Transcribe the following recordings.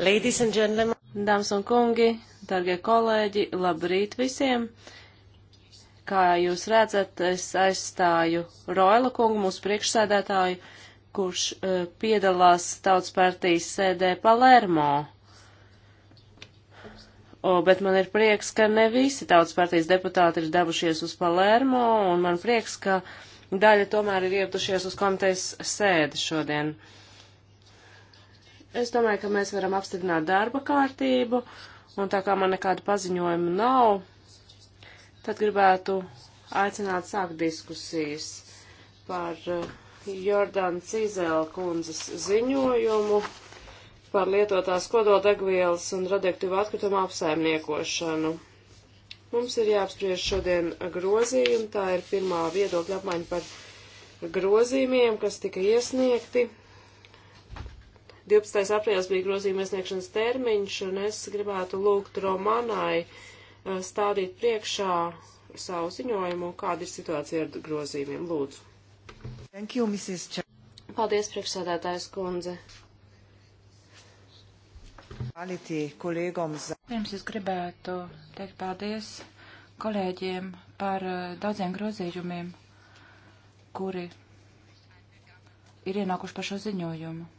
Ladies and gentlemen. Dāmas un kungi, dargie kolēģi, labrīt visiem! Kā jūs redzat, es aizstāju Roila kungu, mūsu priekšsēdētāju, kurš uh, piedalās Tautas partijas sēdē Palermo. O, bet man ir prieks, ka ne visi Tautas partijas deputāti ir devušies uz Palermo, un man prieks, ka daļa tomēr ir ietušies uz komitejas sēdi šodien. Uh, Es domāju, ka mēs varam apstiprināt darba kārtību, un tā kā man nekāda paziņojuma nav, tad gribētu aicināt sākt diskusijas par uh, Jordāna Cizela kundzes ziņojumu par lietotās kododegvielas un radioaktīvu atkritumu apsaimniekošanu. Mums ir jāapspriež šodien grozījumi, tā ir pirmā viedokļa apmaiņa par grozījumiem, kas tika iesniegti. 12. aprīlis bija grozījuma iesniegšanas termiņš, un es gribētu lūgt Romanai eh, stādīt priekšā savu ziņojumu, kāda ir situācija ar grozījumiem. Lūdzu. Thank you, Mrs. Ch Paldies, priekšsādātājs kundze. Pirms es gribētu teikt paldies kolēģiem par eh, daudziem grozījumiem, kuri ir ienākuši par šo ziņojumu.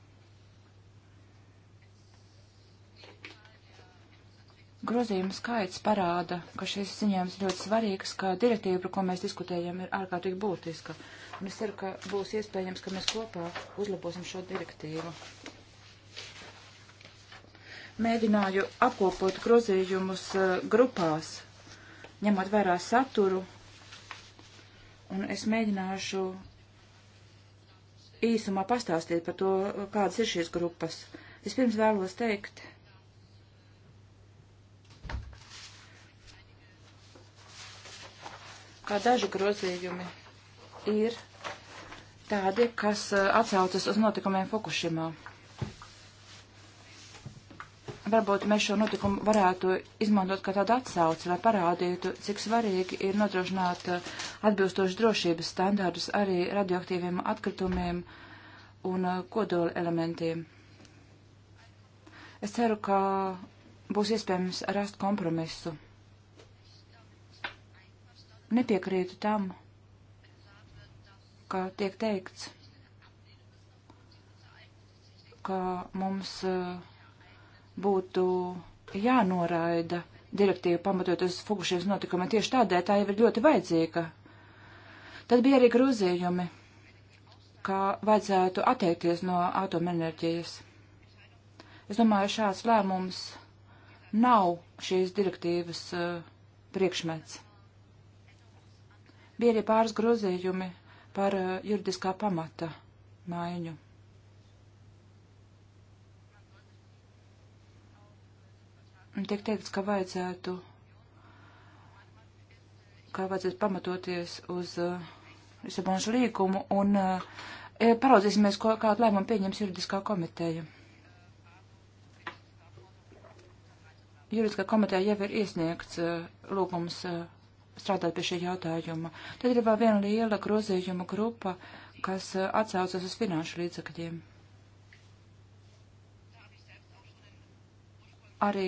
Grozījuma skaits parāda, ka šis ziņojums ļoti svarīgs, ka direktīva, par ko mēs diskutējam, ir ārkārtīgi būtiska. Un es ceru, ka būs iespējams, ka mēs kopā uzlabosim šo direktīvu. Mēģināju apkopot grozījumus eh, grupās, ņemot vērā saturu, un es mēģināšu īsumā pastāstīt par to, eh, kādas ir šīs grupas. Vispirms vēlos teikt, ka daži grozījumi ir tādi, kas eh, atsaucas uz notikumiem Fukushimā. Varbūt mēs šo notikumu varētu izmantot kā tādu atsauci, lai parādītu, cik svarīgi ir nodrošināt eh, atbilstoši drošības standārdus arī radioaktīviem atkritumiem un eh, kodola elementiem. Es ceru, ka būs iespējams rast kompromisu nepiekrītu tam, kā tiek teikts, ka mums eh, būtu jānoraida direktīva pamatoties fukušies notikumi. Tieši tādēļ tā jau ir ļoti vajadzīga. Tad bija arī grozījumi, ka vajadzētu atteikties no atomenerģijas. Es domāju, šāds lēmums nav šīs direktīvas uh, priekšmets. Bija arī pāris grozījumi par uh, juridiskā pamata maiņu. Tiek teikts, ka vajadzētu, ka vajadzētu pamatoties uz uh, Lisabonas līgumu un uh, e, paraudzīsimies, ko, kādu lēmumu pieņems juridiskā komiteja. Juridiskā komiteja jau ir iesniegts uh, lūgums uh, strādāt pie šī jautājuma. Tad ir vēl viena liela grozījuma grupa, kas eh, atsaucas uz finanšu līdzakļiem. Arī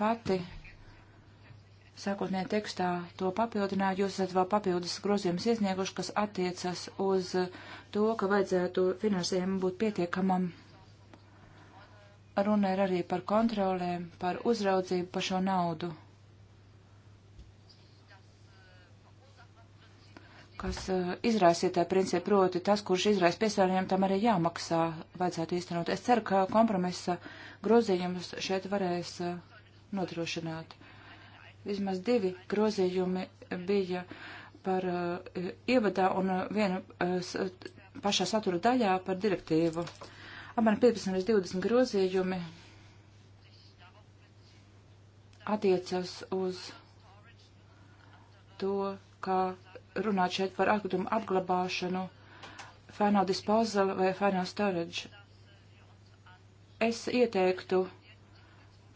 pati sākotnējā tekstā to papildināju, jūs esat vēl papildus grozījumus iesnieguši, kas attiecas uz to, ka vajadzētu finansējumu būt pietiekamam. Runa ir arī par kontrolēm, par uzraudzību, par šo naudu. kas eh, izraisītāja principu proti tas, kurš izraisa piesārņojumu, tam arī jāmaksā, vajadzētu īstenot. Es ceru, ka kompromisa grozījumus šeit varēs eh, nodrošināt. Vismaz divi grozījumi bija par uh, ievadā un vienu uh, pašā satura daļā par direktīvu. Apmēram 15 līdz 20 grozījumi attiecas uz to, ka runāt šeit par atkritumu apglabāšanu, final disposal vai final storage. Es ieteiktu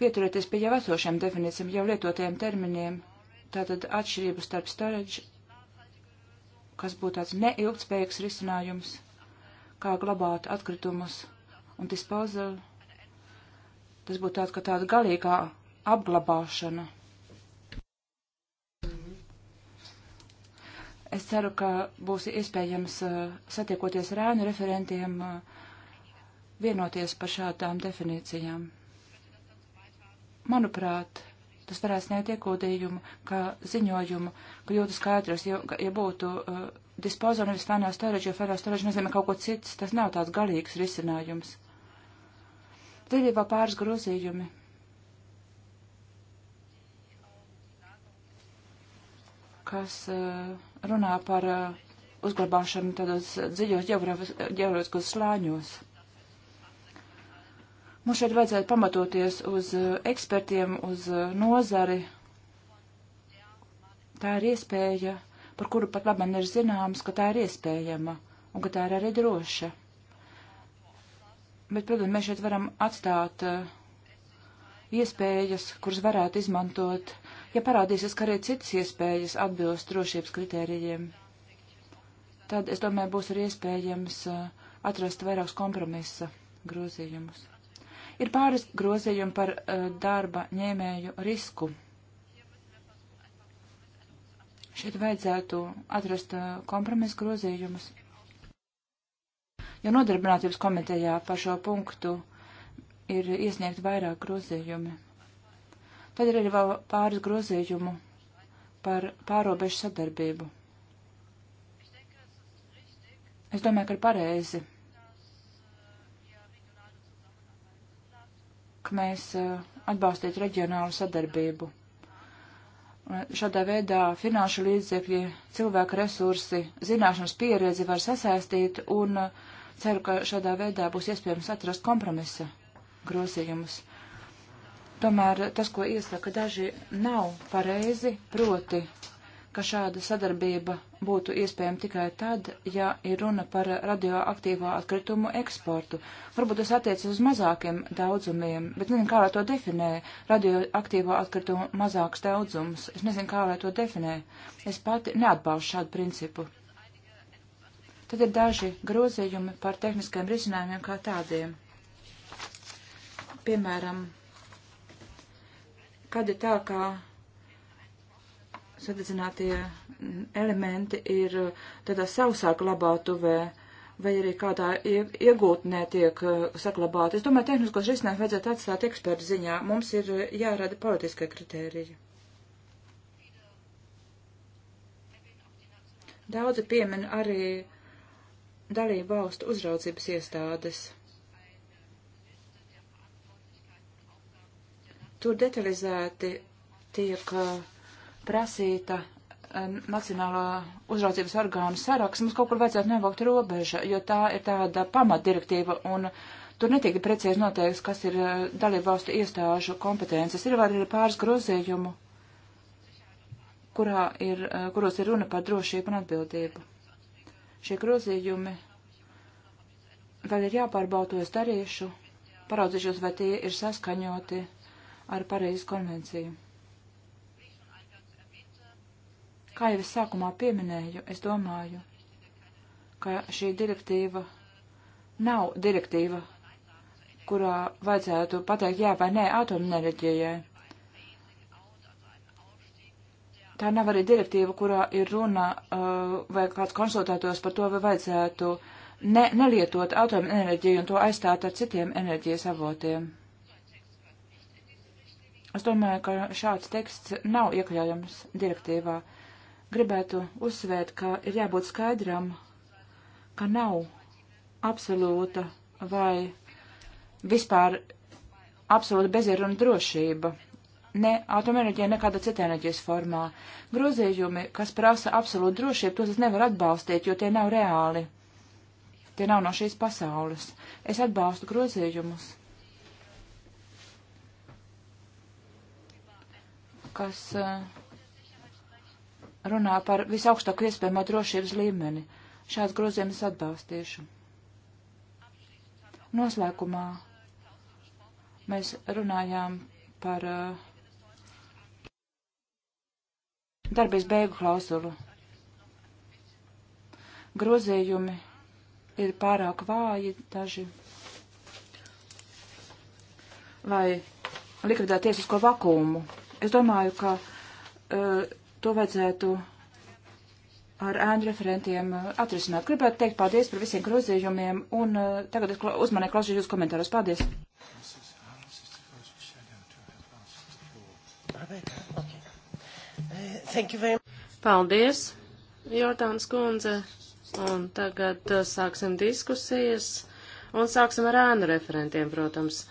pieturēties pie jau esošiem definīcijiem, jau lietotajiem terminiem, tātad atšķirību starp storage, kas būtu tāds neilgtspējīgs risinājums, kā glabāt atkritumus un disposal. Tas būtu tāds, ka tāda galīgā apglabāšana. Es ceru, ka būs iespējams uh, satiekoties ar ēnu referentiem uh, vienoties par šādām definīcijām. Manuprāt, tas varētu sniegt iekūdījumu, kā ziņojumu, kļūtu skaidrs, jo, ja būtu uh, dispozo nevis final storage, jo final storage nozīmē kaut ko cits, tas nav tāds galīgs risinājums. Dzīvībā pāris grozījumi. kas uh, runā par uh, uzglabāšanu tādos dziļos ģeogrāfiskos slāņos. Mums šeit vajadzētu pamatoties uz uh, ekspertiem, uz uh, nozari. Tā ir iespēja, par kuru pat labi ir zināms, ka tā ir iespējama un ka tā ir arī droša. Bet, protams, mēs šeit varam atstāt uh, iespējas, kuras varētu izmantot uh, Ja parādīsies, ka arī citas iespējas atbilst drošības kritērijiem, tad, es domāju, būs arī iespējams uh, atrast vairākus kompromisa grozījumus. Ir pāris grozījumi par uh, darba ņēmēju risku. Šeit vajadzētu atrast uh, kompromisu grozījumus. Jo nodarbinātības komitejā par šo punktu ir iesniegt vairāk grozījumi. Tad ir arī vēl pāris grozījumu par pārobežu sadarbību. Es domāju, ka ir pareizi, ka mēs eh, atbalstītu reģionālu sadarbību. Šādā veidā finanšu līdzekļi, cilvēku resursi, zināšanas pieredzi var sasaistīt un eh, ceru, ka šādā veidā būs iespējams atrast kompromisa grozījumus. Tomēr tas, ko iesaka daži, nav pareizi, proti, ka šāda sadarbība būtu iespējama tikai tad, ja ir runa par radioaktīvo atkritumu eksportu. Varbūt tas attiecas uz mazākiem daudzumiem, bet nezinu, kā lai to definē radioaktīvo atkritumu mazāks daudzums. Es nezinu, kā lai to definē. Es pati neatbalstu šādu principu. Tad ir daži grozījumi par tehniskiem risinājumiem kā tādiem. Piemēram, kad ir tā, ka sadedzinātie elementi ir tādā sausāk labātuvē vai arī kādā iegūtnē tiek uh, saglabāti. Es domāju, tehniskos risinājumus vajadzētu atstāt ekspertu ziņā. Mums ir uh, jārada politiskie kritēriji. Daudzi piemin arī dalību valstu uzraudzības iestādes. Tur detalizēti tiek uh, prasīta uh, Nacionālā uzraudzības orgāna saraksts. Mums kaut kur vajadzētu nevākt robeža, jo tā ir tāda pamatdirektīva un tur netiek precīzi noteikts, kas ir uh, dalībvalstu iestāžu kompetences. Ir vēl arī pāris grozījumu, kurā ir, kuros ir runa par drošību un atbildību. Šie grozījumi vēl ir jāpārbauda, to es darīšu, paraudzīšos, vai tie ir saskaņoti ar Parīzes konvenciju. Kā jau es sākumā pieminēju, es domāju, ka šī direktīva nav direktīva, kurā vajadzētu pateikt jā vai nē atomenerģijai. Tā nav arī direktīva, kurā ir runa, uh, vai kāds konsultētos par to, vai vajadzētu ne, nelietot atomenerģiju un to aizstāt ar citiem enerģijas avotiem. Es domāju, ka šāds teksts nav iekļaujams direktīvā. Gribētu uzsvērt, ka ir jābūt skaidram, ka nav absolūta vai vispār absolūta bezieruna drošība. Ne atomenerģija, ne kāda cita enerģijas formā. Grozījumi, kas prasa absolūtu drošību, tos es nevaru atbalstīt, jo tie nav reāli. Tie nav no šīs pasaules. Es atbalstu grozījumus, kas runā par visaugstāko iespējamo drošības līmeni. Šāds grozījums atbalstīšu. Noslēgumā mēs runājām par darbības beigu klausulu. Grozījumi ir pārāk vāji daži, lai likvidētu tiesisko vakumu. Es domāju, ka uh, to vajadzētu ar ēnu referentiem eh, atrisināt. Gribētu teikt paldies par visiem grozījumiem, un uh, tagad es uzmanīgi klausīšu jūs komentāros. Paldies! Paldies, Jortāns kundze, un tagad sāksim diskusijas, un sāksim ar ēnu referentiem, protams.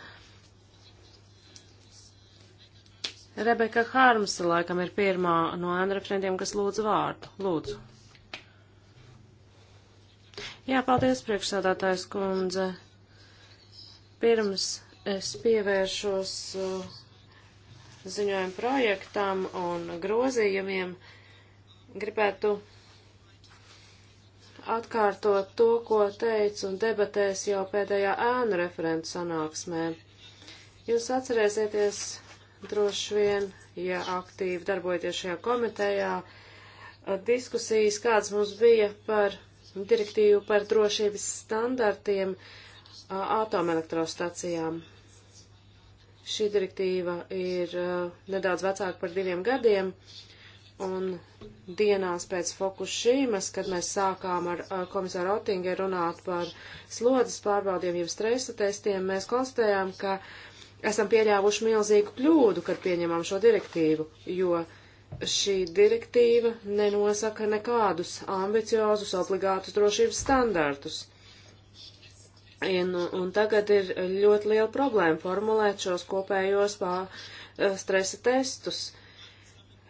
Rebeka Hārmsa laikam ir pirmā no Andrefrendiem, kas lūdz vārdu. Lūdzu. Jā, paldies, priekšsādātājs kundze. Pirms es pievēršos uh, ziņojumu projektam un grozījumiem, gribētu atkārtot to, ko teicu un debatēs jau pēdējā ēnu referentu sanāksmē. Jūs atcerēsieties, droši vien, ja aktīvi darbojaties šajā komitejā, diskusijas, kādas mums bija par direktīvu par drošības standartiem atomelektrostacijām. Šī direktīva ir nedaudz vecāka par diviem gadiem, un dienās pēc Fukushimas, kad mēs sākām ar komisāru Otingeru runāt par slodzes pārbaudiem, jeb stresa testiem, mēs konstatējām, ka uh, esam pieļāvuši milzīgu kļūdu, kad pieņemam šo direktīvu, jo šī direktīva nenosaka nekādus ambiciozus obligātus drošības standartus. Un, un tagad ir ļoti liela problēma formulēt šos kopējos pā, eh, stresa testus,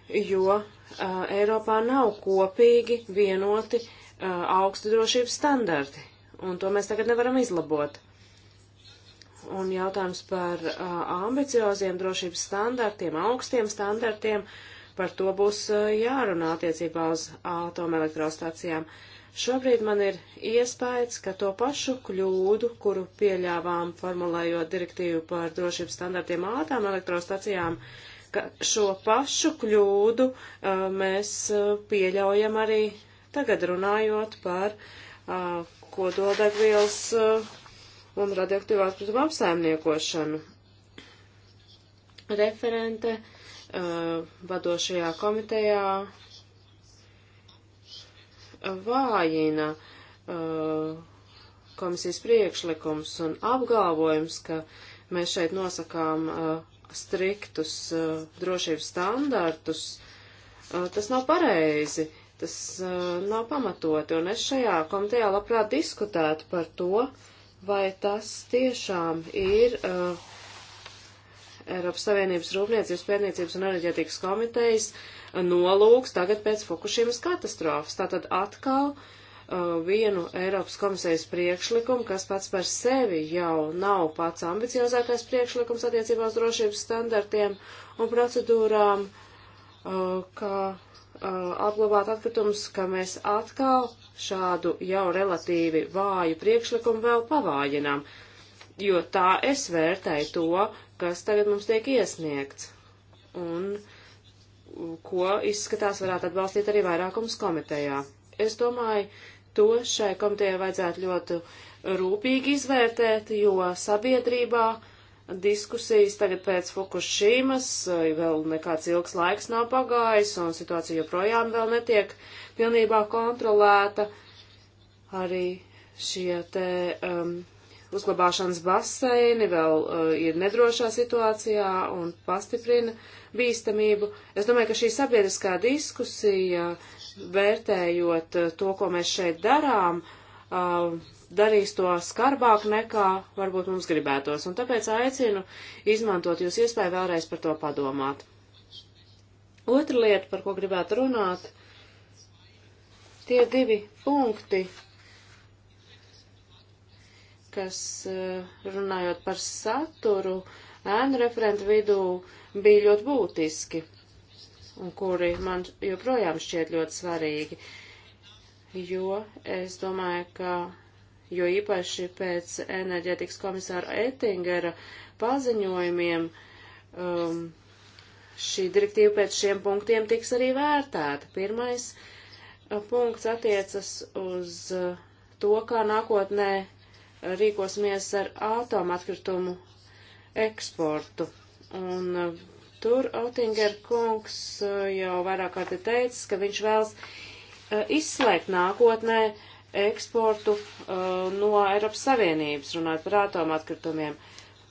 jo uh, Eiropā nav kopīgi vienoti uh, augsti drošības standarti, un to mēs tagad nevaram izlabot. Un jautājums par uh, ambicioziem drošības standartiem, augstiem standartiem, par to būs uh, jārunā attiecībā uz atomelektrostacijām. Šobrīd man ir iespējas, ka to pašu kļūdu, kuru pieļāvām formulējot direktīvu par drošības standartiem atomelektrostacijām, ka šo pašu kļūdu uh, mēs uh, pieļaujam arī tagad runājot par uh, kodoldegvielas uh, un radioaktīvā atkrituma apsaimniekošanu. Referente uh, vadošajā komitejā vājina uh, komisijas priekšlikums un apgalvojums, ka mēs šeit nosakām uh, striktus uh, drošības standartus, uh, tas nav pareizi, tas uh, nav pamatoti, un es šajā komitejā labprāt diskutētu par to, uh, vai tas tiešām ir uh, Eiropas Savienības Rūpniecības, Pērniecības un Enerģētikas komitejas uh, nolūks tagad pēc Fukušīmas katastrofas. Tātad atkal uh, vienu Eiropas komisijas priekšlikumu, kas pats par sevi jau nav pats ambiciozākais priekšlikums attiecībā uz drošības standartiem un procedūrām, uh, kā Uh, apglabāt atkritumus, ka mēs atkal šādu jau relatīvi vāju priekšlikumu vēl pavājinām, jo tā es vērtēju to, kas tagad mums tiek iesniegts un ko izskatās varētu atbalstīt arī vairākums komitejā. Es domāju, to šai komitejai vajadzētu ļoti rūpīgi izvērtēt, jo sabiedrībā uh, diskusijas tagad pēc Fukushimas, eh, vēl nekāds ilgs laiks nav pagājis un situācija joprojām vēl netiek pilnībā kontrolēta. Arī šie te um, uzglabāšanas baseini vēl uh, ir nedrošā situācijā un pastiprina bīstamību. Es domāju, ka šī sabiedriskā diskusija, vērtējot eh, to, ko mēs šeit darām, uh, darīs to skarbāk nekā varbūt mums gribētos, un tāpēc aicinu izmantot jūs iespēju vēlreiz par to padomāt. Otra lieta, par ko gribētu runāt, tie divi punkti, kas eh, runājot par saturu, ēnu referentu vidū bija ļoti būtiski, un kuri man joprojām šķiet ļoti svarīgi, jo es domāju, ka jo īpaši pēc enerģētikas komisāra Ettingera paziņojumiem um, šī direktīva pēc šiem punktiem tiks arī vērtēta. Pirmais uh, punkts attiecas uz uh, to, kā nākotnē rīkosimies ar atomatkritumu eksportu. Un uh, tur Otinger kungs jau vairāk kārt ir teicis, ka viņš vēlas izslēgt nākotnē uh, eksportu uh, no Eiropas Savienības, runājot par atomatkritumiem,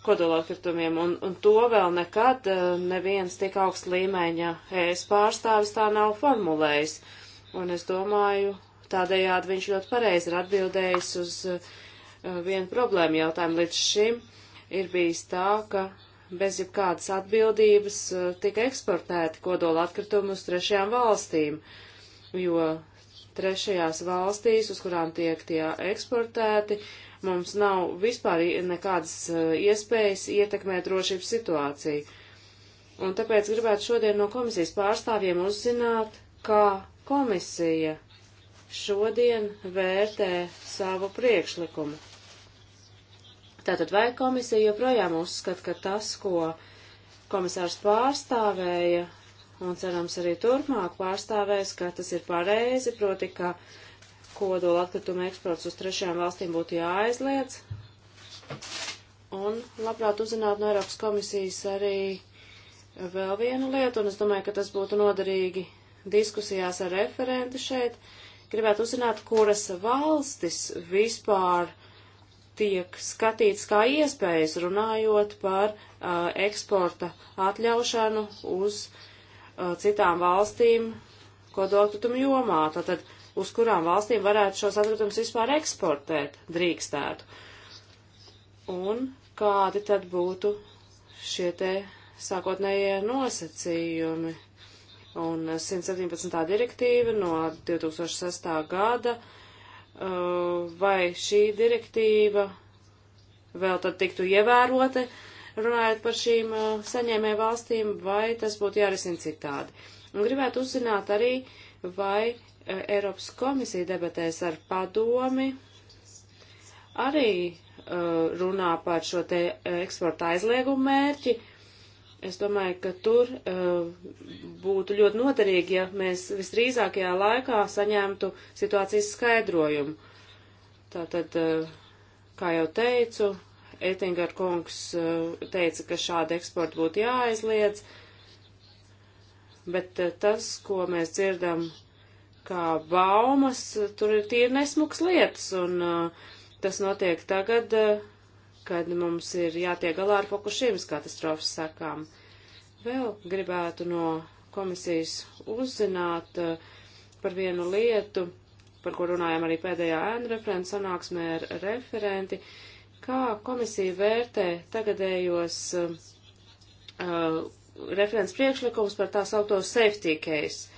kodolatkritumiem, un, un to vēl nekad uh, neviens tik augsts līmeņa ES pārstāvis tā nav formulējis. Un es domāju, tādējādi viņš ļoti pareizi ir atbildējis uz uh, vienu problēmu jautājumu līdz šim. Ir bijis tā, ka bez jebkādas atbildības uh, tika eksportēti kodola atkritumi uz trešajām valstīm, jo trešajās valstīs, uz kurām tiek tie eksportēti, mums nav vispār nekādas eh, iespējas ietekmēt drošības situāciju. Un tāpēc gribētu šodien no komisijas pārstāvjiem uzzināt, kā komisija šodien vērtē savu priekšlikumu. Tātad vai komisija joprojām uzskata, ka tas, ko komisārs pārstāvēja, un cerams arī turpmāk pārstāvēs, ka tas ir pareizi, proti, ka kodola atkrituma eksports uz trešajām valstīm būtu jāaizliedz. Un labprāt uzzināt no Eiropas komisijas arī vēl vienu lietu, un es domāju, ka tas būtu noderīgi diskusijās ar referentu šeit. Gribētu uzzināt, kuras valstis vispār tiek skatīts kā iespējas runājot par uh, eksporta atļaušanu uz uh, Uh, citām valstīm kodolkritumu jomā. Tātad, uz kurām valstīm varētu šos atkritumus vispār eksportēt, drīkstētu. Un kādi tad būtu šie te sākotnējie nosacījumi? Un 117. Uh, direktīva no 2006. gada, uh, vai šī direktīva vēl tad tiktu ievērota, runājot par šīm uh, saņēmē valstīm, vai tas būtu jārisina citādi. Un gribētu uzzināt arī, vai uh, Eiropas komisija debatēs ar padomi arī uh, runā par šo te eksporta aizliegumu mērķi. Es domāju, ka tur būtu ļoti noderīgi, ja mēs visdrīzākajā laikā saņemtu situācijas skaidrojumu. Tātad, kā jau teicu, Ettinger kungs eh, teica, ka šāda eksporta būtu jāaizliedz, bet eh, tas, ko mēs dzirdam kā baumas, tur ir tīri nesmuks lietas, un eh, tas notiek tagad, kad mums ir jātiek galā ar Fukushimas katastrofas sakām. Vēl gribētu no komisijas uzzināt par vienu lietu, par ko runājām arī pēdējā ēnu referenta sanāksmē ar referenti. Uh, Kā komisija vērtē tagadējos um, uh, referents priekšlikums par tā saucamo safety case?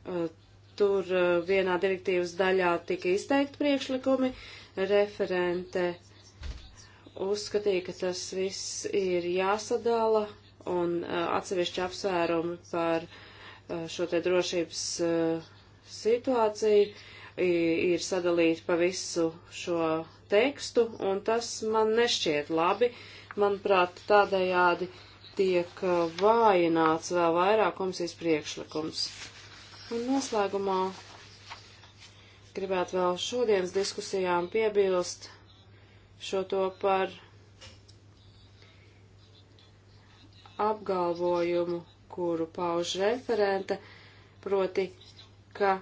Uh, tur uh, vienā direktīvas daļā tika izteikti priekšlikumi, referente uzskatīja, ka tas viss ir jāsadala un uh, atsevišķi apsvērumi par uh, šo te drošības uh, situāciju. Uh, ir sadalīti pa visu šo tekstu, un tas man nešķiet labi. Manuprāt, tādējādi tiek uh, vājināts vēl vairāk komisijas priekšlikums. Un noslēgumā gribētu vēl šodienas diskusijām piebilst šo to par apgalvojumu, kuru pauž referente, proti, ka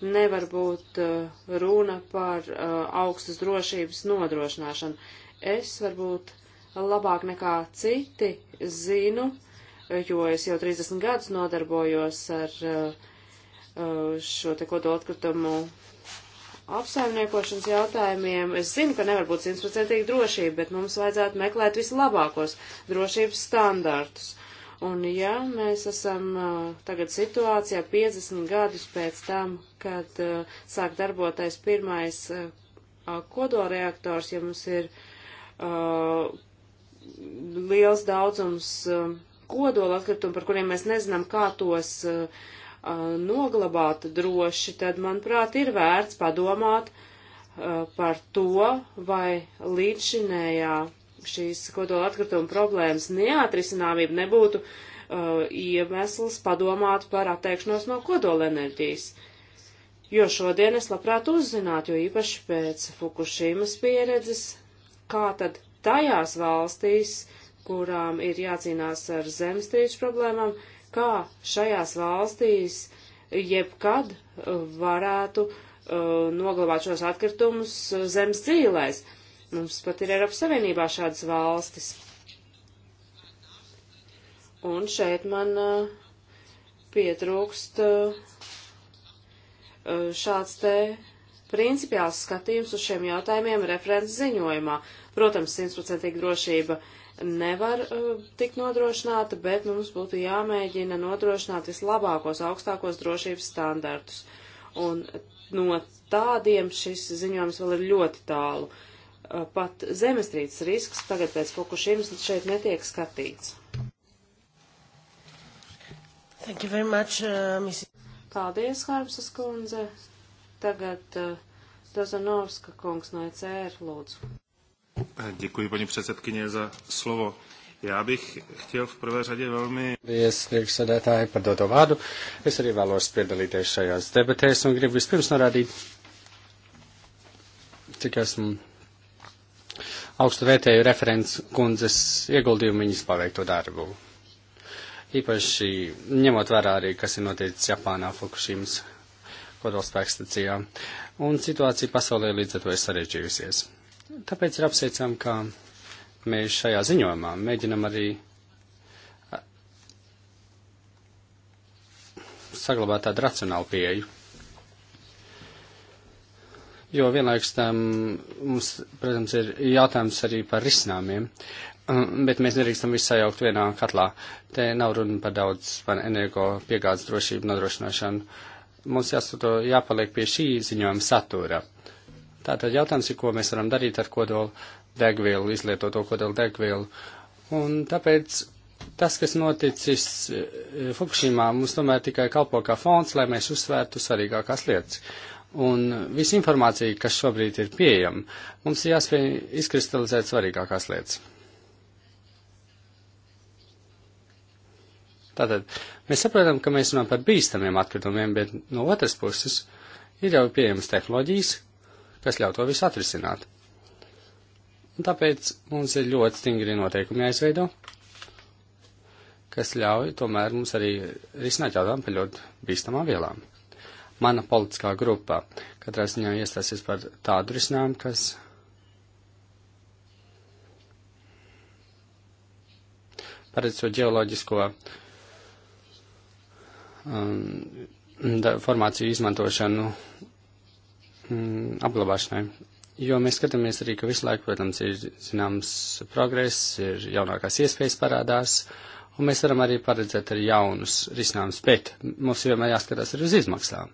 nevar būt uh, runa par uh, augstas drošības nodrošināšanu. Es varbūt labāk nekā citi zinu, jo es jau 30 gadus nodarbojos ar uh, šo te kodola atkritumu apsaimniekošanas jautājumiem. Es zinu, ka nevar būt simtprocentīgi drošība, bet mums vajadzētu meklēt vislabākos drošības standartus Un ja mēs esam uh, tagad situācijā 50 gadus pēc tam, kad uh, sāk darboties pirmais uh, kodoreaktors, ja mums ir liels daudzums kodola atkritumu, par kuriem mēs nezinām, kā tos noglabāt droši, tad, manuprāt, ir vērts padomāt par to, vai līdzšinējā šīs kodola atkrituma problēmas neatrisināmība nebūtu uh, iemesls padomāt par atteikšanos no kodola enerģijas. Jo šodien es labprāt uzzinātu, jo īpaši pēc Fukushimas pieredzes, kā tad tajās valstīs, kurām ir jācīnās ar zemestrīču problēmām, kā šajās valstīs jebkad uh, varētu uh, noglabāt šos atkritumus uh, zemes dzīvēs. Uh, Mums pat ir Eiropas Savienībā šādas valstis. Un šeit man uh, pietrūkst uh, uh šāds te principiāls skatījums uz šiem jautājumiem referents ziņojumā. Protams, simtprocentīga drošība nevar uh, tikt nodrošināta, bet mums būtu jāmēģina nodrošināt vislabākos, augstākos drošības standartus. Un no tādiem šis ziņojums vēl ir ļoti tālu. Uh, Uh, pat zemestrīces risks tagad pēc Fukushimas šeit netiek skatīts. Thank you very much, uh, Mrs. Paldies, Harmsas kundze. Tagad uh, Dozanovska kungs no ECR, lūdzu. Eh, děkuji, paní předsedkyně, za slovo. Já bych chtěl v prvé řadě velmi... Paldies, priekšsēdētāji, par doto vārdu. Es arī vēlos piedalīties šajās debatēs un gribu vispirms norādīt, cik esmu augstu vērtēju referents kundzes ieguldījumu viņas paveikto darbu. Īpaši ņemot vērā arī, kas ir noticis Japānā Fukushimas kodolspēkstacijā, un situācija pasaulē līdz ar to ir sarežģījusies. Tāpēc ir apsveicam, ka mēs šajā ziņojumā mēģinam arī saglabāt tādu racionālu pieeju jo vienlaikus tam mums, protams, ir jautājums arī par risinājumiem, bet mēs nedrīkstam visu sajaukt vienā katlā. Te nav runa par daudz par energo piegādes drošību nodrošināšanu. Mums jāsato jāpaliek pie šī ziņojuma satura. Tātad jautājums ir, ko mēs varam darīt ar kodolu degvielu, izlietoto kodolu degvielu. Un tāpēc tas, kas noticis e, Fukushimā, mums tomēr tikai kalpo kā fonds, lai mēs uzsvērtu svarīgākās lietas. Un visa informācija, kas šobrīd ir pieejama, mums ir jāspēj izkristalizēt svarīgākās lietas. Tātad mēs saprotam, ka mēs runājam par bīstamiem atkritumiem, bet no otras puses ir jau pieejamas tehnoloģijas, kas ļauj to visu atrisināt. Un tāpēc mums ir ļoti stingri noteikumi jāizveido, kas ļauj tomēr mums arī risināt jautājumu par ļoti bīstamām vielām mana politiskā grupa katrā ziņā iestāsies par tādu risinājumu, kas paredz šo ģeoloģisko um, formāciju izmantošanu mm, apglabāšanai. Jo mēs skatāmies arī, ka visu laiku, protams, ir zināms progress, ir jaunākās iespējas parādās. Uh, un mēs varam arī paredzēt arī jaunus risinājumus, bet mums vienmēr jāskatās arī uz izmaksām.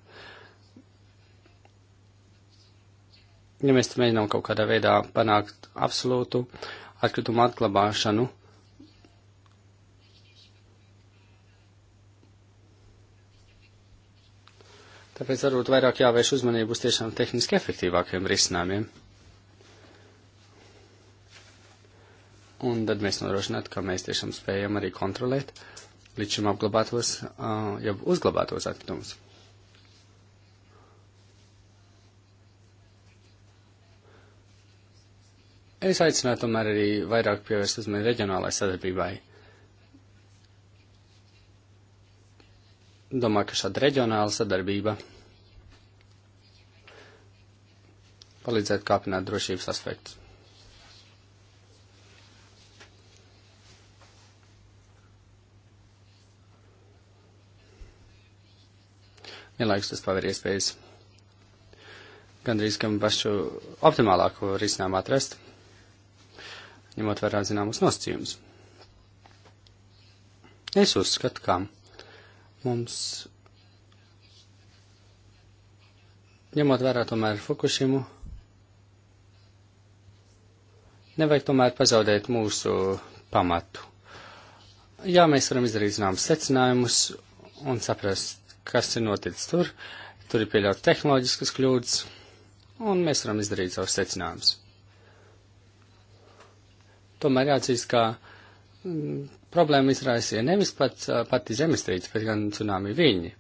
Ja mēs mēģinām kaut kādā veidā panākt absolūtu atkritumu atklabāšanu, tāpēc varbūt vairāk jāvērš uzmanību uz tiešām tehniski efektīvākiem risinājumiem. un tad mēs nodrošinātu, ka mēs tiešām spējam arī kontrolēt līdz šim apglabātos, uh, jau uzglabātos atkritumus. Es aicinātu tomēr arī vairāk pievērst uzmanību reģionālajai sadarbībai. Domāju, ka šāda reģionāla sadarbība palīdzētu kāpināt drošības aspektus. vienlaikus tas paver iespējas gandrīz gan pašu optimālāko risinājumu atrast, ņemot vērā zināmus nosacījumus. Es uzskatu, ka mums, ņemot vērā tomēr Fukushimu, nevajag tomēr pazaudēt mūsu pamatu. Jā, mēs varam izdarīt zināmus secinājumus un saprast, kas ir noticis tur. Tur ir pieļauts tehnoloģiskas kļūdas, un mēs varam izdarīt savus secinājumus. Tomēr jāatzīst, ka m, mm, problēma izraisīja nevis pats, pati zemestrīce, bet gan tsunami viņi.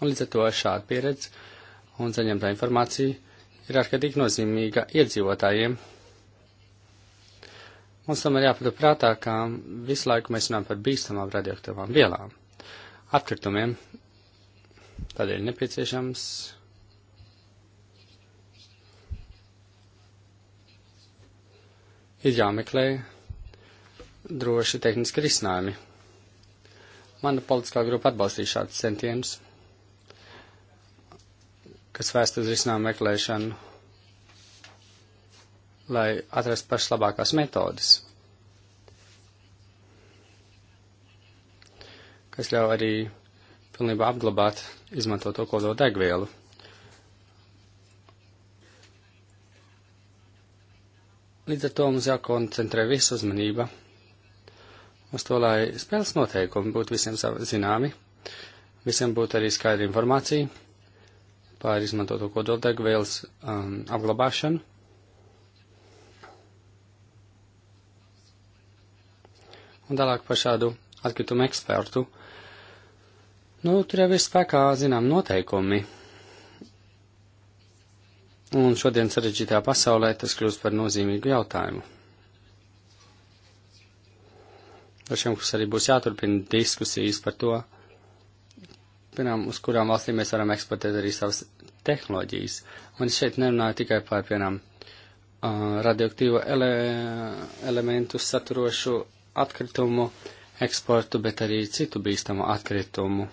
Un līdz ar to šāda pieredze un saņemtā informācija ir ārkārtīgi nozīmīga iedzīvotājiem. Mums tomēr jāpatur prātā, ka visu laiku mēs runājam par bīstamām radioaktīvām vielām atkritumiem. Tādēļ nepieciešams ir jāmeklē droši tehniski risinājumi. Mana politiskā grupa atbalstīs šādus centienus, kas vēst uz risinājumu meklēšanu, lai atrastu pašas labākās metodas. kas ļauj arī pilnībā apglabāt izmantoto kododegvielu. Līdz ar to mums jākoncentrē visa uzmanība uz to, lai spēles noteikumi būtu visiem zināmi, visiem būtu arī skaidra informācija par izmantoto kodoldegvielas um, apglabāšanu. Un tālāk par šādu atkritumu ekspertu Nu, tur jau ir spēkā, zinām, noteikumi. Un šodien sarežģītā pasaulē tas kļūst par nozīmīgu jautājumu. Par šiem, kas arī būs jāturpina diskusijas par to, piemēram, uz kurām valstīm mēs varam eksportēt arī savas tehnoloģijas. Un es šeit nerunāju tikai par, piemēram, radioaktīvo ele elementu saturošu atkritumu eksportu, bet arī citu bīstamu atkritumu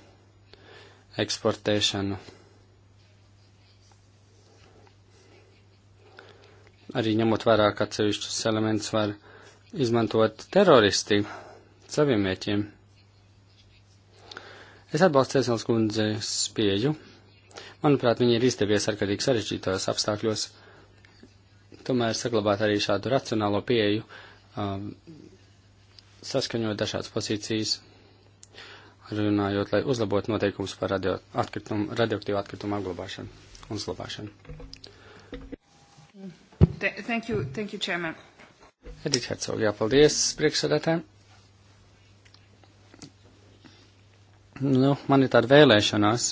eksportēšanu. Arī ņemot vērā, ka atsevišķus elementus var izmantot teroristi saviem mēķiem. Es atbalstu Cēsils kundzes pieju. Manuprāt, viņi ir izdevies ārkārtīgi sarežģītos apstākļos, tomēr saglabāt arī šādu racionālo pieju, um, saskaņot dažādas pozīcijas runājot, lai uzlabotu noteikumus par radio, atkritumu, radioaktīvu atkritumu apglabāšanu un uzglabāšanu. Thank you, thank you, Chairman. Edita Hercog, jā, paldies priekšsēdētājiem. Nu, man ir tāda vēlēšanās.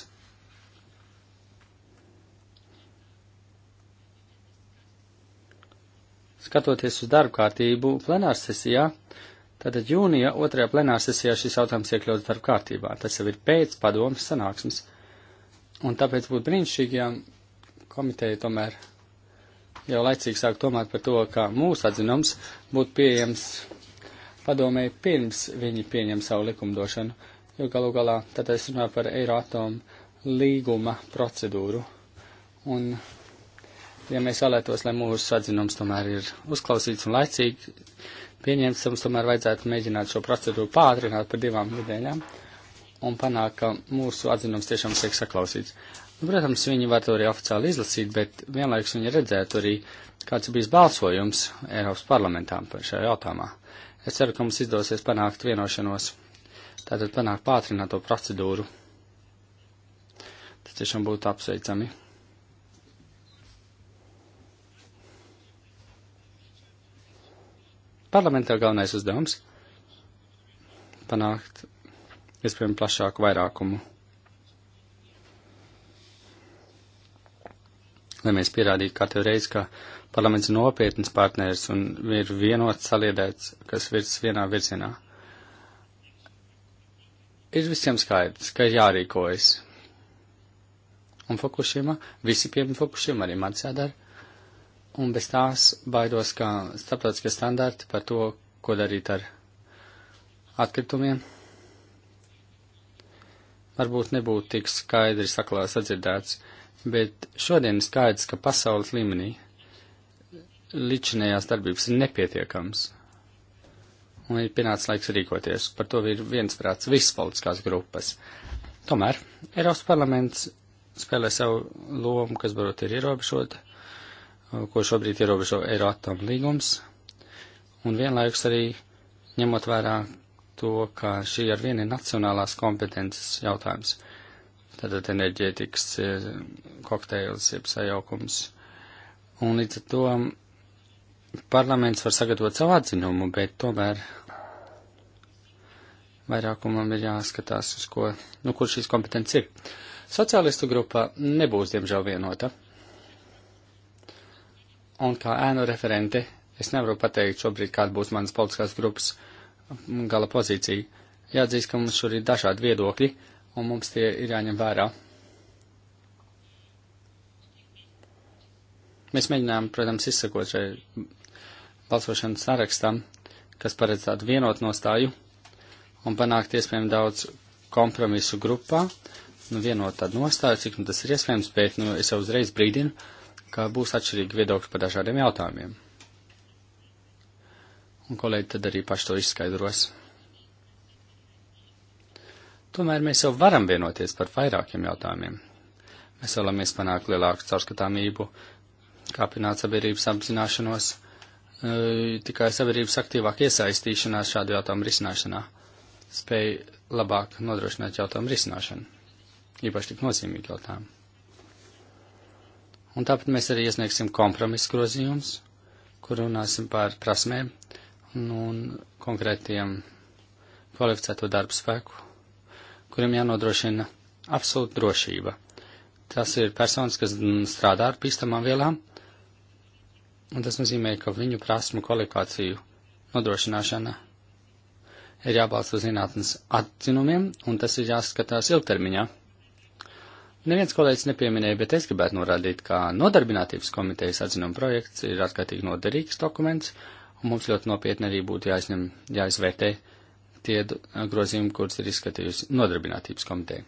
Skatoties uz darba kārtību plenārsesijā, ja, Tātad jūnija otrajā plenārsesijā šis jautājums iekļauts darba kārtībā. Tas jau ir pēc padomas sanāksmes. Un tāpēc būtu brīnišķīgi, ja komiteja tomēr jau laicīgi sāk domāt par to, ka mūsu atzinums būtu pieejams padomēji pirms viņi pieņem savu likumdošanu, jo galu galā tad es runāju par Eiratomu līguma procedūru. Un, ja mēs vēlētos, lai mūsu atzinums tomēr ir uzklausīts un laicīgi, pieņemts, mums tomēr vajadzētu mēģināt šo procedūru pātrināt par divām nedēļām un panākt, ka mūsu atzinums tiešām tiek saklausīts. Nu, protams, viņi var to arī oficiāli izlasīt, bet vienlaikus viņi redzētu arī, kāds bijis balsojums Eiropas parlamentā par šajā jautājumā. Es ceru, ka mums izdosies panākt vienošanos, tātad panākt pātrināto procedūru. Tas tiešām būtu apsveicami. Parlamentā galvenais uzdevums - panākt iespējami plašāku vairākumu, lai mēs pierādītu katru reizi, ka parlaments ir nopietns partneris un ir vienots saliedēts, kas virs vienā virzienā. Ir visiem skaidrs, ka ir jārīkojas. Un Fukushima, visi piemin Fukushima, arī man jādara un bez tās baidos, ka starptautiskie standarti par to, ko darīt ar atkritumiem, varbūt nebūtu tik skaidri saklā sadzirdēts, bet šodien ir skaidrs, ka pasaules līmenī līdzinējās darbības ir nepietiekams, un ir pienācis laiks rīkoties. Par to ir viensprāts visas politiskās grupas. Tomēr Eiropas parlaments spēlē savu lomu, kas varbūt ir ierobežota ko šobrīd ierobežo Eiroatom līgums, un vienlaikus arī ņemot vērā to, ka šī ar vienu ir nacionālās kompetences jautājums. Tātad enerģētikas e, kokteils, jeb sajaukums. Un līdz ar to parlaments var sagatavot savu atzinumu, bet tomēr vairākumam ir jāskatās, uz ko, nu, kur šīs kompetences ir. Sociālistu grupa nebūs, diemžēl, vienota. Un kā ēnu referente, es nevaru pateikt šobrīd, kāda būs manas politiskās grupas gala pozīcija. Jāatzīst, ka mums šur ir dažādi viedokļi, un mums tie ir jāņem vērā. Mēs mēģinām, protams, izsakot šai balsošanas sarakstam, kas paredz tādu vienotu nostāju, un panākt iespējami daudz kompromisu grupā, nu vienot tādu nostāju, cik nu tas ir iespējams, bet, nu, es jau uzreiz brīdinu, ka būs atšķirīgi viedokļi par dažādiem jautājumiem. Un kolēģi tad arī paši to izskaidros. Tomēr mēs jau varam vienoties par vairākiem jautājumiem. Mēs vēlamies panākt lielāku caurskatāmību, kāpināt sabiedrības apzināšanos, e, tikai sabiedrības aktīvāk iesaistīšanās šādu jautājumu risināšanā, spēj labāk nodrošināt jautājumu risināšanu, īpaši tik nozīmīgi jautājumu. Un tāpat mēs arī iesniegsim kompromisu grozījumus, kur runāsim par prasmēm un, un konkrētiem kvalificēto darbu spēku, kuriem jānodrošina absolūta drošība. Tas ir personas, kas strādā ar pīstamām vielām, un tas nozīmē, ka viņu prasmu kvalifikāciju nodrošināšana ir jābalsta uz zinātnes atzinumiem, un tas ir jāskatās ilgtermiņā. Neviens kolēģis nepieminēja, bet es gribētu norādīt, ka nodarbinātības komitejas atzinuma projekts ir atkārtīgi noderīgs dokuments, un mums ļoti nopietni arī būtu jāizņem, jāizvērtē tie grozījumi, kurus ir izskatījusi nodarbinātības komiteja.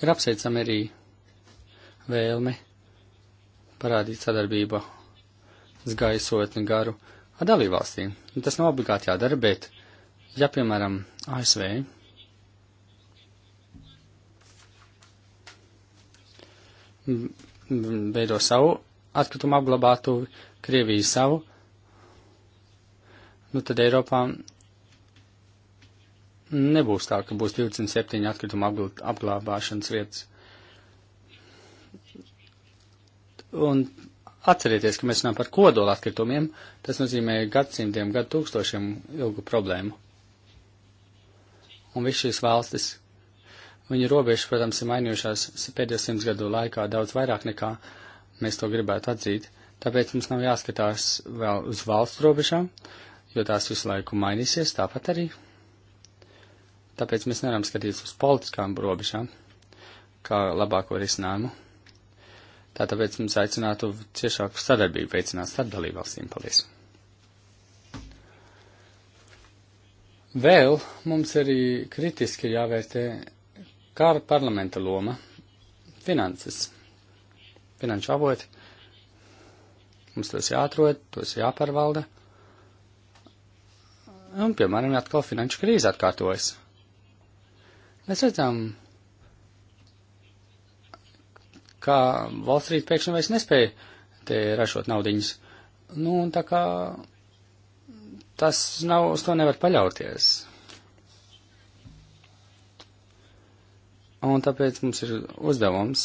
Ir apsveicami arī vēlme parādīt sadarbību gaisotni garu ar dalībvalstīm. Nu, tas nav obligāti jādara, bet, ja, piemēram, ASV veido savu atkritumu apglabātu, Krieviju savu, nu tad Eiropā nebūs tā, ka būs 27 atkritumu apglabāšanas vietas. Un atcerieties, ka mēs runājam par kodola atkritumiem, tas nozīmē gadsimtiem, gadu tūkstošiem ilgu problēmu un viss šīs valstis. Viņu robežas, protams, ir mainījušās pēdējo simts gadu laikā daudz vairāk nekā mēs to gribētu atzīt, tāpēc mums nav jāskatās vēl uz valstu robežām, jo tās visu laiku mainīsies tāpat arī. Tāpēc mēs nevaram skatīties uz politiskām robežām kā labāko risinājumu. Tā tāpēc mums aicinātu ciešāku sadarbību veicināt starp dalībvalstīm. Paldies! Vēl mums arī kritiski jāvērtē, kā parlamenta loma - finanses, finanšu avoti. Mums tos jāatrod, tos jāpārvalda. Un, piemēram, atkal finanšu krīze atkārtojas. Mēs redzam, ka valsts rīt pēkšņi vairs nespēja te ražot naudiņas. Nu, un tā kā tas nav, uz to nevar paļauties. Un tāpēc mums ir uzdevums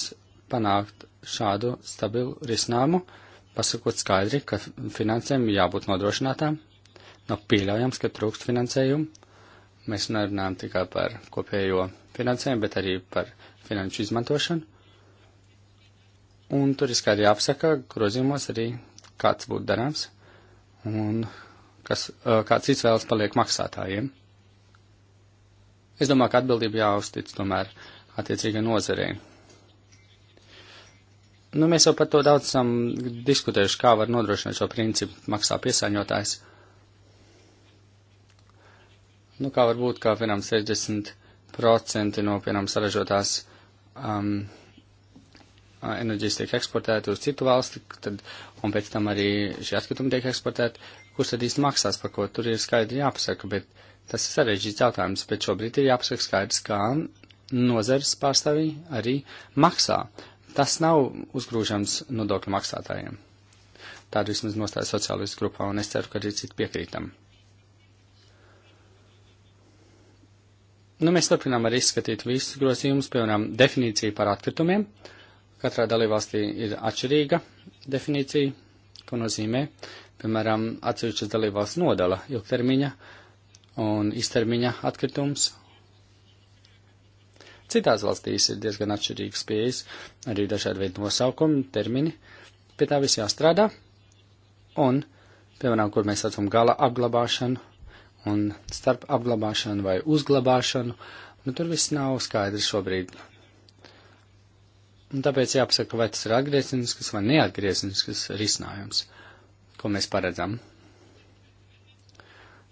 panākt šādu stabilu risinājumu, pasakot skaidri, ka finansēm jābūt nodrošinātām. Nav pieļaujams, ka trūkst finansējumu. Mēs nerunājam tikai par kopējo finansējumu, bet arī par finanšu izmantošanu. Un tur ir skaidri jāapsaka grozījumos arī, kāds būtu darāms. Un kas eh, kāds cits vēlas paliek maksātājiem. Es domāju, ka atbildība jāuztic tomēr attiecīgai nozarei. Nu, mēs jau par to daudz esam diskutējuši, kā var nodrošināt šo principu maksā piesāņotājs. Nu, kā var būt, ka, piemēram, 60% no, piemēram, saražotās um, enerģijas tiek eksportēta uz citu valsti, tad, un pēc tam arī šie atkritumi tiek eksportēti, kurš tad īsti maksās par ko, tur ir skaidri jāpasaka, bet tas ir sarežģīts jautājums, bet šobrīd ir jāpasaka skaidrs, kā nozares pārstāvji arī maksā. Tas nav uzgrūžams nodokļu maksātājiem. Tādu vismaz nostāja sociālistu grupā, un es ceru, ka arī citi piekrītam. Nu, mēs turpinām arī izskatīt visus grozījumus, piemēram, definīciju par atkritumiem. Uh, Katrā dalībvalstī ir atšķirīga definīcija, ko nozīmē, piemēram, atsevišķas dalībvalsts nodala ilgtermiņa un īstermiņa atkritums. Citās valstīs ir diezgan atšķirīgas pieejas, arī dažādi veidi nosaukumi, termini. Pie tā viss jāstrādā. Un, piemēram, kur mēs saucam gala apglabāšanu un starp apglabāšanu vai uzglabāšanu, nu tur viss nav skaidrs šobrīd Un tāpēc jāpasaka, vai tas ir atgrieznisks vai neatgrieznisks risinājums, ko mēs paredzam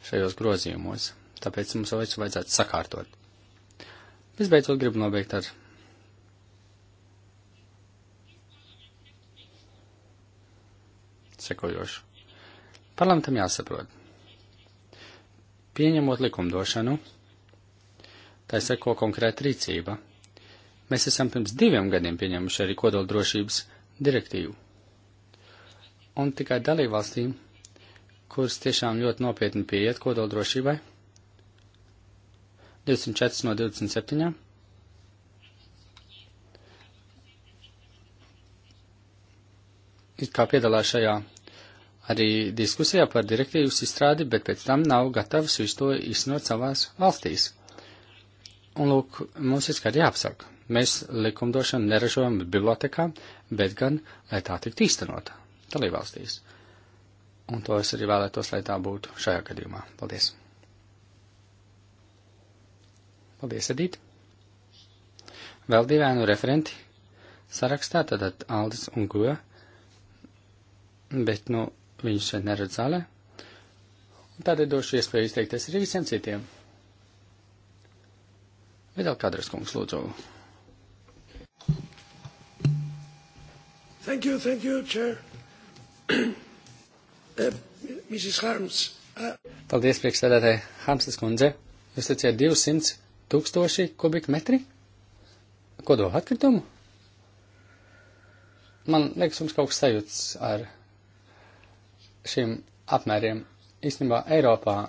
šajos grozījumos. Tāpēc mums vēl visu vajadzētu sakārtot. Visbeidzot, gribu nobeigt ar. Sekojošu. Parlamentam jāsaprot. Pieņemot likumdošanu, tai seko konkrēta rīcība Mēs esam pirms diviem gadiem pieņēmuši arī kodoldrošības direktīvu. Un tikai dalībvalstīm, kuras tiešām ļoti nopietni pieiet kodoldrošībai, 24 no 27, it kā piedalās šajā arī diskusijā par direktīvas izstrādi, bet pēc tam nav gatavs visu to iznot savās valstīs. Un lūk, mums ir skaidri jāapsaka. Mēs likumdošanu neražojam bibliotekā, bet gan, lai tā tiktu īstenota dalībvalstīs. Un to es arī vēlētos, lai tā būtu šajā gadījumā. Paldies! Paldies, Edīt! Vēl divi ēnu referenti sarakstā, tātad Aldis un Guja, bet, nu, viņus šeit neredz zālē. Tādēļ došu iespēju izteikties arī visiem citiem. Vidal Kadras kungs, lūdzu. Thank you, thank you, chair. uh, Mrs. Harms. Uh... Paldies, priekšstādātāji Hamstas kundze. Jūs teicāt 200 tūkstoši kubikmetri? Ko do atkritumu? Man liekas, jums kaut kas sajūts ar šiem apmēriem. Īstenībā Eiropā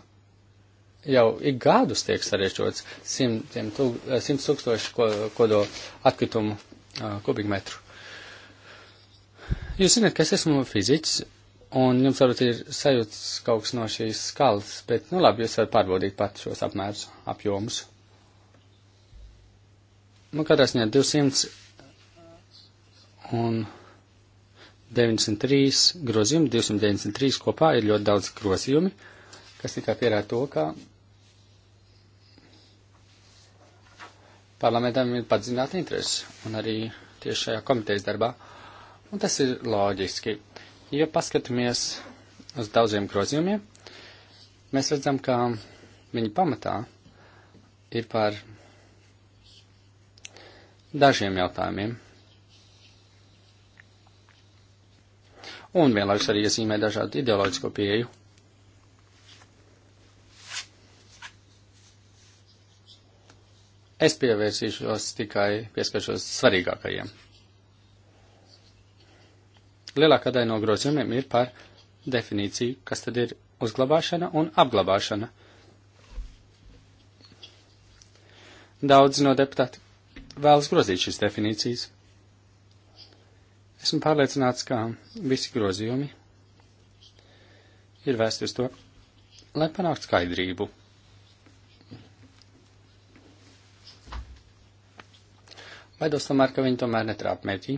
jau ik gadus tiek sarežģots simtiem tūk, eh, simt tūkstošu kodo atkritumu eh, kubikmetru. Jūs zināt, ka es esmu fiziķis, un jums varbūt ir sajūts kaut kas no šīs skalas, bet, nu labi, jūs varat pārbaudīt pat šos apmērus, apjomus. Nu, katrā ziņā 200 un 93 grozījumi, 293 kopā ir ļoti daudz grozījumi kas tikai pierāda to, ka parlamentam ir padzināta interese un arī tieši šajā komitejas darbā. Un tas ir loģiski. Ja paskatāmies uz daudziem grozījumiem, mēs redzam, ka viņi pamatā ir par dažiem jautājumiem. Un vienlaikus arī iezīmē dažādu ideoloģisko pieeju Es pievērsīšos tikai pieskaršos svarīgākajiem. Lielākā daļa no grozījumiem ir par definīciju, kas tad ir uzglabāšana un apglabāšana. Daudz no deputāti vēlas grozīt šīs definīcijas. Esmu pārliecināts, ka visi grozījumi ir vēsti uz to, lai panāktu skaidrību Baidos tomēr, ka viņi tomēr netrāp mērķi.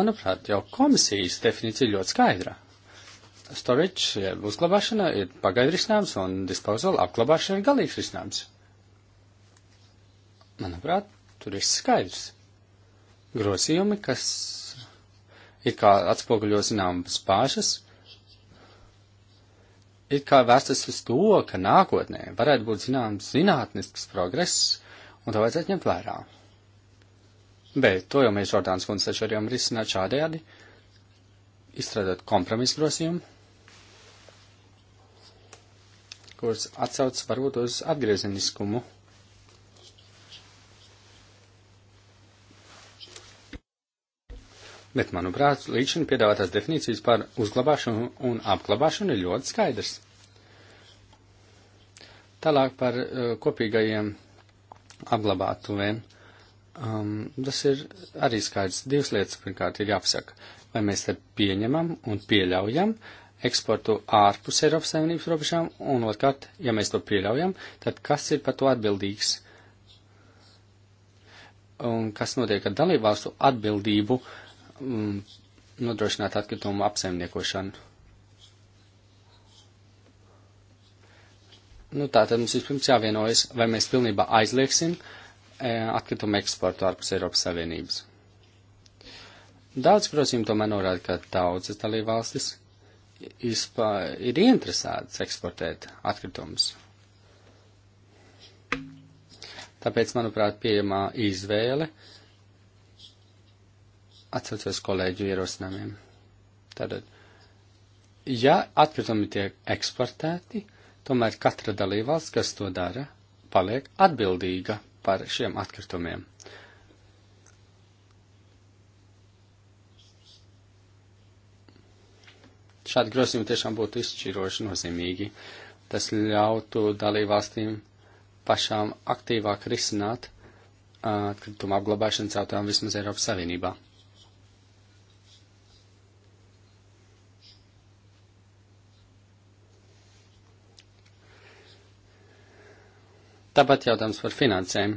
Manuprāt, jau komisijas definīcija ļoti skaidra. Storage jeb uzglabāšana ir pagaidu risinājums un disposal apglabāšana ir galīgs risinājums. Manuprāt, tur ir skaidrs. Grosījumi, kas ir kā atspoguļo zināmas pāžas, it kā vēstas uz to, ka nākotnē varētu būt zināms zinātnisks progress, un to vajadzētu ņemt vērā. Bet to jau mēs Jordāns kundze taču varam risināt šādējādi, izstrādāt kompromisu grozījumu, kurš atsauc varbūt uz atgriezeniskumu Bet, manuprāt, līdz šim piedāvātās definīcijas par uzglabāšanu un apglabāšanu ir ļoti skaidrs. Tālāk par uh, kopīgajiem apglabātuvēm. Um, tas ir arī skaidrs. Divas lietas, pirmkārt, ir jāpasaka. Vai mēs te pieņemam un pieļaujam eksportu ārpus Eiropas Savienības robežām, un otrkārt, ja mēs to pieļaujam, tad kas ir par to atbildīgs? Un kas notiek ar dalībvalstu atbildību um, nodrošināt atkritumu apsaimniekošanu. Nu, tā tad mums vispirms jāvienojas, vai mēs pilnībā aizliegsim e, atkritumu eksportu ārpus Eiropas Savienības. Daudz grozījumi tomēr norāda, ka daudzas dalībvalstis ir ieinteresētas eksportēt atkritumus. Tāpēc, manuprāt, pieejamā izvēle uh, Atcaucos kolēģu ierosinājumiem. Tātad, ja atkritumi tiek eksportēti, tomēr katra dalībvalsts, kas to dara, paliek atbildīga par šiem atkritumiem. Šādi grozījumi tiešām būtu izšķiroši nozīmīgi. Tas ļautu dalībvalstīm pašām aktīvāk risināt uh, atkrituma apglabāšanas jautājumu vismaz Eiropas Savienībā. Tāpat jautājums par finansēm,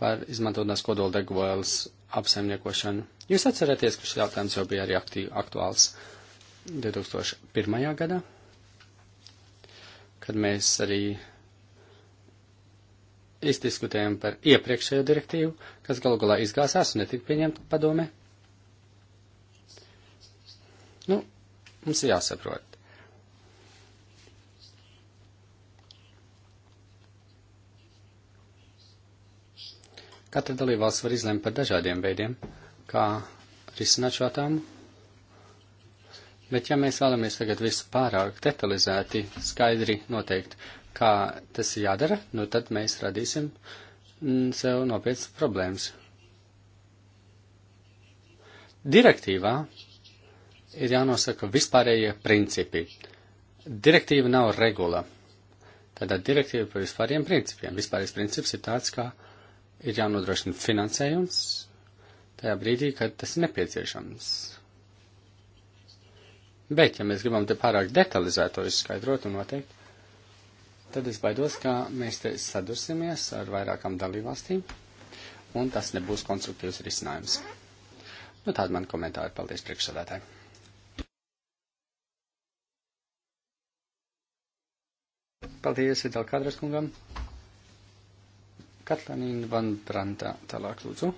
par izmantotās kodoldegvielas apsaimniekošanu. Jūs atceraties, ka šis jautājums jau bija arī aktīvi, aktuāls 2001. gadā, kad mēs arī izdiskutējam par iepriekšējo direktīvu, kas galu galā izgāzās un netika pieņemta padome. Nu, mums ir jāsaprot. Katra dalībvalsts var izlemt par dažādiem veidiem, kā risināt šo tēmu. Bet ja mēs vēlamies tagad visu pārāk detalizēti, skaidri noteikt, kā tas ir jādara, nu tad mēs radīsim mm, sev nopietnas problēmas. Direktīvā ir jānosaka vispārējie principi. Direktīva nav regula. Tātad direktīva par vispāriem principiem. Vispārējais princips ir tāds, kā ir jānodrošina finansējums tajā brīdī, kad tas ir nepieciešams. Bet, ja mēs gribam te pārāk detalizēt to izskaidrot un noteikt, tad es baidos, ka mēs te sadursimies ar vairākām dalībvalstīm, un tas nebūs konstruktīvs risinājums. Nu, tāda man komentāri. Paldies priekšsādātāji. Paldies, Vidal Kadras kungam. Katlanīna Van Brantā tālāk lūdzu.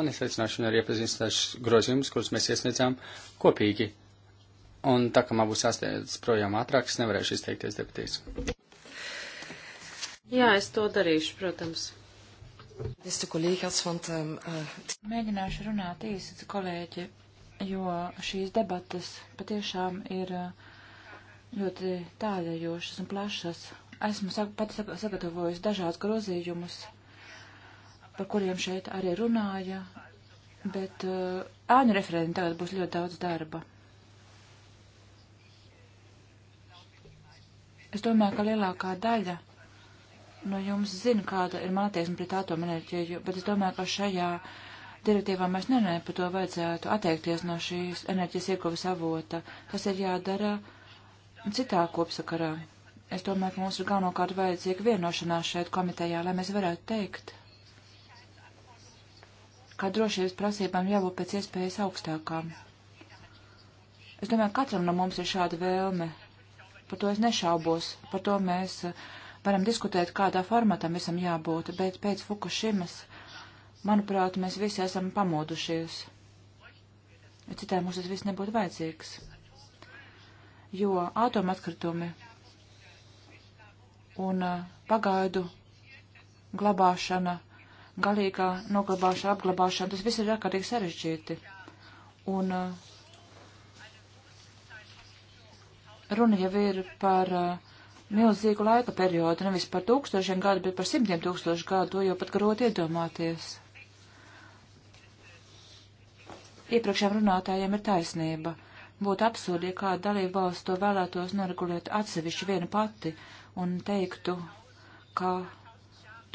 Un es aicināšu arī iepazīstināt grozījumus, kurus mēs iesniedzām kopīgi. Un tā kā man būs jāsteidz projām ātrāk, es nevarēšu izteikties deputīs. Jā, es to darīšu, protams. Beste collega's, want... Um, uh, Mēģināšu runāt īsi, kolēģi, jo šīs debatas patiešām ir uh, ļoti tālējošas un plašas. Esmu sag pati sag sagatavojusi dažādas grozījumus, par kuriem šeit arī runāja, bet uh, āņu referenti tagad būs ļoti daudz darba. Es domāju, ka lielākā daļa no jums zina, kāda ir mana attieksme pret atomenerģiju, bet es domāju, ka šajā direktīvā mēs nerunājam par to vajadzētu atteikties no šīs enerģijas ieguves avota. Tas ir jādara uh, citā kopsakarā. Es domāju, ka mums ir galvenokārt vajadzīga vienošanās šeit komitejā, lai mēs varētu teikt, ka drošības prasībām jābūt pēc iespējas augstākām. Es domāju, katram no mums ir šāda vēlme. Par to es nešaubos. Par to mēs eh, varam diskutēt, kādā formatā visam jābūt, bet pēc Fukushimas, manuprāt, mēs visi esam pamodušies. Ja citādi mums tas viss nebūtu vajadzīgs jo atomatkritumi un uh, pagaidu glabāšana, galīgā noglabāšana, apglabāšana, tas viss ir ārkārtīgi sarežģīti. Un uh, runa jau ir par uh, milzīgu laika periodu, nevis par tūkstošiem gadu, bet par simtiem tūkstošu gadu, to jau pat grūti iedomāties. Iepriekšējiem runātājiem ir taisnība. Būtu absurdi, ja kāda dalība valsts to vēlētos noregulēt atsevišķi viena pati un teiktu, ka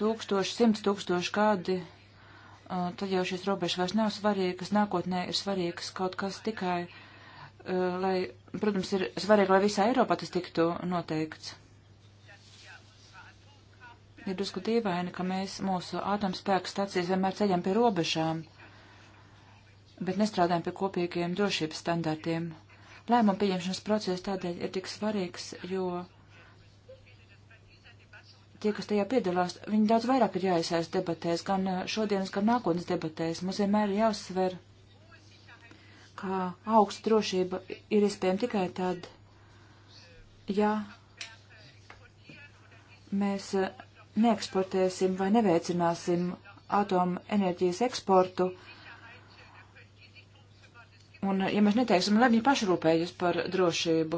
tūkstoši, simts tūkstoši gadi, uh, tad jau šīs robežas vairs nav svarīgas, nākotnē ir svarīgs kaut kas tikai, uh, lai, protams, ir svarīgi, lai visā Eiropā tas tiktu noteikts. Ir drusku dīvaini, ka mēs mūsu atomspēku stacijas vienmēr ceļam pie robežām. Uh, bet nestrādājam pie kopīgiem drošības standartiem. Lēmumu pieņemšanas process tādēļ ir tik svarīgs, jo tie, kas tajā piedalās, viņi daudz vairāk ir jāiesaist debatēs, gan eh, šodienas, gan nākotnes debatēs. Mums vienmēr ir jāuzsver, ka augsta drošība ir iespējama tikai tad, ja mēs eh, neeksportēsim vai neveicināsim atomu enerģijas eksportu, uh, Un, ja mēs neteiksim, lai viņi paši rūpējas par drošību,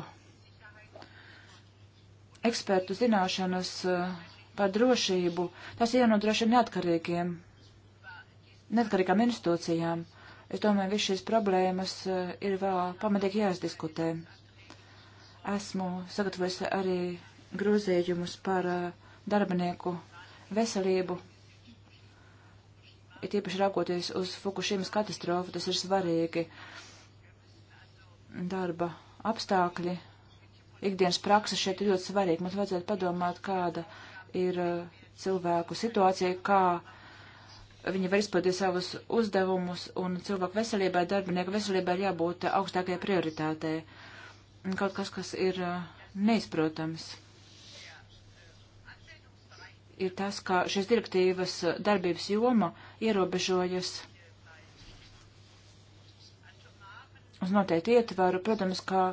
ekspertu zināšanas eh, par drošību, tas jānodrošina neatkarīgiem, neatkarīgām institūcijām. Es domāju, viss šīs problēmas eh, ir vēl pamatīgi jāizdiskutē. Esmu sagatavojusi arī grozījumus par eh, darbinieku veselību. Ir ja īpaši raugoties uz Fukushimas katastrofu, tas ir svarīgi. Uh, darba apstākļi, ikdienas praksa šeit ir ļoti svarīga. Mums vajadzētu padomāt, kāda ir uh, cilvēku situācija, kā viņi var izpildīt savus uzdevumus, un cilvēku veselībai, darbinieku veselībai ir jābūt augstākajai prioritātei. Kaut kas, kas ir uh, neizprotams, ir tas, ka šīs direktīvas darbības joma ierobežojas uz noteiktu ietvaru, protams, kā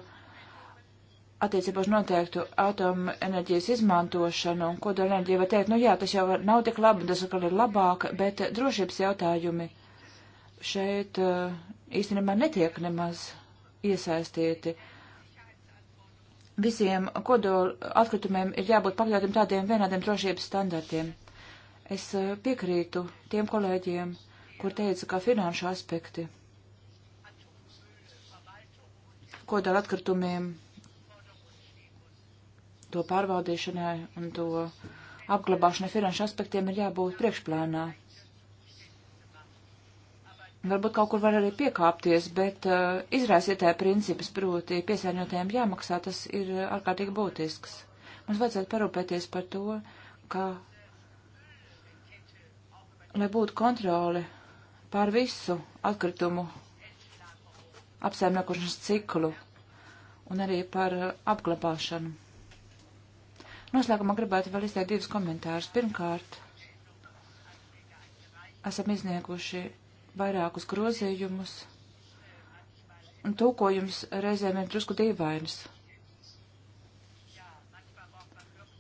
attiecībā uz noteiktu atomu enerģijas izmantošanu un kodolenerģiju var teikt, nu jā, tas jau nav tik labi, tas atkal ir labāk, bet drošības jautājumi šeit uh, īstenībā netiek nemaz iesaistīti. Visiem kodola atkritumiem ir jābūt pakļautiem tādiem vienādiem drošības standartiem. Es uh, piekrītu tiem kolēģiem, kur teica, ka finanšu aspekti kodola atkritumiem, to pārvaldīšanai un to apglabāšanai finanšu aspektiem ir jābūt priekšplānā. Varbūt kaut kur var arī piekāpties, bet uh, izraisītāja princips, proti piesārņotājiem jāmaksā, tas ir ārkārtīgi būtisks. Mums vajadzētu parūpēties par to, ka, lai būtu kontroli pār visu atkritumu apsaimniekošanas ciklu un arī par apglabāšanu. Noslēgumā gribētu vēl izteikt divus komentārus. Pirmkārt, esam iznieguši vairākus grozījumus, un tūkojums reizēm ir drusku dīvains.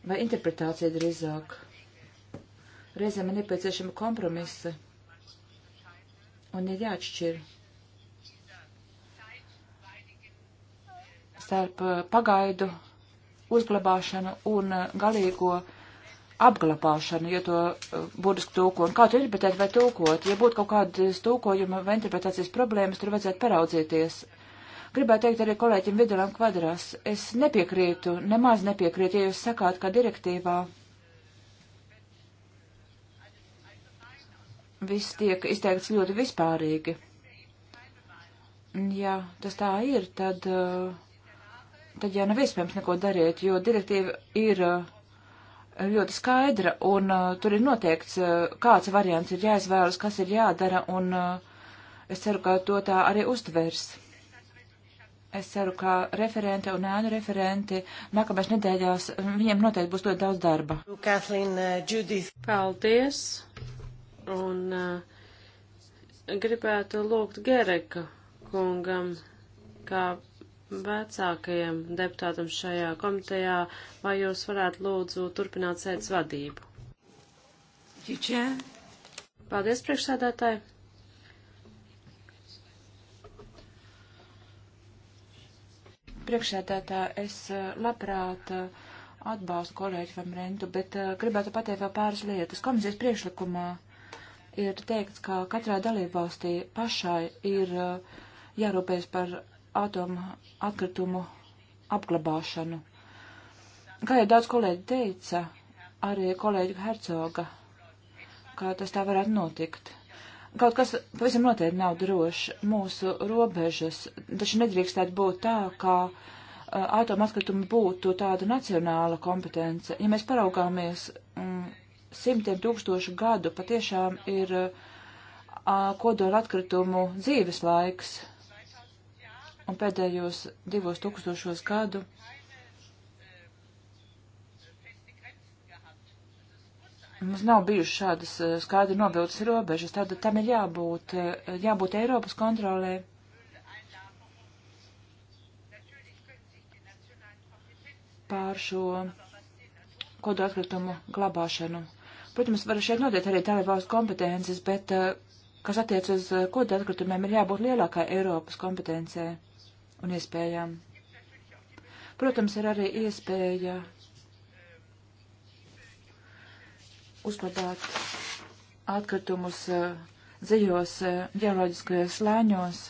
Vai interpretācija drīzāk? Reizēm ir nepieciešama kompromisa, un ir jāatšķir starp eh, pagaidu uzglabāšanu un eh, galīgo apglabāšanu, ja to eh, būtiski tūko. Un kā to interpretēt vai tūkot? Ja būtu kaut kādas tūkojuma vai interpretācijas problēmas, tur vajadzētu paraudzīties. Gribētu teikt arī kolēģim Vidalam Kvadras, es nepiekrītu, nemaz nepiekrītu, ja jūs sakāt, ka direktīvā viss tiek izteikts ļoti vispārīgi. Ja tas tā ir, tad. Uh, tad jau nav iespējams neko darīt, jo direktīva ir eh, ļoti skaidra, un uh, tur ir noteikts, uh, kāds variants ir jāizvēlas, kas ir jādara, un uh, es ceru, ka to tā arī uztvers. Es ceru, ka referente un ēnu referenti nākamais nedēļās, viņiem noteikti būs ļoti daudz darba. Kathleen, uh, Judith. Paldies, un uh, gribētu lūgt Gereka kungam, kā vecākajiem deputātam šajā komitejā, vai jūs varētu lūdzu turpināt sēdes vadību? Čičē. Paldies, priekšsēdētāji. Priekšsēdētā es eh, labprāt eh, atbalstu kolēģi Vamrentu, bet eh, gribētu pateikt vēl pāris lietas. Komisijas priekšlikumā ir teikts, ka katrā dalībvalstī pašai ir jārūpējas par atomu atkritumu apglabāšanu. Kā jau daudz kolēģi teica, arī kolēģi Hercoga, kā tas tā varētu notikt. Kaut kas pavisam noteikti nav drošs mūsu robežas, taču nedrīkstētu būt tā, ka atomatkritumi būtu tāda nacionāla kompetence. Ja mēs paraugāmies mm, simtiem tūkstošu gadu, patiešām ir kodola atkritumu dzīves laiks un pēdējos divos tūkstošos gadu Mums nav bijušas šādas eh, skaidri nobildes robežas, tad tam ir jābūt, eh, jābūt Eiropas kontrolē. pār šo kodu atkritumu glabāšanu. Protams, var šeit nodēt arī dalībvalstu kompetences, bet, eh, kas attiec uz kodu atkritumiem, ir jābūt lielākai Eiropas kompetencē un iespējām. Protams, ir arī iespēja uzglabāt atkritumus eh, dziļos eh, ģeoloģiskajos slāņos.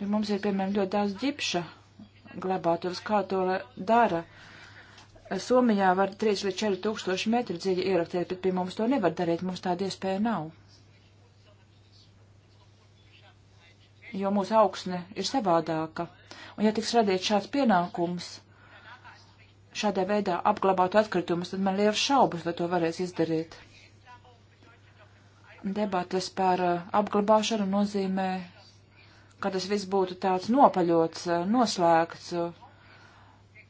Pie mums ir, piemēram, ļoti daudz ģipša glabātos, kā to dara. Somijā var 3 līdz 4 tūkstoši metru dziļi ieraktēt, bet pie mums to nevar darīt, mums tāda iespēja nav. jo mūsu augsne ir savādāka. Un ja tiks radīts šāds pienākums, šādā veidā apglabāt atkritumus, tad man liels šaubas, vai to varēs izdarīt. Debates par uh, apglabāšanu nozīmē, ka tas viss būtu tāds nopaļots, uh, noslēgts, uh,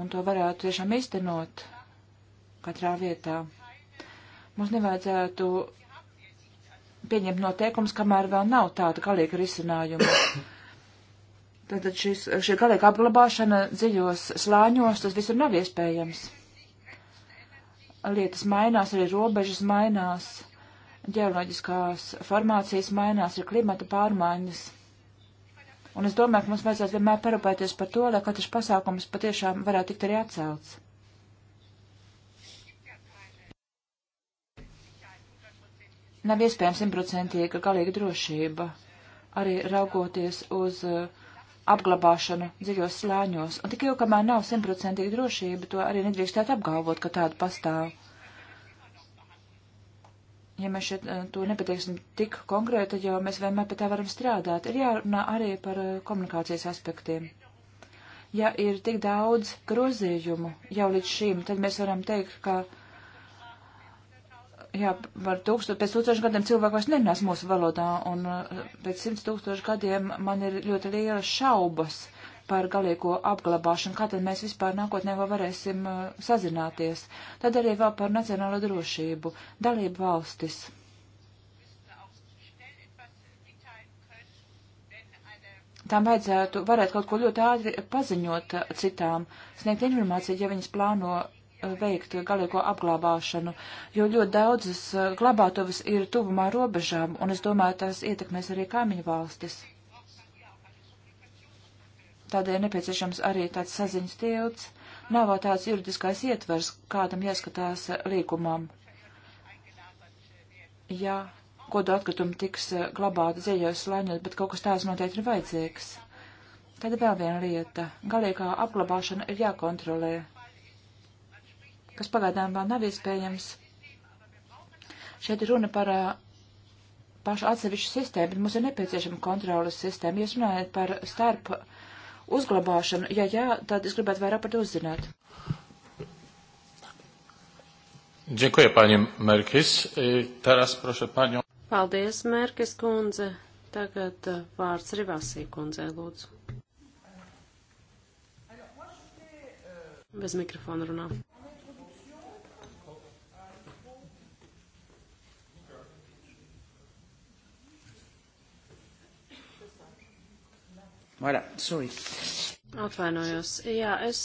un to varētu tiešām iztenot katrā vietā. Mums nevajadzētu pieņemt noteikumus, kamēr vēl nav tāda galīga risinājuma. Tātad šis, šī galīga apglabāšana dziļos slāņos, tas visur nav iespējams. Lietas mainās, arī robežas mainās, ģeoloģiskās formācijas mainās, ir klimata pārmaiņas. Un es domāju, ka mums vajadzētu vienmēr parūpēties par to, lai katrs pasākums patiešām varētu tikt arī atcelts. nav iespējams simtprocentīga galīga drošība, arī raugoties uz uh, apglabāšanu dziļos slāņos. Un tik jau, kamēr nav simtprocentīga drošība, to arī nedrīkstētu apgalvot, ka tāda pastāv. Ja mēs šeit uh, to nepateiksim tik konkrēti, jo mēs vienmēr pie tā varam strādāt, ir jārunā arī par uh, komunikācijas aspektiem. Ja ir tik daudz grozījumu jau līdz šim, tad mēs varam teikt, ka jā, var tūkstot, pēc tūkstošu gadiem cilvēku vairs nerunās mūsu valodā, un eh, pēc simts tūkstošu gadiem man ir ļoti liela šaubas par galīgo apglabāšanu, kā tad mēs vispār nākotnē vēl varēsim uh, sazināties. Tad arī vēl par nacionālo drošību, dalību valstis. Tām vajadzētu, varētu kaut ko ļoti ātri paziņot eh, citām, sniegt informāciju, ja viņas plāno veikt galīgo apglabāšanu, jo ļoti daudzas eh, glabātuvas ir tuvumā robežām, un es domāju, tas ietekmēs arī kaimiņu valstis. Tādēļ nepieciešams arī tāds saziņas tilts, nav tāds juridiskais ietvers, kādam jāskatās eh, līgumam. Jā, kodu atkritumi tiks eh, glabāti dziļos slāņos, bet kaut kas tāds noteikti ir vajadzīgs. Tad vēl viena lieta. Galīgā apglabāšana ir jākontrolē kas pagaidām vēl nav iespējams. Šeit ir runa par pašu atsevišķu sistēmu, bet mums ir nepieciešama kontrolas sistēma. Jūs runājat par starp uzglabāšanu. Ja jā, tad es gribētu vairāk par to uzzināt. Dziękuję, panie Merkis. Teraz proszę panią. Paldies, Merkis kundze. Tagad vārds Rivasī kundzei, lūdzu. Bez mikrofona runā. Voilà, sorry. Atvainojos. Jā, es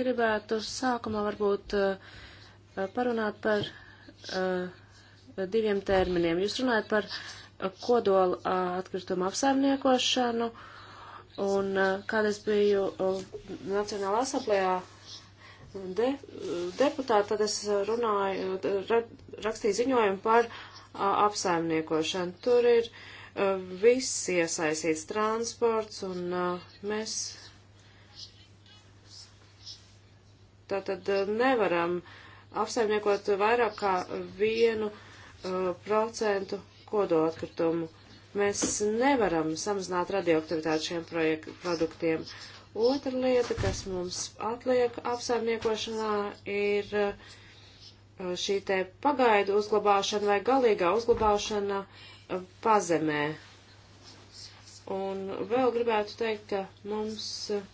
gribētu sākumā varbūt eh, parunāt par eh, diviem terminiem. Jūs runājat par kodola eh, atkrituma apsaimniekošanu, un kad es biju Nacionālā asamblējā de, deputāta, tad es runāju, rakstīju ziņojumu par apsaimniekošanu. Tur ir uh, Eh, viss iesaistīts transports, un eh, mēs tātad eh, nevaram apsaimniekot vairāk kā vienu procentu kodolatkritumu. Mēs nevaram samazināt radioaktivitāti šiem projekt, produktiem. Otra lieta, kas mums atliek apsaimniekošanā, ir šī te pagaidu uzglabāšana vai galīgā uzglabāšana uh, pazemē. Un vēl gribētu teikt, ka mums uh,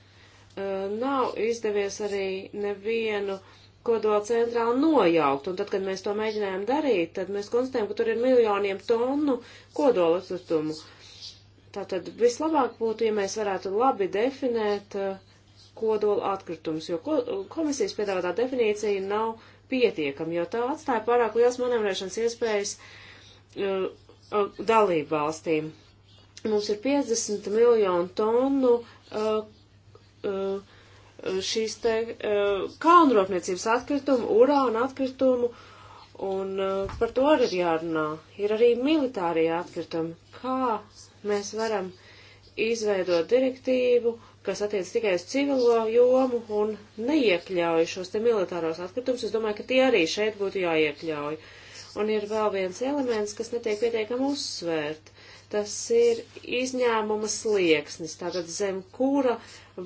nav izdevies arī nevienu kodola centrālu nojaukt, un tad, kad mēs to mēģinājām darīt, tad mēs konstatējam, ka tur ir miljoniem tonu kodola atkritumu. Tātad vislabāk būtu, ja mēs varētu labi definēt uh, kodola atkritumus, jo komisijas piedāvātā definīcija nav pietiekama, jo tā atstāja pārāk liels manevrēšanas iespējas uh, uh, dalību valstīm. Mums ir 50 miljonu tonu uh, uh, šīs te uh, kalnrūpniecības atkritumu, urāna atkritumu, un uh, par to arī ir jārunā. Ir arī militārie atkritumi. Kā mēs varam izveidot direktīvu, kas attiec tikai uz civilo jomu un neiekļauj šos te militāros atkritumus? Es domāju, ka tie arī šeit būtu jāiekļauj. Uh, Un ir vēl viens elements, kas netiek pietiekam uzsvērt. Tas ir izņēmuma slieksnis, tātad zem kura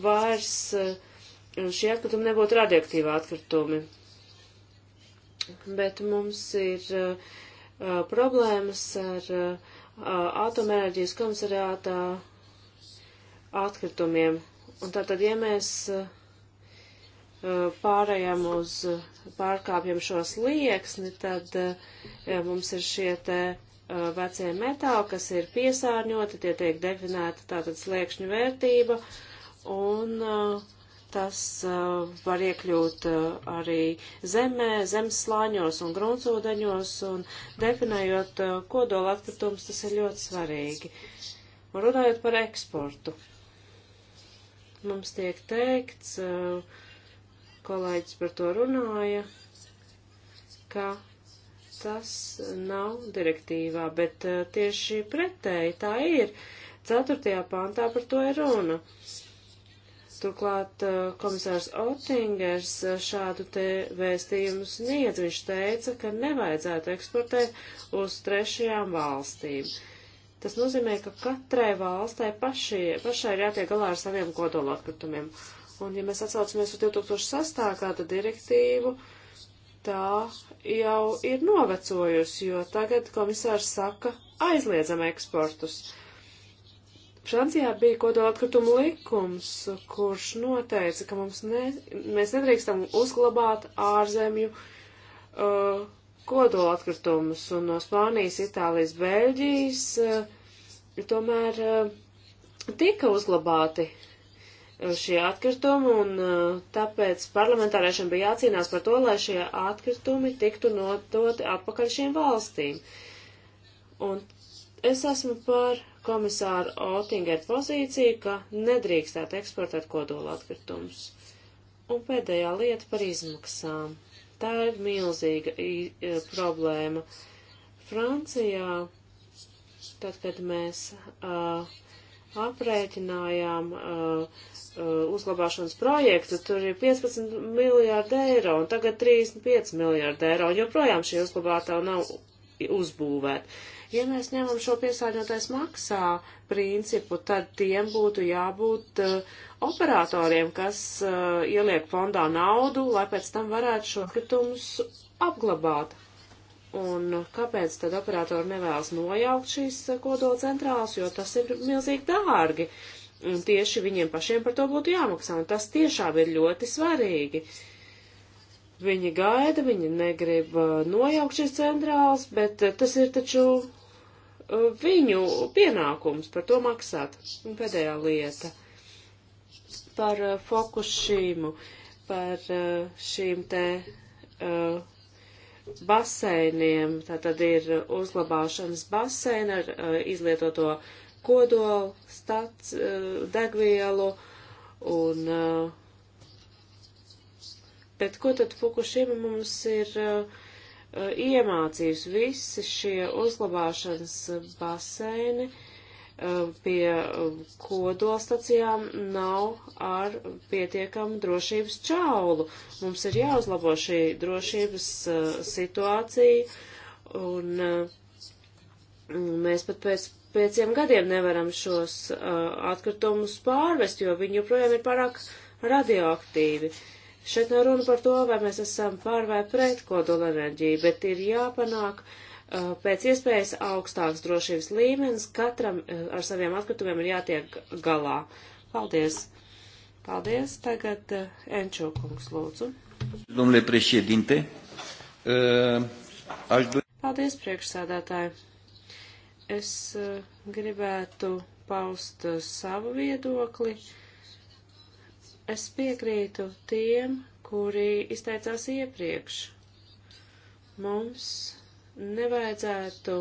vairs eh, šie atkritumi nebūtu radioaktīvi atkritumi. Bet mums ir uh, problēmas ar uh, atomenerģijas komisariātā atkritumiem. Un tātad, ja mēs uh, Eh, pārējām uz eh, pārkāpjam šo slieksni, tad eh, mums ir šie te vecie metāli, kas ir piesārņoti, tie tiek definēta tātad sliekšņu vērtība, un tas var iekļūt arī zemē, zemes slāņos un gruntsūdeņos, un definējot kodola atkritumus, tas ir ļoti svarīgi. Un runājot par eksportu, mums tiek teikts, uh, kolēģis par to runāja, ka tas nav direktīvā, bet eh, tieši pretēji tā ir. Ceturtajā pāntā par to ir runa. Turklāt eh, komisārs Otingers eh, šādu te vēstījumu sniedz. Viņš teica, ka nevajadzētu eksportēt uz trešajām valstīm. Tas nozīmē, ka katrai valstai pašie, pašai ir jātiek galā ar saviem kodolatkritumiem. Un ja mēs atsaucamies uz 2006. gada direktīvu, tā jau ir novecojusi, jo tagad komisārs saka, aizliedzam eksportus. Francijā bija kodola atkrituma likums, kurš noteica, ka mums ne, mēs nedrīkstam uzglabāt ārzemju uh, kodola atkritumus, un no Spānijas, Itālijas, Beļģijas uh, tomēr uh, tika uzglabāti Eh, šie atkritumi, un eh, tāpēc parlamentāriešiem bija jācīnās par to, lai šie atkritumi tiktu nototi atpakaļ šiem valstīm. Un es esmu par komisāru Otingeru pozīciju, ka nedrīkstētu eksportēt kodola atkritumus. Un pēdējā lieta par izmaksām. Tā ir milzīga e, problēma. Francijā, tad, kad mēs uh, aprēķinājām uh, Uh, uzglabāšanas projektu, tur ir 15 miljārdi eiro un tagad 35 miljārdi eiro, un joprojām šī uzglabātā nav uzbūvēta. Ja mēs ņemam šo piesārņotais maksā principu, tad tiem būtu jābūt uh, operatoriem, kas uh, ieliek fondā naudu, lai pēc tam varētu šo kritumus apglabāt. Un kāpēc tad operatori nevēlas nojaukt šīs uh, kodola centrāls, jo tas ir milzīgi dārgi. Uh, un tieši viņiem pašiem par to būtu jāmaksā, un tas tiešām ir ļoti svarīgi. Viņi gaida, viņi negrib uh, nojaukt šīs centrāls, bet uh, tas ir taču uh, viņu pienākums par to maksāt. Un pēdējā lieta par Fukushīmu, par šīm te baseiniem, tā tad ir uzglabāšanas baseina ar izlietoto kodolu, stats, eh, degvielu un. Eh, bet ko tad Fukushima mums ir eh, iemācījis? Visi šie uzlabāšanas baseini pie kodolstacijām nav ar pietiekamu drošības čaulu. Mums ir jāuzlabo šī drošības uh, situācija, un uh, mēs pat pēc pieciem gadiem nevaram šos uh, atkritumus pārvest, jo viņi joprojām ir pārāk radioaktīvi. Šeit nav runa par to, vai mēs esam pār vai pret kodolenerģiju, bet ir jāpanāk uh, pēc iespējas augstāks drošības līmenis. Katram uh, ar saviem atkritumiem ir jātiek galā. Paldies! Paldies! Tagad uh, Enčokungs lūdzu. Domnule președinte, uh, aș dori. Paldies, priekšsādātāji! Es eh, gribētu paust eh, savu viedokli. Es piekrītu tiem, kuri izteicās iepriekš. Mums nevajadzētu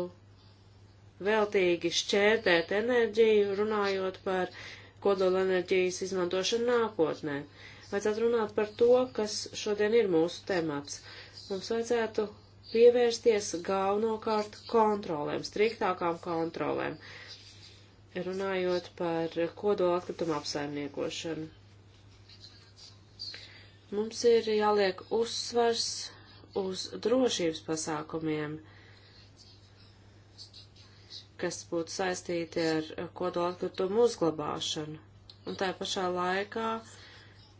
veltīgi šķērdēt enerģiju, runājot par kodolenerģijas izmantošanu nākotnē. Vajadzētu runāt par to, kas šodien ir mūsu temats. Mums vajadzētu pievērsties galvenokārt kontrolēm, striktākām kontrolēm, runājot par kodola atkrituma apsaimniekošanu. Mums ir jāliek uzsvars uz drošības pasākumiem, kas būtu saistīti ar kodola atkritumu uzglabāšanu. Un tā pašā laikā uh,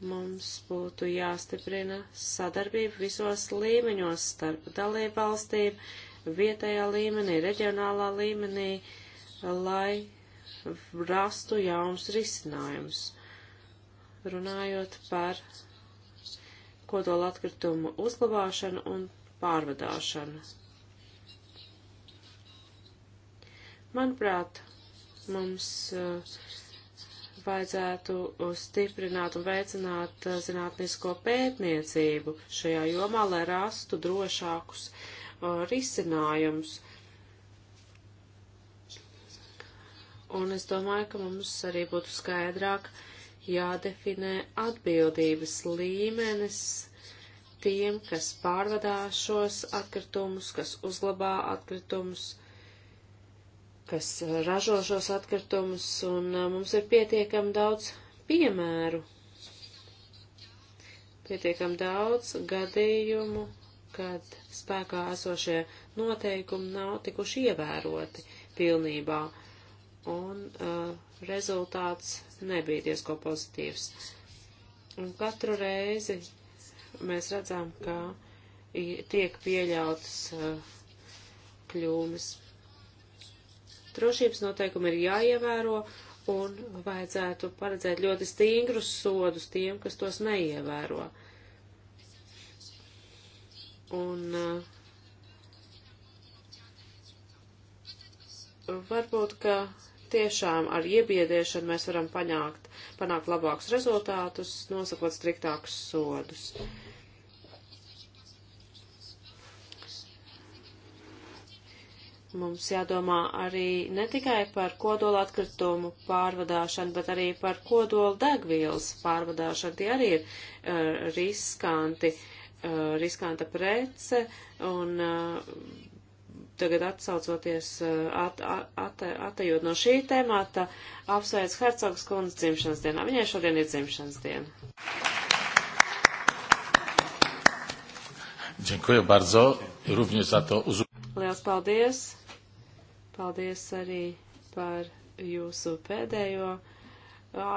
Mums būtu jāstiprina sadarbība visos līmeņos starp dalību valstīm, vietējā līmenī, reģionālā līmenī, lai rastu jaunus risinājumus. Runājot par kodola atkritumu uzglabāšanu un pārvadāšanu. Manuprāt, mums uh, vajadzētu stiprināt un veicināt eh, zinātnisko pētniecību šajā jomā, lai rastu drošākus eh, risinājumus. Un es domāju, ka mums arī būtu skaidrāk jādefinē atbildības līmenis tiem, kas pārvadā šos atkritumus, kas uzglabā atkritumus kas uh, ražo šos atkritumus, un uh, mums ir pietiekami daudz piemēru, pietiekami daudz gadījumu, kad spēkā esošie noteikumi nav tikuši ievēroti pilnībā, un uh, rezultāts nebija diezko pozitīvs. Un katru reizi mēs redzam, ka tiek pieļautas uh, kļūmes. Drošības noteikumi ir jāievēro un vajadzētu paredzēt ļoti stingrus sodus tiem, kas tos neievēro. Un uh, varbūt, ka tiešām ar iebiedēšanu mēs varam paņākt, panākt labākus rezultātus, nosakot striktākus sodus. Uh, Mums jādomā arī ne tikai par kodola atkritumu pārvadāšanu, bet arī par kodola degvielas pārvadāšanu. Tie arī ir uh, riskanti, uh, riskanta prece un uh, tagad atsaucoties, at, at, atejot no šī tēmata, apsveic Hercogs kundzes dzimšanas dienā. Viņai šodien ir dzimšanas diena. Dziękuję bardzo również za to uzupełnienie. Lielas paldies! Paldies arī par jūsu pēdējo ā,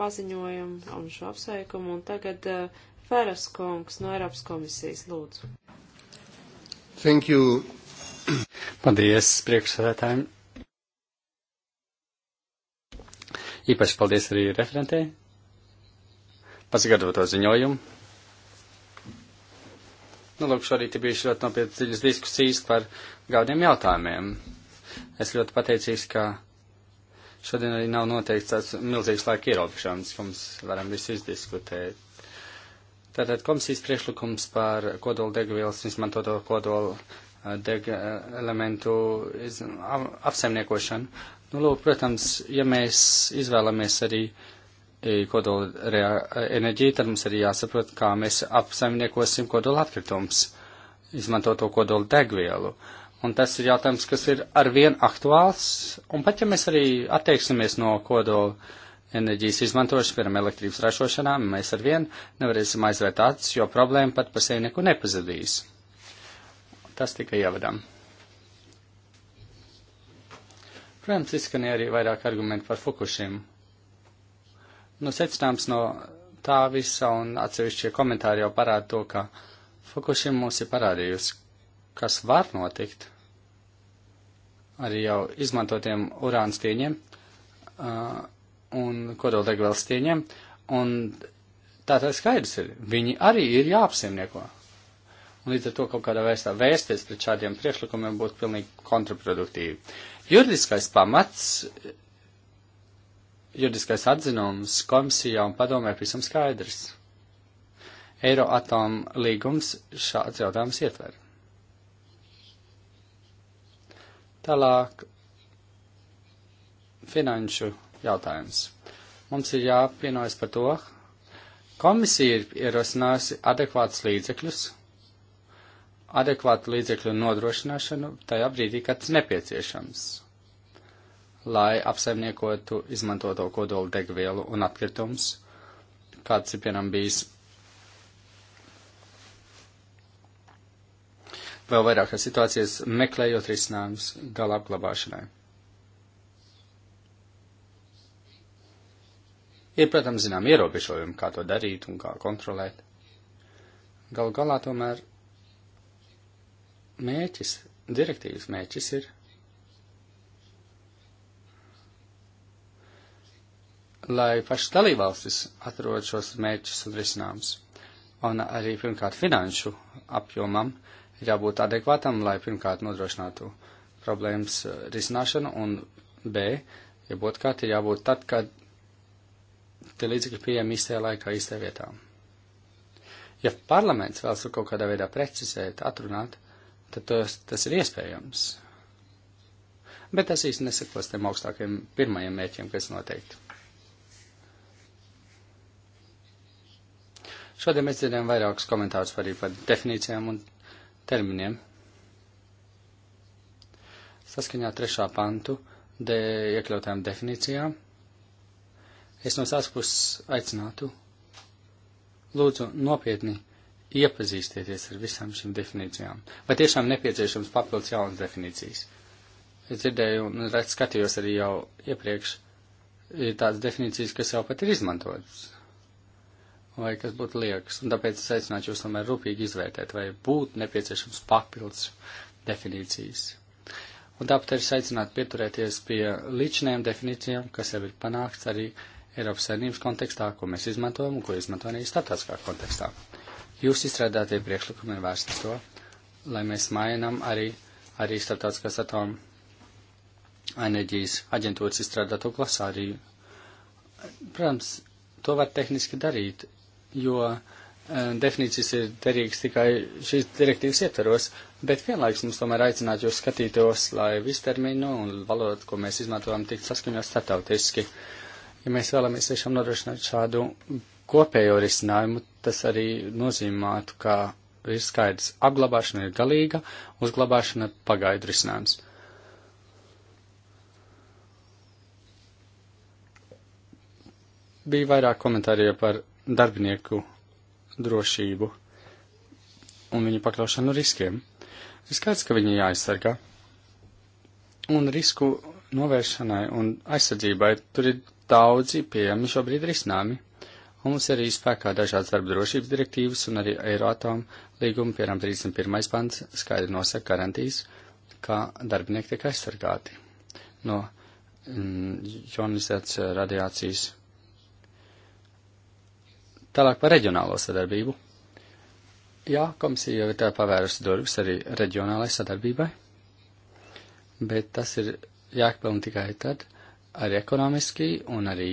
paziņojumu un šo apsveikumu. Un tagad uh, Feras kungs no Eiropas komisijas lūdzu. Thank you. Paldies priekšsēdētājiem. Īpaši paldies arī referentē par sagatavoto ziņojumu. Nu, lūk, šorīt ir bijuši ļoti nopietnas dziļas diskusijas par gaudiem jautājumiem. Es ļoti pateicīgs, ka šodien arī nav noteikts tāds milzīgs laika ierobežojums, ka mums varam visu izdiskutēt. Tātad komisijas priekšlikums par kodoldegvielas izmantoto kodolu eh, deg eh, elementu iz, apsaimniekošanu. Nu, lūk, protams, ja mēs izvēlamies arī eh, kodola enerģiju, tad mums arī jāsaprot, kā mēs apsaimniekosim kodola atkritumus, izmantot to kodola degvielu. Uh, Un tas ir jautājums, kas ir arvien aktuāls. Un pat ja mēs arī attieksimies no kodola enerģijas izmantošanas, piemēram, elektrības ražošanā, mēs arvien nevarēsim aizvērt acis, jo problēma pat par sevi neko nepazudīs. Tas tikai ievadām. Protams, izskanēja arī vairāk argumenti par Fukušiem. Nu, secināms no tā visa un atsevišķie komentāri jau parāda to, ka Fukušiem mums ir parādījusi, kas var notikt arī jau izmantotiem urāna stieņiem uh, un kodoldegvielas stieņiem. Un tā tā skaidrs ir, viņi arī ir jāapsaimnieko. Un līdz ar to kaut kādā veidā vērsties pret šādiem priekšlikumiem būtu pilnīgi kontraproduktīvi. Juridiskais pamats, juridiskais atzinums komisijā un padomē visam skaidrs. Eiroatom līgums šāds jautājums ietver. Tālāk finanšu jautājums. Mums ir jāpienojas par to. Komisija ir ierosinājusi adekvātus līdzekļus, adekvātu līdzekļu nodrošināšanu tajā brīdī, kad tas nepieciešams, lai apsaimniekotu izmantoto kodolu degvielu un atkritumus, kāds ir, piemēram, bijis vēl vairākās situācijas meklējot risinājumus gala apglabāšanai. Ir, protams, zinām ierobežojumi, kā to darīt un kā kontrolēt. Galu galā tomēr mērķis, direktīvas mērķis ir, lai pašas dalībvalstis atrod šos mērķus un risinājumus, un arī pirmkārt finanšu apjomam jābūt adekvātam, lai pirmkārt nodrošinātu problēmas eh, risināšanu, un B, ja būtu kā, ir jābūt tad, kad tie līdzekļi pieejami īstajā laikā, īstajā vietā. Ja parlaments vēlas to kaut kādā veidā precizēt, atrunāt, tad tos, tas ir iespējams. Bet tas īsti nesakos tiem augstākiem pirmajiem mērķiem, kas noteikti. Šodien mēs dzirdējām vairākus komentārus par, par definīcijām un terminiem. Saskaņā trešā pantu de iekļautām definīcijām es no savas puses aicinātu, lūdzu, nopietni iepazīstieties ar visām šīm definīcijām. Vai tiešām nepieciešams papildus jaunas definīcijas? Es dzirdēju un skatījos arī jau iepriekš, ir tādas definīcijas, kas jau pat ir izmantotas vai kas būtu liekas. Un tāpēc es aicinātu jūs tomēr rūpīgi izvērtēt, vai būtu nepieciešams papildus definīcijas. Un tāpat arī aicinātu pieturēties pie līdzinējām definīcijām, kas jau ir panākts arī Eiropas saimnības kontekstā, ko mēs izmantojam un ko izmantojam arī starptautiskā kontekstā. Jūs izstrādātie priekšlikumi ir vērsti to, lai mēs mainām arī, arī starptautiskās atomu enerģijas aģentūras izstrādāto klasā arī. Protams, to var tehniski darīt, jo eh, definīcijas ir derīgas tikai šīs direktīvas ietveros, bet vienlaiks mums tomēr aicināt jūs skatītos, lai visterminu un valodu, ko mēs izmantojam, tiktu saskaņot startautiski. Ja mēs vēlamies tiešām nodrošināt šādu kopējo risinājumu, tas arī nozīmētu, ka ir skaidrs, apglabāšana ir galīga, uzglabāšana pagaidu risinājums. Bija vairāk komentāri par darbinieku drošību un viņu pakļaušanu riskiem. Ir skaidrs, ka viņi jāaizsargā. Un risku novēršanai un aizsardzībai tur ir daudzi pieejami šobrīd risinājumi. Un mums ir arī spēkā dažādas darba drošības direktīvas un arī Eiroatom līguma, piemēram, 31. pants skaidri nosaka garantijas, kā darbinieki tiek aizsargāti no mm, jonizētas radiācijas Tālāk par reģionālo sadarbību. Jā, komisija jau ir tā pavērusi durvis arī reģionālai sadarbībai, bet tas ir jākpilna tikai tad, arī ekonomiski un arī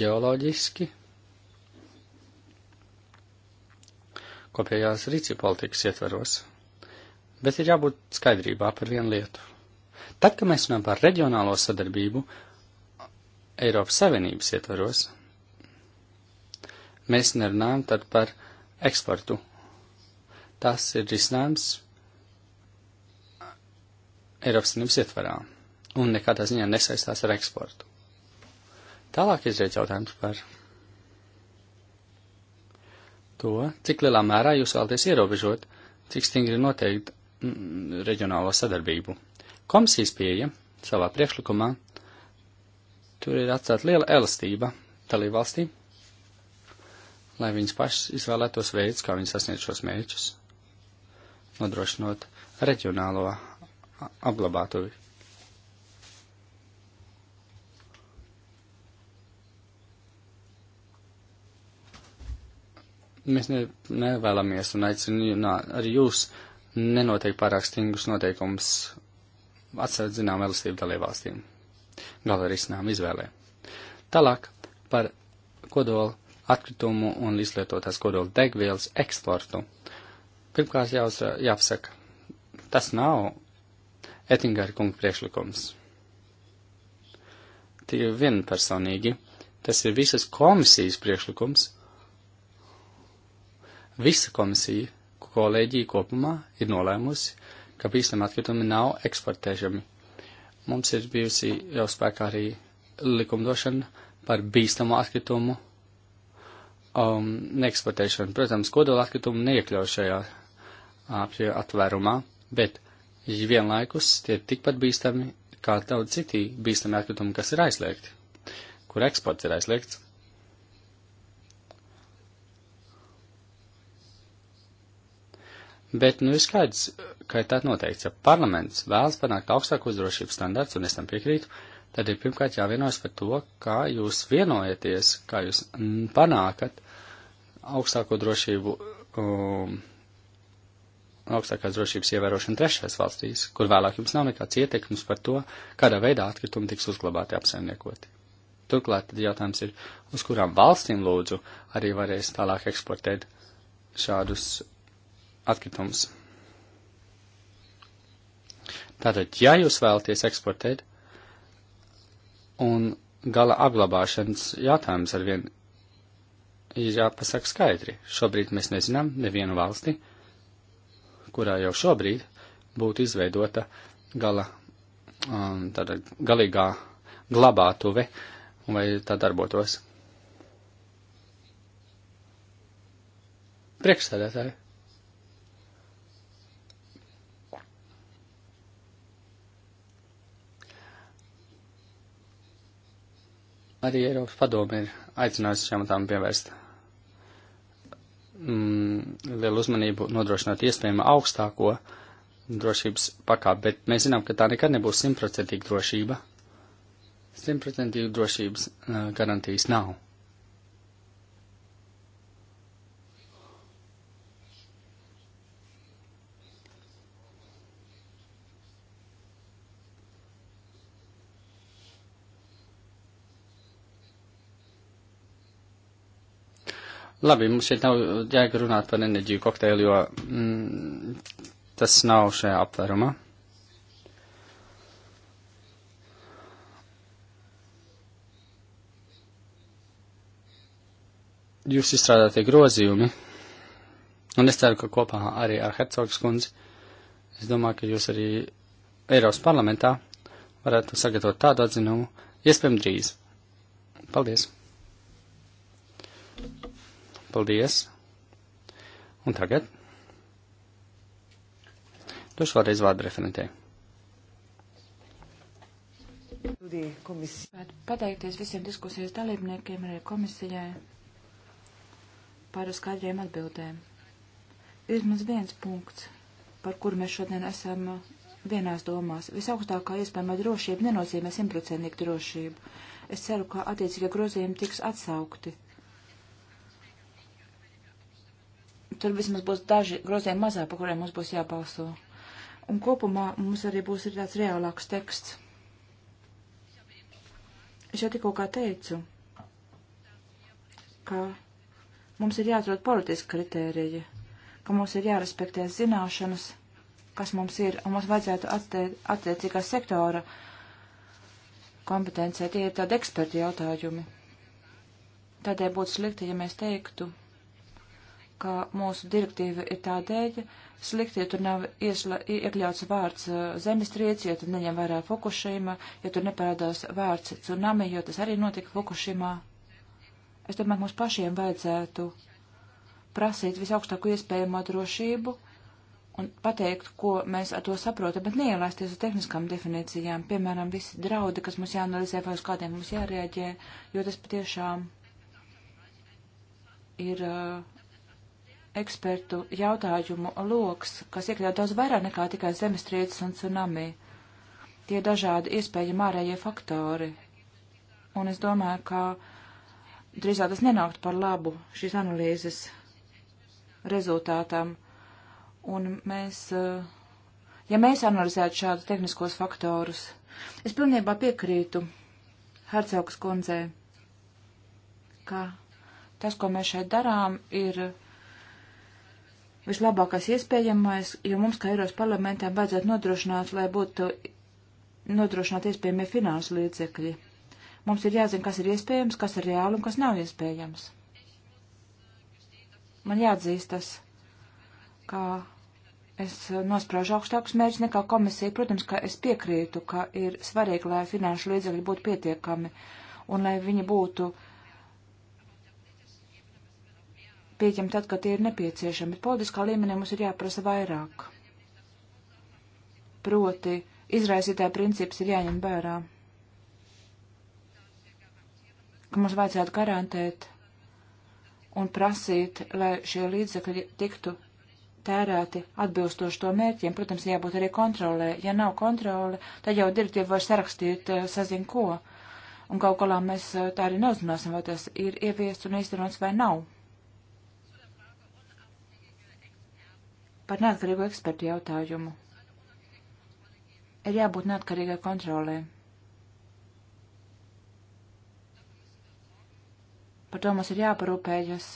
ģeoloģiski. Kopējās rīcība politikas ietveros, bet ir jābūt skaidrībā par vienu lietu. Tad, kad mēs runājam par reģionālo sadarbību Eiropas Savienības ietveros, Mēs nerunājam tad par eksportu. Tas ir risinājums Eiropas Savienības ietvarā un nekādā ziņā nesaistās ar eksportu. Tālāk izriet jautājums par to, cik lielā mērā jūs vēlaties ierobežot, cik stingri noteikt mm, reģionālo sadarbību. Komisijas pieeja savā priekšlikumā tur ir atstāt liela elastība dalībvalstīm lai viņas pašas izvēlētos veids, kā viņas sasniedz šos mērķus, nodrošinot reģionālo apglabātuvi. Mēs ne, nevēlamies un aicinu arī jūs nenoteikti pārāk stingrus noteikumus atcelt zinām elastību dalībvalstīm. Galvenais risinājuma izvēlē. Tālāk par kodolu atkritumu un izlietotās kodola degvielas eksportu. Pirmkārt jāuz, jāpasaka, tas nav Ettingera kunga priekšlikums. Tie vienpersonīgi, tas ir visas komisijas priekšlikums. Visa komisija, kolēģija kopumā ir nolēmusi, ka bīstami atkritumi nav eksportēšami. Mums ir bijusi jau spēkā arī likumdošana par bīstamo atkritumu um, neeksportēšanu. Protams, kodola atkritumu neiekļauj šajā uh, aptvērumā, bet vienlaikus tie ir tikpat bīstami kā daudz citi bīstami atkritumi, kas ir aizliegti, kur eksports ir aizliegts. Bet, nu, ir skaidrs, ka ir tā noteikts, ja parlaments vēlas panākt augstākos drošības standarts, un es tam piekrītu, uh, tad ir pirmkārt jāvienojas par to, kā jūs vienojaties, kā jūs panākat augstāko drošību, um, augstākās drošības ievērošanu trešās valstīs, kur vēlāk jums nav nekāds ietekmes par to, kādā veidā atkritumi tiks uzglabāti apsaimniekoti. Turklāt tad jautājums ir, uz kurām valstīm lūdzu arī varēs tālāk eksportēt šādus atkritumus. Tātad, ja jūs vēlaties eksportēt, Un gala apglabāšanas jautājums ar vienu ir jāpasaka skaidri. Šobrīd mēs nezinām nevienu valsti, kurā jau šobrīd būtu izveidota gala, um, tāda galīgā glabātuve, vai tā darbotos. Priekšstādātāji. Arī Eiropas padome ir aicinājusi šiem tām pievērst mm, lielu uzmanību, nodrošinot iespējama augstāko drošības pakāpi, bet mēs zinām, ka tā nekad nebūs simtprocentīga drošība. Simtprocentīga drošības uh, garantijas nav. Labi, mums šeit nav jēga runāt par enerģiju kokteili, jo mm, tas nav šajā aptvērumā. Jūs izstrādātie grozījumi, un es ceru, ka kopā arī ar Hercogs kundzi, es domāju, ka jūs arī Eiropas parlamentā varētu sagatavot tādu atzinumu, iespējams drīz. Paldies! Paldies! Un tagad? Došu vēlreiz vārdu referentē. Pateikties visiem diskusijas dalībniekiem, arī komisijai par skaidriem atbildēm. Ir maz viens punkts, par kur mēs šodien esam vienās domās. Visaugstākā iespējama drošība nenozīmē simtprocentīgu drošību. Es ceru, ka attiecīgie grozījumi tiks atsaukti Tur vismaz būs daži grozījumi mazāk, par kuriem mums būs jābalso. Un kopumā mums arī būs ir tāds reālāks teksts. Es jau tikko kā teicu, ka mums ir jāatrod politiski kritēriji, ka mums ir jārespektē zināšanas, kas mums ir, un mums vajadzētu atstāt attiecīgā sektora kompetencija. Tie ir tādi eksperti jautājumi. Tādēļ būtu slikti, ja mēs teiktu, ka mūsu direktīva ir tādēļ slikta, ja tur nav iesla, iekļauts vārds uh, zemestrieci, ja tur neņem vērā Fukushima, ja tur neparādās vārds tsunami, jo tas arī notika Fukushimā. Es domāju, ka mums pašiem vajadzētu prasīt visaugstāko iespējamo drošību un pateikt, ko mēs ar to saprotam, bet neielēsties uz tehniskām definīcijām, piemēram, visi draudi, kas mums jāanalizē vai uz kādiem mums jārēģē, jo tas patiešām ir uh, ekspertu jautājumu loks, kas iekļaut daudz vairāk nekā tikai zemestrīces un tsunami. Tie dažādi iespējami ārējie faktori. Un es domāju, ka drīzāk tas nenākt par labu šīs analīzes rezultātam. Un mēs, eh, ja mēs analizētu šādus tehniskos faktorus, es pilnībā piekrītu Hercaugas kundzei, ka tas, ko mēs šeit darām, ir vislabākais iespējamais, jo mums, kā Eiros parlamentā, vajadzētu nodrošināt, lai būtu nodrošināt iespējamie finansu līdzekļi. Mums ir jāzina, kas ir iespējams, kas ir reāli un kas nav iespējams. Man jāatzīstas, ka es nospraužu augstākus mērķus nekā komisija. Protams, ka es piekrītu, ka ir svarīgi, lai finanšu līdzekļi būtu pietiekami un lai viņi būtu uh, pieņem tad, kad tie ir nepieciešami. Politiskā līmenī mums ir jāprasa vairāk. Proti, izraisītāja princips ir jāņem vērā. Ka mums vajadzētu garantēt un prasīt, lai šie līdzekļi tiktu tērēti atbilstoši to mērķiem. Protams, jābūt arī kontrolē. Ja nav kontrole, tad jau direktīva var sarakstīt eh, sazin ko. Un kaut kolā mēs eh, tā arī neuzzināsim, vai tas ir ieviests un īstenots vai nav. par neatkarīgu ekspertu jautājumu. Ir jābūt neatkarīgai kontrolē. Par to mums ir jāparūpējas.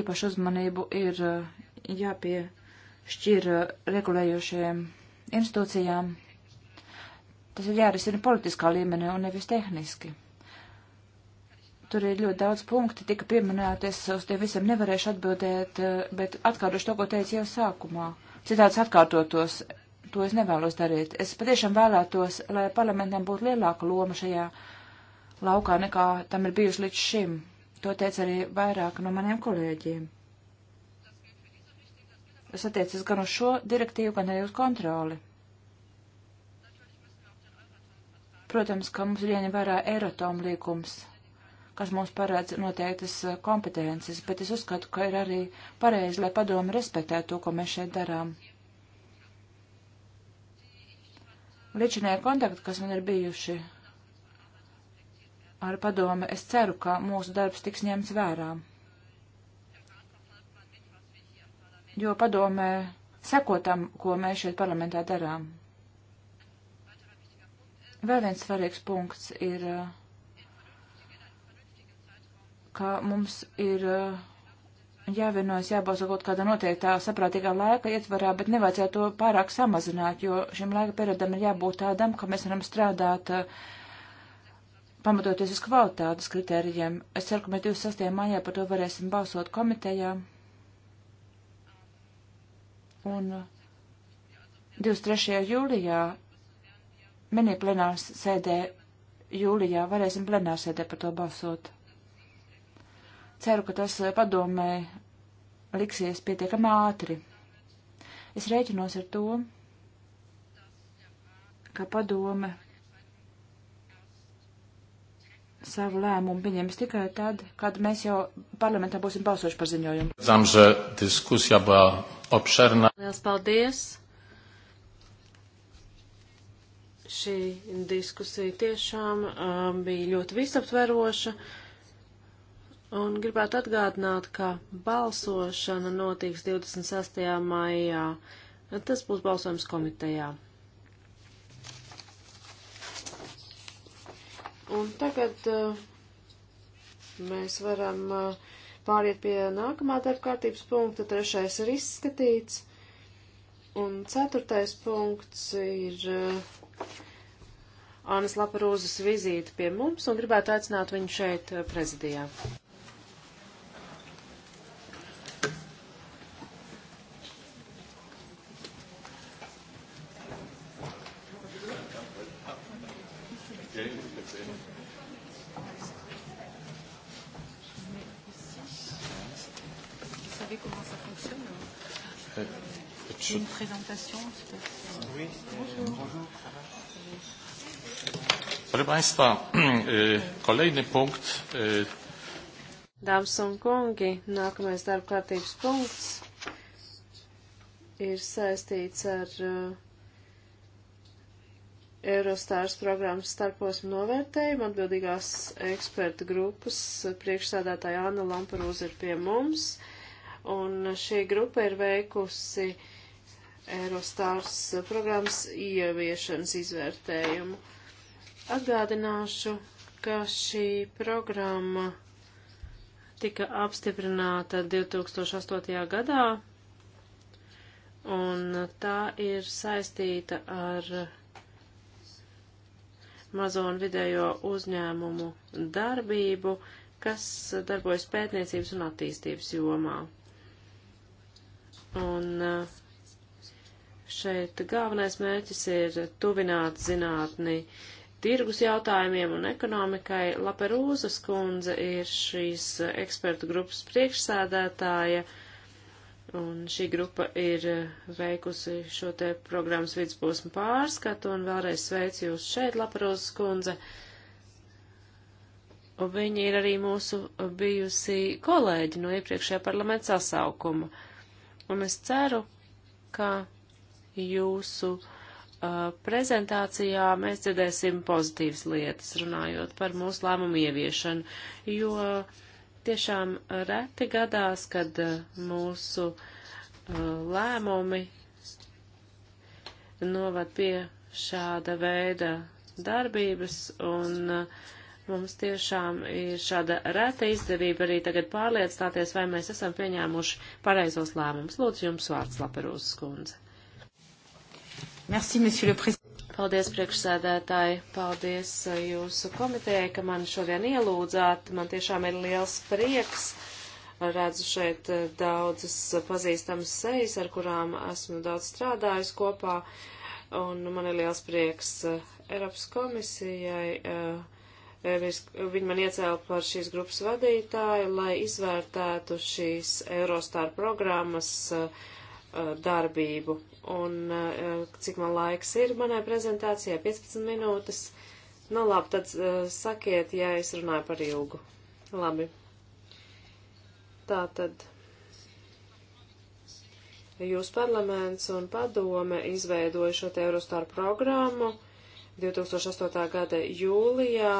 Īpašu uzmanību ir uh, jāpiešķir uh, regulējošajiem institūcijām. Tas ir jārisina politiskā līmenī un nevis tehniski. Tur ir ļoti daudz punkti, tika pieminēti, es uz tiem visiem nevarēšu atbildēt, eh, bet atkārtošu to, ko teicu jau sākumā. Citāds atkārtotos, to es nevēlos darīt. Es patiešām vēlētos, lai parlamentam būtu lielāka loma šajā laukā nekā tam ir bijusi līdz šim. To teica arī vairāk no maniem kolēģiem. Tas attiecas gan uz šo direktīvu, gan arī uz kontroli. Protams, ka mums ir jāņem vērā Eiratom līgums kas mums parāds noteiktas eh, kompetences, bet es uzskatu, ka ir arī pareizi, lai padomi respektē to, ko mēs šeit darām. Līdzinēja kontakti, kas man ir bijuši ar padomi, es ceru, ka mūsu darbs tiks ņemts vērā. Jo padomē sekotam, ko mēs šeit parlamentā darām. Vēl viens svarīgs punkts ir uh, ka mums ir eh, jāvienojas jābalso kaut kādā noteiktā saprātīgā laika ietvarā, bet nevajadzētu to pārāk samazināt, jo šim laika periodam ir jābūt tādam, ka mēs varam strādāt eh, pamatoties uz kvalitātes kritērijiem. Es ceru, ka mēs 26. maijā par to varēsim balsot komitejā. Un 23. Eh, jūlijā mini plenārs sēdē jūlijā varēsim plenārsēdē par to balsot. Ceru, ka tas eh, padomē liksies pietiekami ātri. Es rēķinos ar to, ka padome savu lēmumu pieņems tikai tad, kad mēs jau parlamentā būsim balsojuši par ziņojumu. Zam, že diskusija bija obšērna. Liels paldies! Šī diskusija tiešām um, bija ļoti visaptveroša. Uh, Un gribētu atgādināt, ka balsošana notiks 26. maijā. Tas būs balsojums komitejā. Un tagad uh, mēs varam uh, pāriet pie nākamā darba kārtības punkta. Trešais ir izskatīts. Un ceturtais punkts ir uh, Anas Laparūzas vizīte pie mums un gribētu aicināt viņu šeit uh, prezidijā. présentation. Oui. Bonjour. Bonjour. Proszę Państwa, kolejny punkt. Dāmas un kungi, nākamais darba kārtības punkts ir saistīts ar uh, Eurostars programmas starposmu novērtējumu. Atbildīgās eksperta grupas uh, priekšsādātāja Anna Lamparūza ir pie mums, un šī grupa ir veikusi uh, Eurostars programmas ieviešanas izvērtējumu. Atgādināšu, ka šī programma tika apstiprināta 2008. gadā, un tā ir saistīta ar mazo un vidējo uzņēmumu darbību, kas darbojas pētniecības un attīstības jomā. Un uh, Šeit galvenais mērķis ir tuvināt zinātni tirgus jautājumiem un ekonomikai. Laperūzas kundze ir šīs ekspertu grupas priekšsēdētāja, un šī grupa ir veikusi šo te programmas vidusposmu pārskatu, un vēlreiz sveicu jūs šeit, Laperūzas kundze. Un viņa ir arī mūsu bijusi kolēģi no iepriekšējā parlamenta sasaukuma. Un es ceru, ka jūsu uh, prezentācijā mēs dzirdēsim pozitīvas lietas, runājot par mūsu lēmumu ieviešanu, jo tiešām reti gadās, kad uh, mūsu uh, lēmumi novad pie šāda veida darbības un uh, Mums tiešām ir šāda reta izdevība arī tagad pārliecināties, vai mēs esam pieņēmuši pareizos lēmumus. Lūdzu, jums vārds Laperūzas kundze. Merci, monsieur le président. Paldies, priekšsēdētāji. Paldies uh, jūsu komitejai, ka man šodien ielūdzāt. Man tiešām ir liels prieks. Redzu šeit uh, daudzas pazīstamas sejas, ar kurām esmu daudz strādājis kopā. Un man ir liels prieks uh, Eiropas komisijai. Viņi man iecēla par šīs grupas vadītāju, lai izvērtētu šīs Eurostar programmas uh, Uh, darbību. Un uh, cik man laiks ir manai prezentācijai? 15 minūtes. Nu labi, tad uh, sakiet, ja es runāju par ilgu. Labi. Tā tad. Jūs parlaments un padome izveidoja šo te Eurostar programmu 2008. gada jūlijā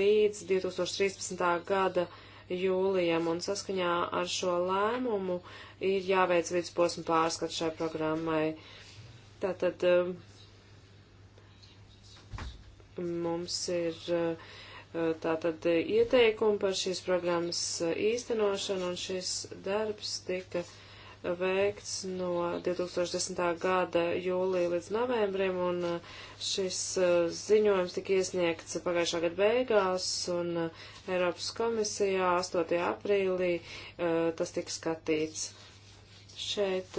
līdz 2013. gada jūlijam, un saskaņā ar šo lēmumu ir jāveic vidusposma pārskats šai programmai. Tātad um, mums ir uh, tātad ieteikumi par šīs programmas uh, īstenošanu, un šis darbs tika veikts no 2010. gada jūlija līdz novembrim, un uh, šis uh, ziņojums tika iesniegts pagājušā gada beigās, un uh, Eiropas komisijā 8. aprīlī tas tika skatīts. Šeit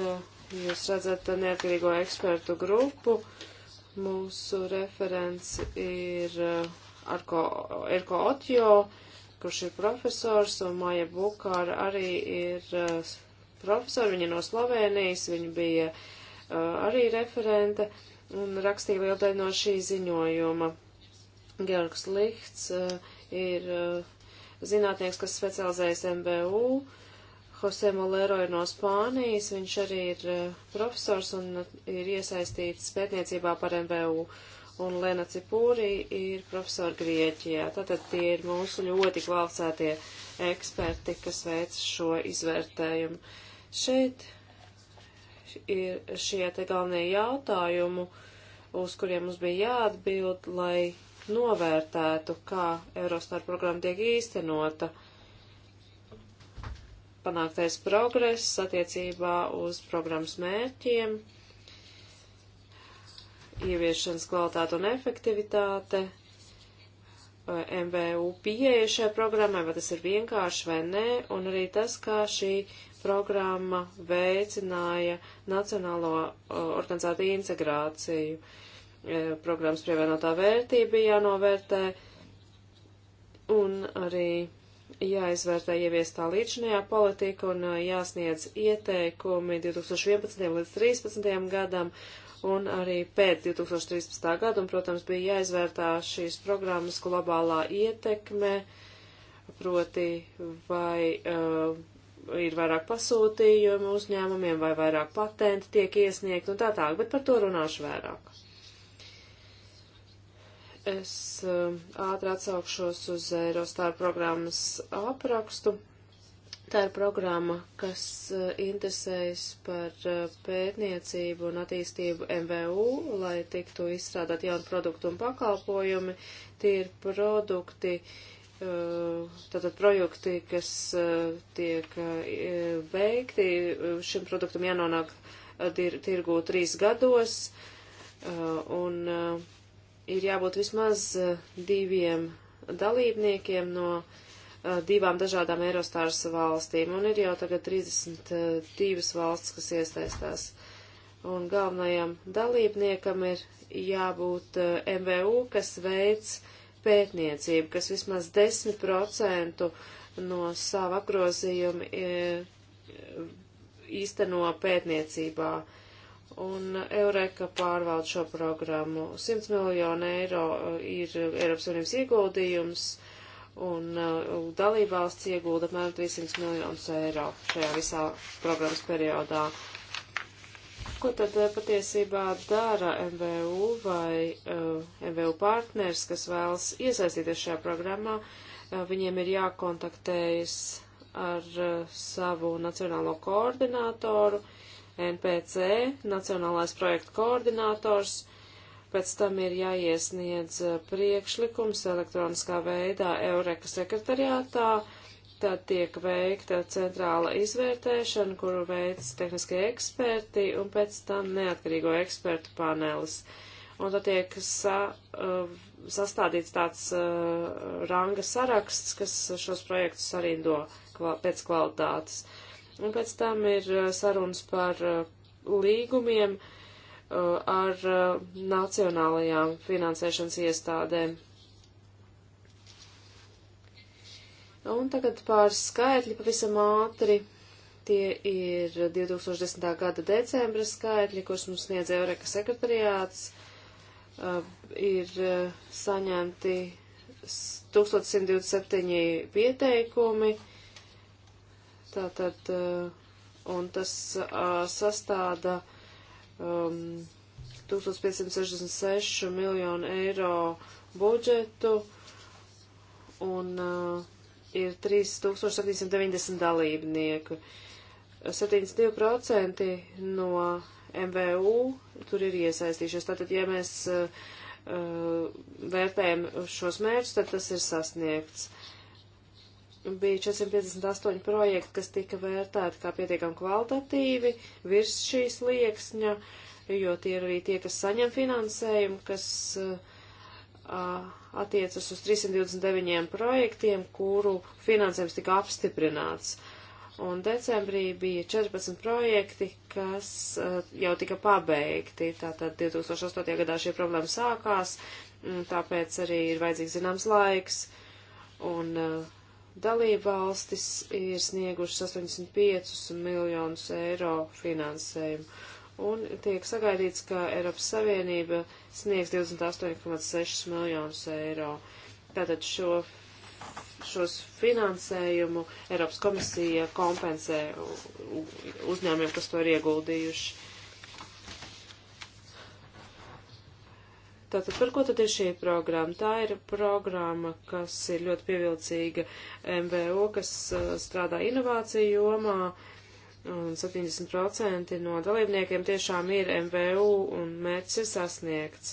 jūs redzat neatkarīgo ekspertu grupu. Mūsu referents ir Arko, Erko Otjo, kurš ir profesors, un Maija Bukāra arī ir uh, profesori, viņa no Slovēnijas, viņa bija uh, arī referente un rakstīja lielu daļu no šī ziņojuma. Georgs Lihts uh, ir uh, zinātnieks, kas specializējas MBU. Jose Molero ir no Spānijas, viņš arī ir uh, profesors un ir iesaistīts pētniecībā par MBU. Un Lena Cipūri ir profesora Grieķijā. Tātad tie ir mūsu ļoti kvalificētie eksperti, kas veic šo izvērtējumu. Uh, Šeit ir šie te galvenie jautājumu, uz kuriem mums bija jāatbild, lai novērtētu, kā Eurostar programma tiek īstenota. Panāktais progress attiecībā uz programmas mērķiem, ieviešanas kvalitāte un efektivitāte, eh, MVU pieeja šai programmai, vai tas ir vienkārši vai nē, un arī tas, kā šī programma veicināja nacionālo uh, organizēto integrāciju. Uh, programmas pievienotā vērtība bija jānovērtē un arī jāizvērtē ieviestā līdzinājā politika un uh, jāsniedz ieteikumi 2011. līdz 2013. gadam un arī pēc 2013. gada, un, protams, bija jāizvērtā šīs programmas globālā ietekme, proti vai uh, ir vairāk pasūtījumu uzņēmumiem vai vairāk patenti tiek iesniegt un tā tālāk, bet par to runāšu vairāk. Es um, ātri atsaukšos uz Eurostar programmas aprakstu. Tā ir programma, kas uh, interesējas par uh, pētniecību un attīstību MVU, lai tiktu izstrādāt jaunu produktu un pakalpojumi. Tie ir produkti, uh, Eh, tātad projekti, kas eh, tiek eh, veikti, šim produktam jānonāk tirgū trīs gados, un ir jābūt vismaz diviem dalībniekiem no divām dažādām Eurostāras valstīm, un ir jau tagad 32 valsts, kas iesaistās. Un galvenajam dalībniekam ir jābūt MVU, kas veids uh, pētniecību, kas vismaz 10% no savu apgrozījumu e, īsteno pētniecībā. Un Eureka pārvalda šo programmu. 100 miljonu eiro ir Eiropas Savienības ieguldījums un e, dalībvalsts iegulda apmēram 300 miljonus eiro šajā visā programmas periodā. Uh, Ko tad eh, patiesībā dara MVU vai uh, eh, MVU partners, kas vēlas iesaistīties šajā programmā? Uh, viņiem ir jākontaktējas ar uh, savu nacionālo koordinātoru, NPC, Nacionālais projekta koordinātors. Pēc tam ir jāiesniedz priekšlikums elektroniskā veidā Eureka sekretariātā. Uh, Tad tiek veikta centrāla izvērtēšana, kuru veids tehniskie eksperti un pēc tam neatkarīgo ekspertu panelis. Un tad tiek sa, uh, sastādīts tāds uh, ranga saraksts, kas šos projektus sarindo kval pēc kvalitātes. Un pēc tam ir uh, sarunas par uh, līgumiem uh, ar uh, nacionālajām finansēšanas iestādēm Un tagad pāris skaitļi pavisam ātri. Tie ir 2010. gada decembra skaitļi, kurus mums sniedz Eureka sekretariāts. Uh, ir uh, saņemti 1127 pieteikumi. Tātad, uh, un tas uh, sastāda um, 1566 miljonu eiro budžetu. Un uh, ir 3790 dalībnieku. 72% no MVU tur ir iesaistījušies. Tātad, ja mēs uh, uh, vērtējam šos mērķus, tad tas ir sasniegts. Bija 458 projekti, kas tika vērtēti kā pietiekami kvalitatīvi virs šīs lieksņa, jo tie ir arī tie, kas saņem finansējumu, kas uh, attiecas uz 329 projektiem, kuru finansējums tika apstiprināts. Un decembrī bija 14 projekti, kas jau tika pabeigti. Tātad 2008. gadā šī problēma sākās, tāpēc arī ir vajadzīgs zināms laiks. Un dalība valstis ir sniegušas 85 miljonus eiro finansējumu un tiek sagaidīts, ka Eiropas Savienība sniegs 28,6 miljonus eiro. Tātad šo, šos finansējumu Eiropas komisija kompensē uzņēmiem, kas to ir ieguldījuši. Tātad par ko tad ir šī programma? Tā ir programma, kas ir ļoti pievilcīga MVO, kas uh, strādā inovāciju jomā. Uh, un 70% no dalībniekiem tiešām ir MVU un mērķis ir sasniegts.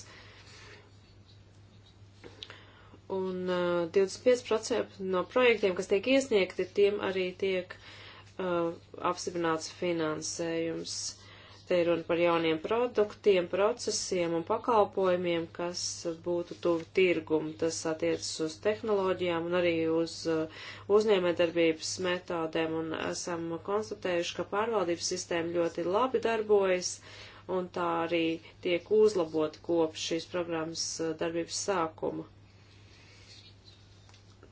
Un uh, 25% no projektiem, kas tiek iesniegti, tiem arī tiek uh, apstiprināts finansējums. Uh, te ir runa par jauniem produktiem, procesiem un pakalpojumiem, kas būtu tuvu tirgumu. Tas attiecas uz tehnoloģijām un arī uz uh, uzņēmējdarbības metodēm, un esam konstatējuši, ka pārvaldības sistēma ļoti labi darbojas, un tā arī tiek uzlabota kopš šīs programmas uh, darbības sākuma.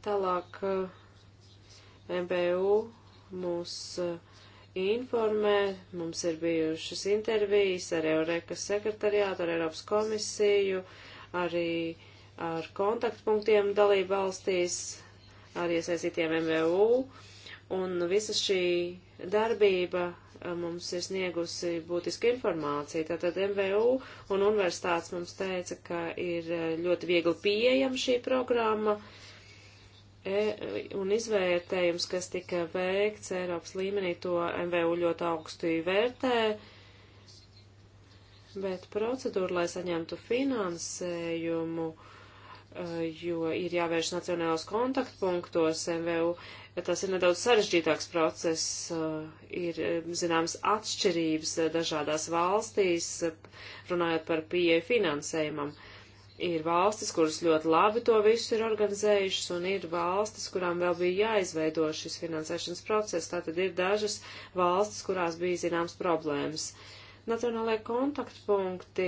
Tālāk uh, MBU mūs uh, informē. Mums ir bijušas intervijas ar Eurekas sekretariātu, ar Eiropas komisiju, arī ar kontaktpunktiem dalību valstīs, ar iesaistītiem MVU. Un visa šī darbība eh, mums ir sniegusi būtisku informāciju. Tātad MVU un universitātes mums teica, ka ir eh, ļoti viegli pieejama šī programma. Uh, e un izvērtējums, kas tika veikts Eiropas līmenī, to MVU ļoti augstu vērtē, bet procedūra, lai saņemtu finansējumu, e, jo ir jāvērš nacionālos kontaktpunktos MVU, tas ir nedaudz sarežģītāks process, e, ir e, zināmas atšķirības dažādās valstīs, runājot par pieeju finansējumam. Uh, Ir valstis, kuras ļoti labi to visu ir organizējušas, un ir valstis, kurām vēl bija jāizveido šis finansēšanas process. Tātad ir dažas valstis, kurās bija zināms problēmas. Nacionālajie kontaktpunkti,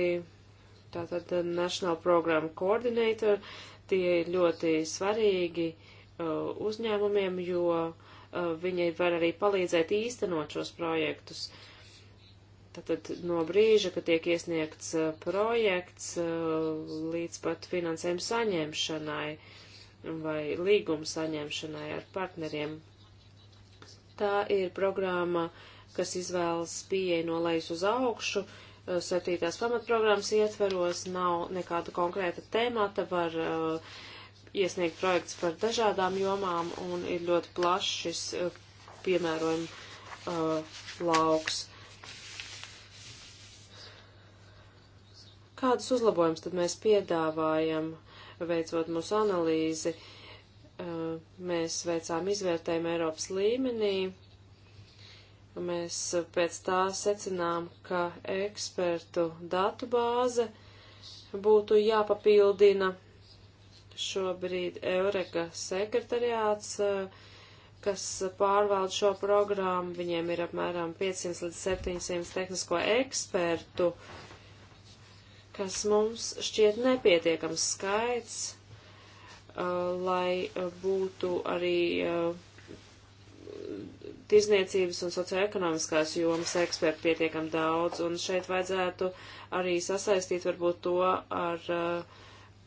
tātad National Program Coordinator, tie ir ļoti svarīgi uh, uzņēmumiem, jo uh, viņi var arī palīdzēt īstenot šos projektus. Uh, Tātad no brīža, kad tiek iesniegts uh, projekts uh, līdz pat finansējuma saņemšanai vai līguma saņemšanai ar partneriem. Tā ir programma, kas izvēlas pieeja no lejas uz augšu, uh, septītās pamatprogrammas ietveros, nav nekāda konkrēta temata, var uh, iesniegt projekts par dažādām jomām un ir ļoti plašs šis uh, piemērojuma uh, lauks. Kādus uzlabojumus tad mēs piedāvājam, veicot mūsu analīzi? Uh, mēs veicām izvērtējumu Eiropas līmenī. Mēs pēc tā secinām, ka ekspertu datu bāze būtu jāpapildina šobrīd Eureka sekretariāts, uh, kas pārvalda šo programmu. Viņiem ir apmēram 500 līdz 700 tehnisko ekspertu. Uh, kas mums šķiet nepietiekams skaits, uh, lai uh, būtu arī uh, tirzniecības un socioekonomiskās jomas eksperti pietiekam daudz, un šeit vajadzētu arī sasaistīt varbūt to ar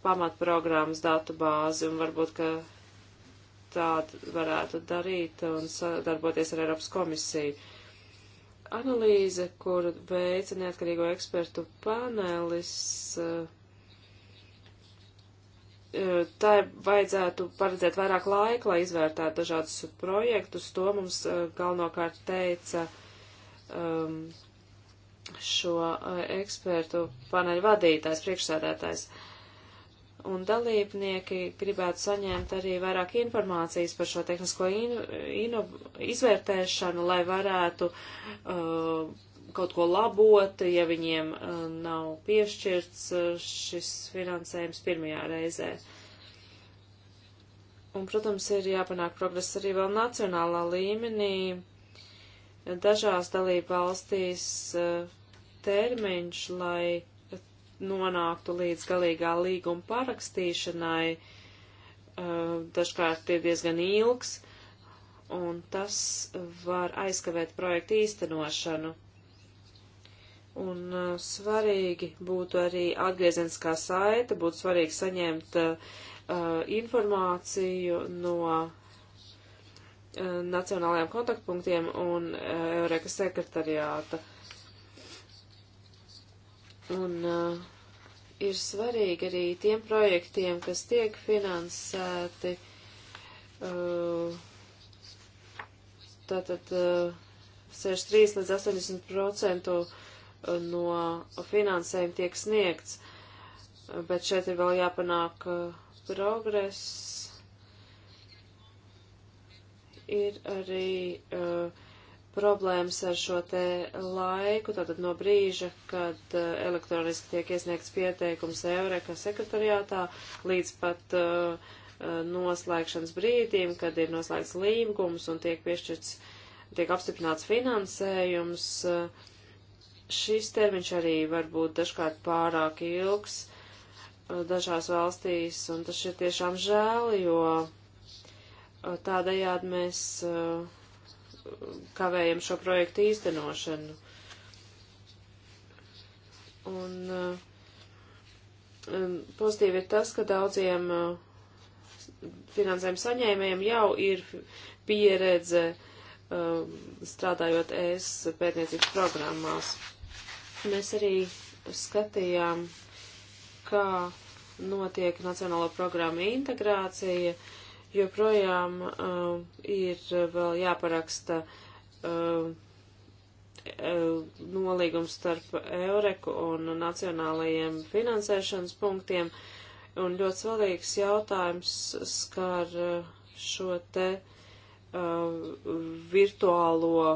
pamatprogrammas datu bāzi, un varbūt, ka tādu varētu darīt un sadarboties ar Eiropas komisiju. Uh, Analīze, kur veica neatkarīgo ekspertu panelis, eh, eh, tā vajadzētu paredzēt vairāk laika, lai izvērtētu dažādus projektus. To mums eh, galvenokārt teica um, šo ekspertu paneļu vadītājs, priekšsēdētājs. Uh, un dalībnieki gribētu saņemt arī vairāk informācijas par šo tehnisko in, in, izvērtēšanu, lai varētu uh, kaut ko labot, ja viņiem uh, nav piešķirts uh, šis finansējums pirmajā reizē. Un, protams, ir jāpanāk progress arī vēl nacionālā līmenī. Dažās dalība valstīs uh, termiņš, lai nonāktu līdz galīgā līguma parakstīšanai, uh, dažkārt ir diezgan ilgs, un tas var aizkavēt projektu īstenošanu. Un uh, svarīgi būtu arī atgriezeniskā saita, būtu svarīgi saņemt uh, uh informāciju no nacionālajiem kontaktpunktiem un Eureka sekretariāta. Un uh, ir svarīgi arī tiem projektiem, kas tiek finansēti, uh, tātad uh, 63 līdz 80% uh, no finansējuma tiek sniegts, bet šeit ir vēl jāpanāk uh, progress. Ir arī uh, problēmas ar šo te laiku, tātad no brīža, kad uh, elektroniski tiek iesniegts pieteikums Eureka sekretariātā, līdz pat uh, uh, noslēgšanas brīdim, kad ir noslēgts līgums un tiek piešķirts, tiek apstiprināts finansējums. Uh, šis termiņš arī var būt dažkārt pārāk ilgs dažās valstīs, un tas ir tiešām žēl, jo tādējādi mēs uh, kavējam šo projektu īstenošanu. Un um, pozitīvi ir tas, ka daudziem uh, finansējuma saņēmējiem jau ir pieredze um, strādājot ES pētniecības programmās. Mēs arī skatījām, kā notiek nacionālo programmu integrācija. Uh, joprojām uh, ir vēl jāparaksta uh, uh, nolīgums starp Eureku un nacionālajiem finansēšanas punktiem, un ļoti svarīgs jautājums skar uh, šo te uh, virtuālo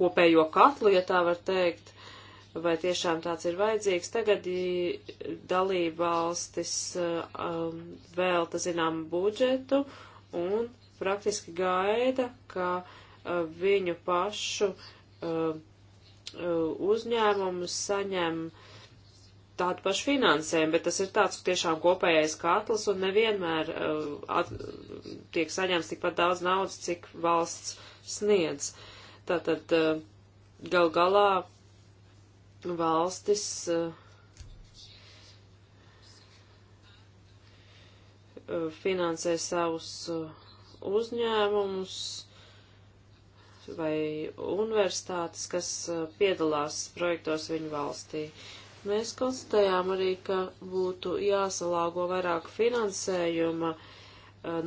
kopējo katlu, ja tā var teikt, vai tiešām tāds ir vajadzīgs. Tagad dalība valstis uh, um, velta zinām budžetu un praktiski gaida, ka uh, viņu pašu uh, uh uzņēmumus saņem tādu pašu finansējumu, bet tas ir tāds tiešām kopējais katls un nevienmēr uh, at, tiek saņemts tikpat daudz naudas, cik valsts sniedz. Tātad uh, gal galā valstis eh, eh, finansē savus eh, uzņēmumus vai universitātes, kas piedalās projektos viņu valstī. Mēs konstatējām arī, ka būtu jāsalāgo vairāk finansējuma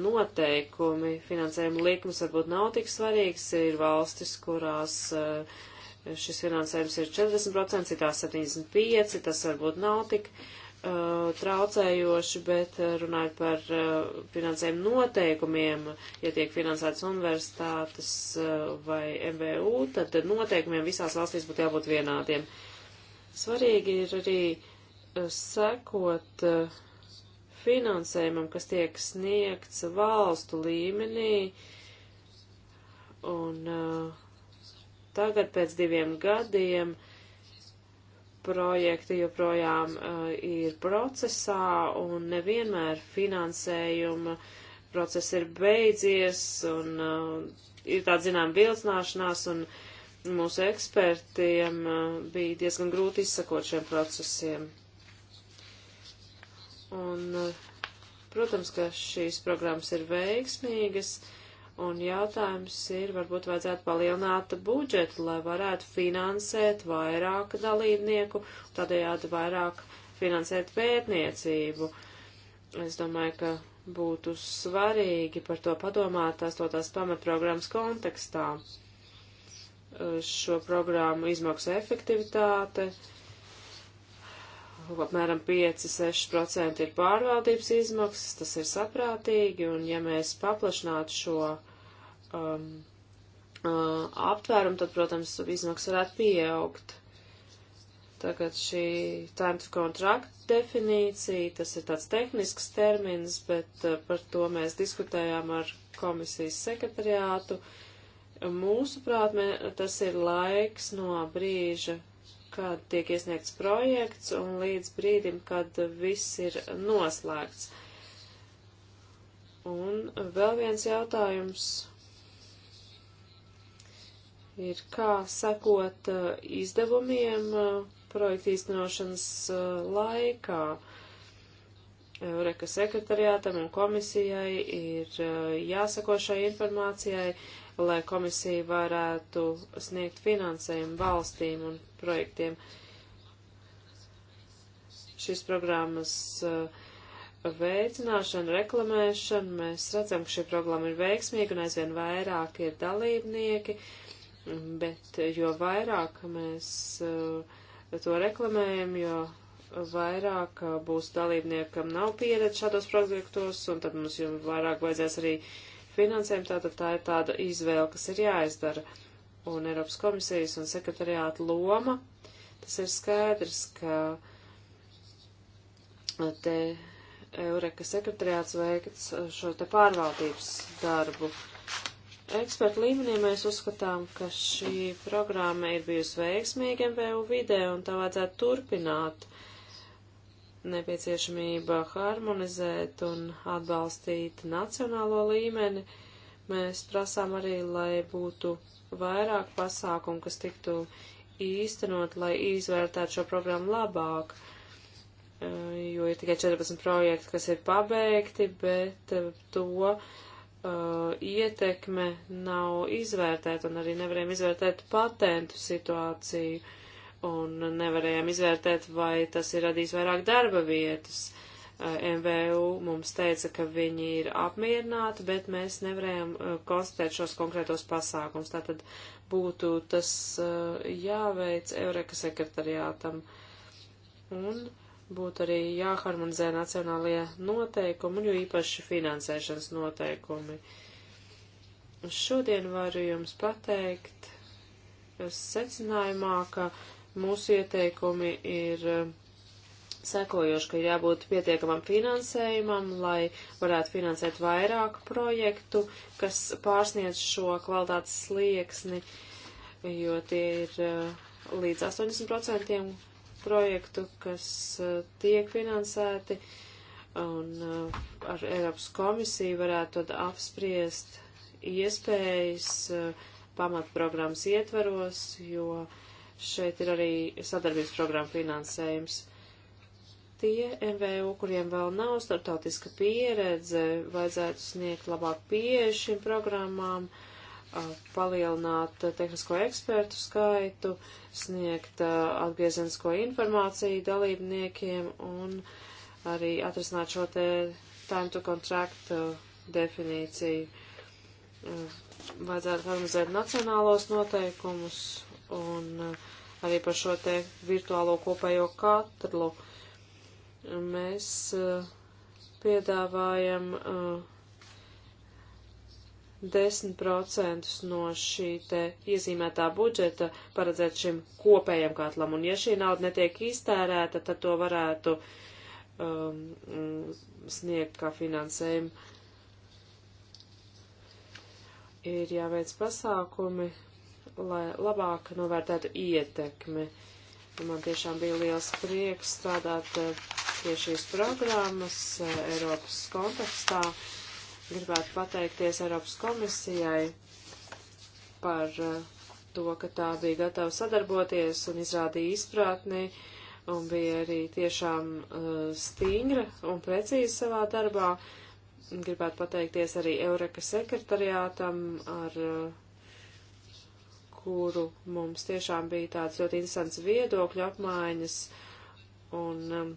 noteikumi. Finansējuma likmes varbūt nav tik svarīgs, ir valstis, kurās uh, šis finansējums ir 40%, citās 75%, tas varbūt nav tik uh, traucējoši, bet uh, runājot par uh, finansējumu noteikumiem, ja tiek finansētas universitātes uh, vai MVU, tad noteikumiem visās valstīs būtu jābūt vienādiem. Svarīgi ir arī uh, sekot uh, finansējumam, kas tiek sniegts valstu līmenī un uh, tagad pēc diviem gadiem projekti joprojām uh, ir procesā un nevienmēr finansējuma process ir beidzies un uh, ir tāda zinām vilcināšanās un mūsu ekspertiem uh, bija diezgan grūti izsakot šiem procesiem. Un, uh, protams, ka šīs programmas ir veiksmīgas. Uh, Un jautājums ir, varbūt vajadzētu palielināt budžetu, lai varētu finansēt vairāk dalībnieku, tādējādi vairāk finansēt pētniecību. Es domāju, ka būtu svarīgi par to padomāt tās to tās pamatprogrammas kontekstā. Šo programmu izmaksu efektivitāte, uh, apmēram 5-6% ir pārvaldības izmaksas, tas ir saprātīgi, un ja mēs paplašinātu šo um, uh, aptvērumu, tad, protams, izmaksas varētu pieaugt. Tagad šī time to contract definīcija, tas ir tāds tehnisks termins, bet uh, par to mēs diskutējām ar komisijas sekretariātu. Mūsuprāt, mē, tas ir laiks no brīža, kad tiek iesniegts projekts un līdz brīdim, kad viss ir noslēgts. Un vēl viens jautājums ir, kā sekot uh, izdevumiem uh, projekta īstenošanas uh, laikā. Eureka sekretariātam un komisijai ir jāsako šai informācijai, lai komisija varētu sniegt finansējumu valstīm un projektiem. Šīs programmas uh, veicināšana, reklamēšana, mēs redzam, ka šī programma ir veiksmīga un aizvien vairāk ir dalībnieki, bet jo vairāk mēs uh, to reklamējam, jo vairāk uh, būs dalībniekam nav pieredze šādos projektos, un tad mums jau vairāk vajadzēs arī finansējumu, tātad tā ir tāda izvēle, kas ir jāizdara un Eiropas komisijas un sekretariāta loma, tas ir skaidrs, ka eh, te Eureka sekretariāts veikts eh, šo te pārvaldības darbu. Ekspertu līmenī mēs uzskatām, ka šī programma ir bijusi veiksmīga MVU vidē un tā vajadzētu turpināt nepieciešamība harmonizēt un atbalstīt nacionālo līmeni. Mēs prasām arī, lai būtu vairāk pasākumu, kas tiktu īstenot, lai izvērtētu šo programmu labāk, eh, jo ir tikai 14 projekti, kas ir pabeigti, bet eh, to uh, ietekme nav izvērtēta un arī nevarējām izvērtēt patentu situāciju un nevarējām izvērtēt, vai tas ir radījis vairāk darba vietas. Uh, MVU mums teica, ka viņi ir apmierināti, bet mēs nevarējām uh, konstatēt šos konkrētos pasākums. Tātad būtu tas uh, jāveic Eureka sekretariātam. Un būtu arī jāharmonizē nacionālie noteikumi, jo īpaši finansēšanas noteikumi. Šodien varu jums pateikt secinājumā, ka mūsu ieteikumi ir uh, sekojoši, ka jābūt pietiekamam finansējumam, lai varētu finansēt vairāk projektu, kas pārsniedz šo kvalitātes slieksni, jo tie ir eh, līdz 80% projektu, kas eh, tiek finansēti, un eh, ar Eiropas komisiju varētu tad apspriest iespējas pamatprogrammas ietveros, jo šeit ir arī sadarbības programma finansējums tie MVU, kuriem vēl nav starptautiska pieredze, vajadzētu sniegt labāk pieeju šīm programmām, palielināt tehnisko ekspertu skaitu, sniegt atgriezenisko informāciju dalībniekiem un arī atrisināt šo te time to contract definīciju. Vajadzētu harmonizēt nacionālos noteikumus un arī par šo te virtuālo kopējo katlu. Uh, mēs uh, piedāvājam 10% uh, no šī te iezīmētā budžeta paredzēt šim kopējam katlam, un ja šī nauda netiek iztērēta, tad to varētu um, sniegt kā finansējumu. Ir jāveic pasākumi, lai labāk novērtētu ietekmi. Man tiešām bija liels prieks strādāt uh, pie šīs programmas eh, Eiropas kontekstā. Gribētu pateikties Eiropas komisijai par eh, to, ka tā bija gatava sadarboties un izrādīja izpratni un bija arī tiešām eh, stingra un precīza savā darbā. Gribētu pateikties arī Eureka sekretariātam, ar kuru mums tiešām bija tāds ļoti interesants viedokļu apmaiņas. Un um,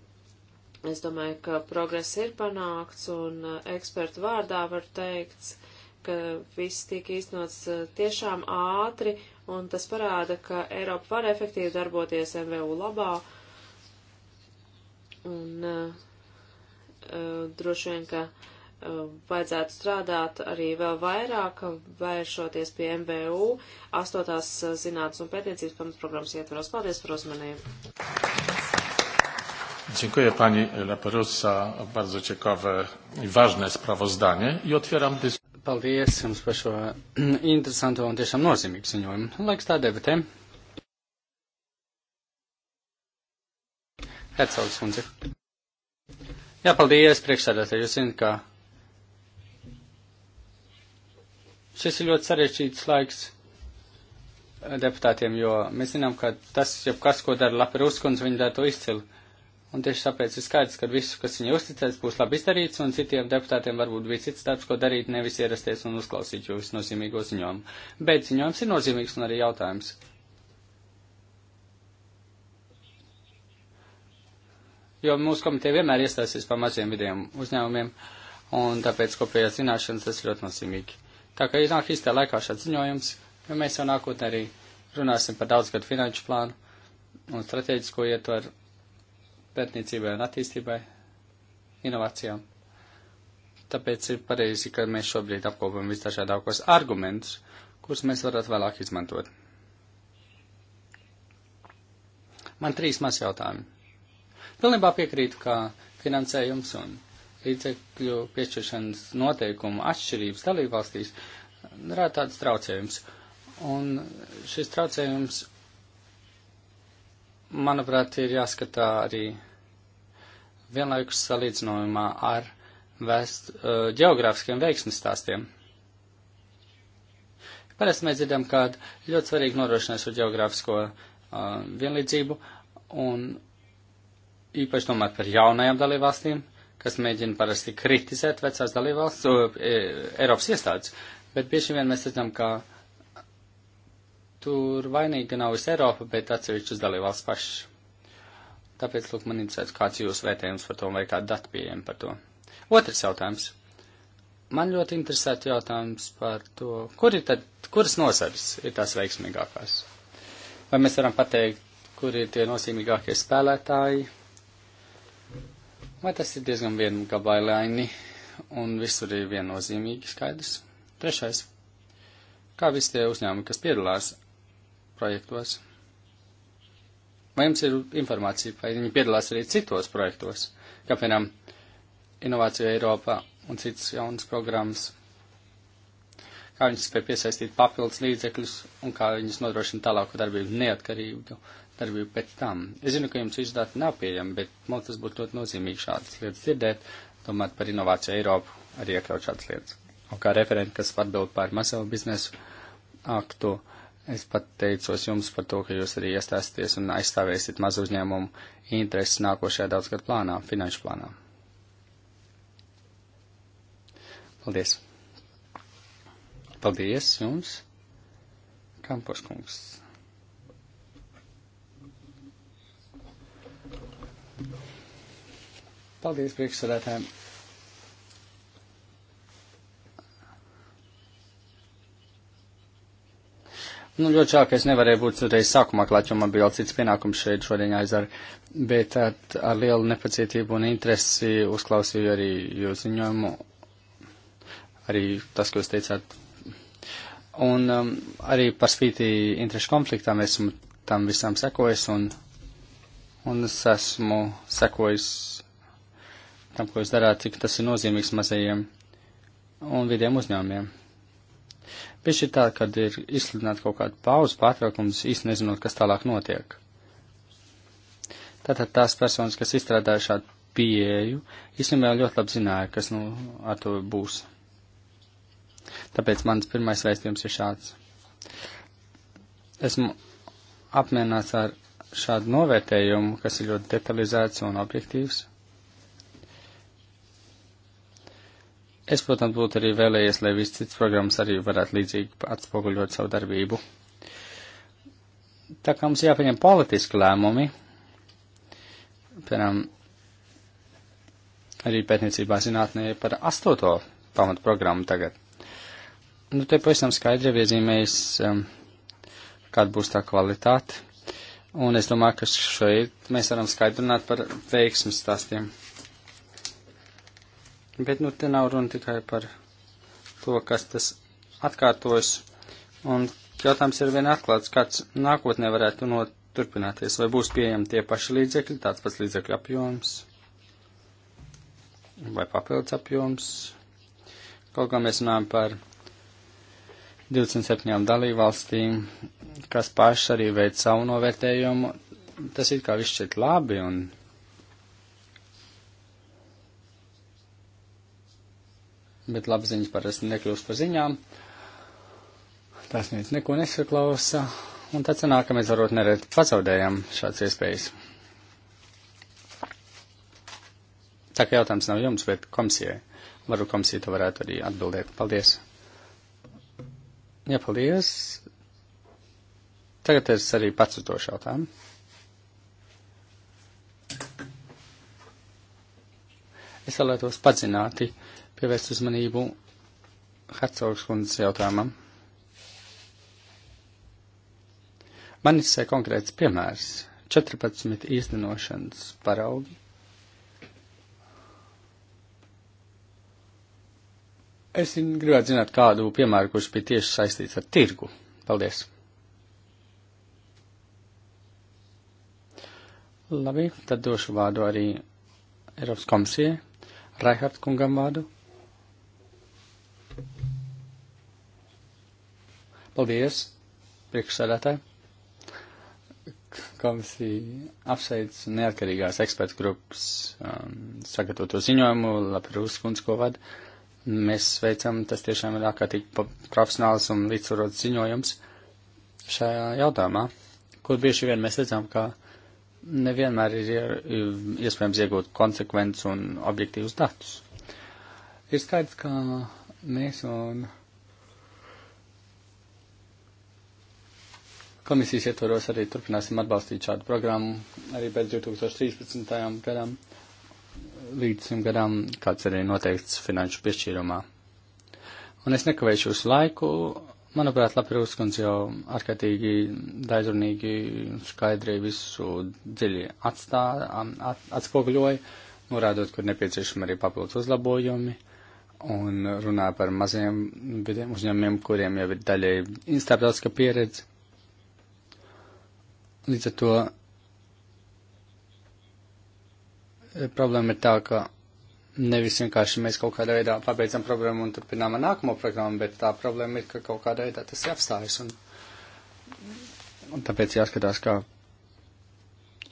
Es domāju, ka progress ir panākts un uh, ekspertu vārdā var teikt, ka viss tika īstenots uh, tiešām ātri un tas parāda, ka Eiropa var efektīvi darboties MVU labā. Un uh, uh, droši vien, ka uh, vajadzētu strādāt arī vēl vairāk, vēršoties pie MVU astotās zinātnes un pētniecības pamatprogrammas ietvaros. Paldies par uzmanību! Dziękuję Pani Leperus za bardzo ciekawe i ważne sprawozdanie i otwieram dyskusję. Paldies jums par šo interesantu un tiešām nozīmīgu ziņojumu. Laiks tā debatēm. Hercogs kundze. Jā, paldies priekšsēdētāji. Jūs zināt, ka šis ir ļoti sarežģīts laiks deputātiem, jo mēs zinām, ka tas, ja kas, ko dara Laperus kundze, viņi dara to izcilu. Un tieši tāpēc ir skaidrs, ka viss, kas viņai uzticēts, būs labi izdarīts, un citiem deputātiem varbūt bija cits darbs, ko darīt, nevis ierasties un uzklausīt jūsu nozīmīgo ziņojumu. Bet ziņojums ir nozīmīgs un arī jautājums. Jo mūsu komiteja vienmēr iestāsies par maziem vidiem uzņēmumiem, un tāpēc kopējās zināšanas tas ir ļoti nozīmīgi. Tā kā iznāk īstā laikā šāds ziņojums, jo mēs jau nākotnē arī runāsim par daudzgadu finanšu plānu un strateģisko ietvaru pētniecībai un attīstībai, inovācijām. Tāpēc ir pareizi, ka mēs šobrīd apkopam visdažādākos argumentus, kurus mēs varat vēlāk izmantot. Man trīs maz jautājumi. Pilnībā piekrītu, ka finansējums un līdzekļu piešķiršanas noteikumu atšķirības dalībvalstīs rāda tāds traucējums. Un šis traucējums, manuprāt, ir jāskatā arī vienlaikus salīdzinājumā ar vēst, uh, geogrāfiskiem veiksmes stāstiem. Parasti mēs dzirdam, ka ļoti svarīgi nodrošināt šo geogrāfisko uh, vienlīdzību un īpaši domāt par jaunajām dalībvalstīm, kas mēģina parasti kritizēt vecās dalībvalsts, uh, e, Eiropas iestādes, bet bieži vien mēs redzam, ka tur vainīga nav visa Eiropa, bet atsevišķas dalībvalsts pašas. Tāpēc, lūk, man interesēs, kāds jūs vērtējums par to vai kāda data pieejama par to. Otrs jautājums. Man ļoti interesētu jautājums par to, kur ir tad, kuras nozares ir tās veiksmīgākās? Vai mēs varam pateikt, kur ir tie nozīmīgākie spēlētāji? Vai tas ir diezgan viengabailaini un visur ir viennozīmīgi skaidrs? Trešais. Kā visi tie uzņēmumi, kas piedalās projektos? Vai jums ir informācija, vai viņi piedalās arī citos projektos, kā piemēram Inovācija Eiropā un citas jaunas programmas? Kā viņas spēj piesaistīt papildus līdzekļus un kā viņas nodrošina tālāku darbību neatkarību darbību pēc tam. Es zinu, ka jums šis dati nav pieejami, bet man tas būtu ļoti nozīmīgi šādas lietas dzirdēt, domāt par inovāciju Eiropu, arī iekļaut šādas lietas. Un kā referenti, kas atbild par mazo biznesu aktu, uh, Es pateicos jums par to, ka jūs arī iestāsties un aizstāvēsiet mazu uzņēmumu intereses nākošajā daudzgad plānā, finanšu plānā. Paldies! Paldies jums, Kampos kungs! Paldies priekšsēdētājiem! Nu, ļoti žēl, ka es nevarēju būt reiz sākumā klāt, jo man bija vēl cits pienākums šeit šodien jāizdara, bet ar, ar lielu nepacietību un interesi uzklausīju arī jūsu ziņojumu, arī tas, ko jūs teicāt. Un um, arī par spīti interešu konfliktām esmu tam visam sekojis un, un es esmu sekojis tam, ko jūs darāt, cik tas ir nozīmīgs mazajiem un vidiem uzņēmumiem. Bieži ir tā, kad ir izsludināta kaut kāda pauze, pārtraukums, īsti nezinot, kas tālāk notiek. Tātad tās personas, kas izstrādāja šādu pieeju, īstenībā ļoti labi zināja, kas nu ar to būs. Tāpēc mans pirmais vēstījums ir šāds. Esmu apmierināts ar šādu novērtējumu, kas ir ļoti detalizēts un objektīvs. Es, protams, būtu arī vēlējies, lai viss cits programmas arī varētu līdzīgi atspoguļot savu darbību. Tā kā mums jāpieņem politiski lēmumi, piemēram, arī pētniecībā zinātnē par astoto pamatu programmu tagad. Nu, te pavisam skaidri iezīmējas, um, kāda būs tā kvalitāte, un es domāju, ka šeit mēs varam skaidrināt par veiksmu stāstiem. Tā Bet nu te nav runa tikai par to, kas tas atkārtojas. Un jautājums ir vien atklāts, kāds nākotnē varētu noturpināties. Vai būs pieejami tie paši līdzekļi, tāds pats līdzekļu apjoms vai papildus apjoms. Kaut kā mēs runājam par 27 dalībvalstīm, kas paši arī veic savu novērtējumu, tas it kā viss šķiet labi un bet labas ziņas parasti nekļūst par ziņām. Tās neviens neko nesaklausa, un tad sanāk, ka mēs varbūt nereti pazaudējam šādas iespējas. Tā kā jautājums nav jums, bet komisijai. Varu komisija to varētu arī atbildēt. Paldies. Jā, paldies. Tagad es arī pats uz to jautājumu. Es vēlētos padzināti pievērst uzmanību Hercogs kundzes jautājumam. Man ir konkrēts piemērs - 14 īstenošanas paraugi. Es gribētu zināt kādu piemēru, kurš bija tieši saistīts ar tirgu. Paldies! Labi, tad došu vārdu arī Eiropas komisijai. Raihardt kungam vārdu. Paldies, priekšsēdētāji. Komisija apsveic neatkarīgās ekspertu grupas um, sagatavoto ziņojumu, Labrūs kundz, ko vada. Mēs sveicam, tas tiešām ir ārkārtīgi profesionāls un līdzsvarots ziņojums šajā jautājumā, kur bieži vien mēs redzam, ka nevienmēr ir iespējams iegūt konsekvences un objektīvus datus. Ir skaidrs, ka mēs un. Un Komisijas ietvaros arī turpināsim atbalstīt šādu programmu arī pēc 2013. gadam līdz šim gadam, kāds arī noteikts finanšu piešķīrumā. Un es nekavēšu jūsu laiku. Manuprāt, Lapirūs kundze jau ārkārtīgi daizrunīgi skaidri visu dziļi atstā, at, atspoguļoja, norādot, kur nepieciešami arī papildus uzlabojumi. Un runāja par maziem vidiem uzņēmumiem, kuriem jau ir daļai starptautiska pieredze. Līdz ar to e, problēma ir tā, ka nevis vienkārši mēs kaut kādā veidā pabeidzam problēmu un turpinām ar nākamo programmu, bet tā problēma ir, ka kaut kādā veidā tas jāapstājas. Un, un tāpēc jāskatās, kā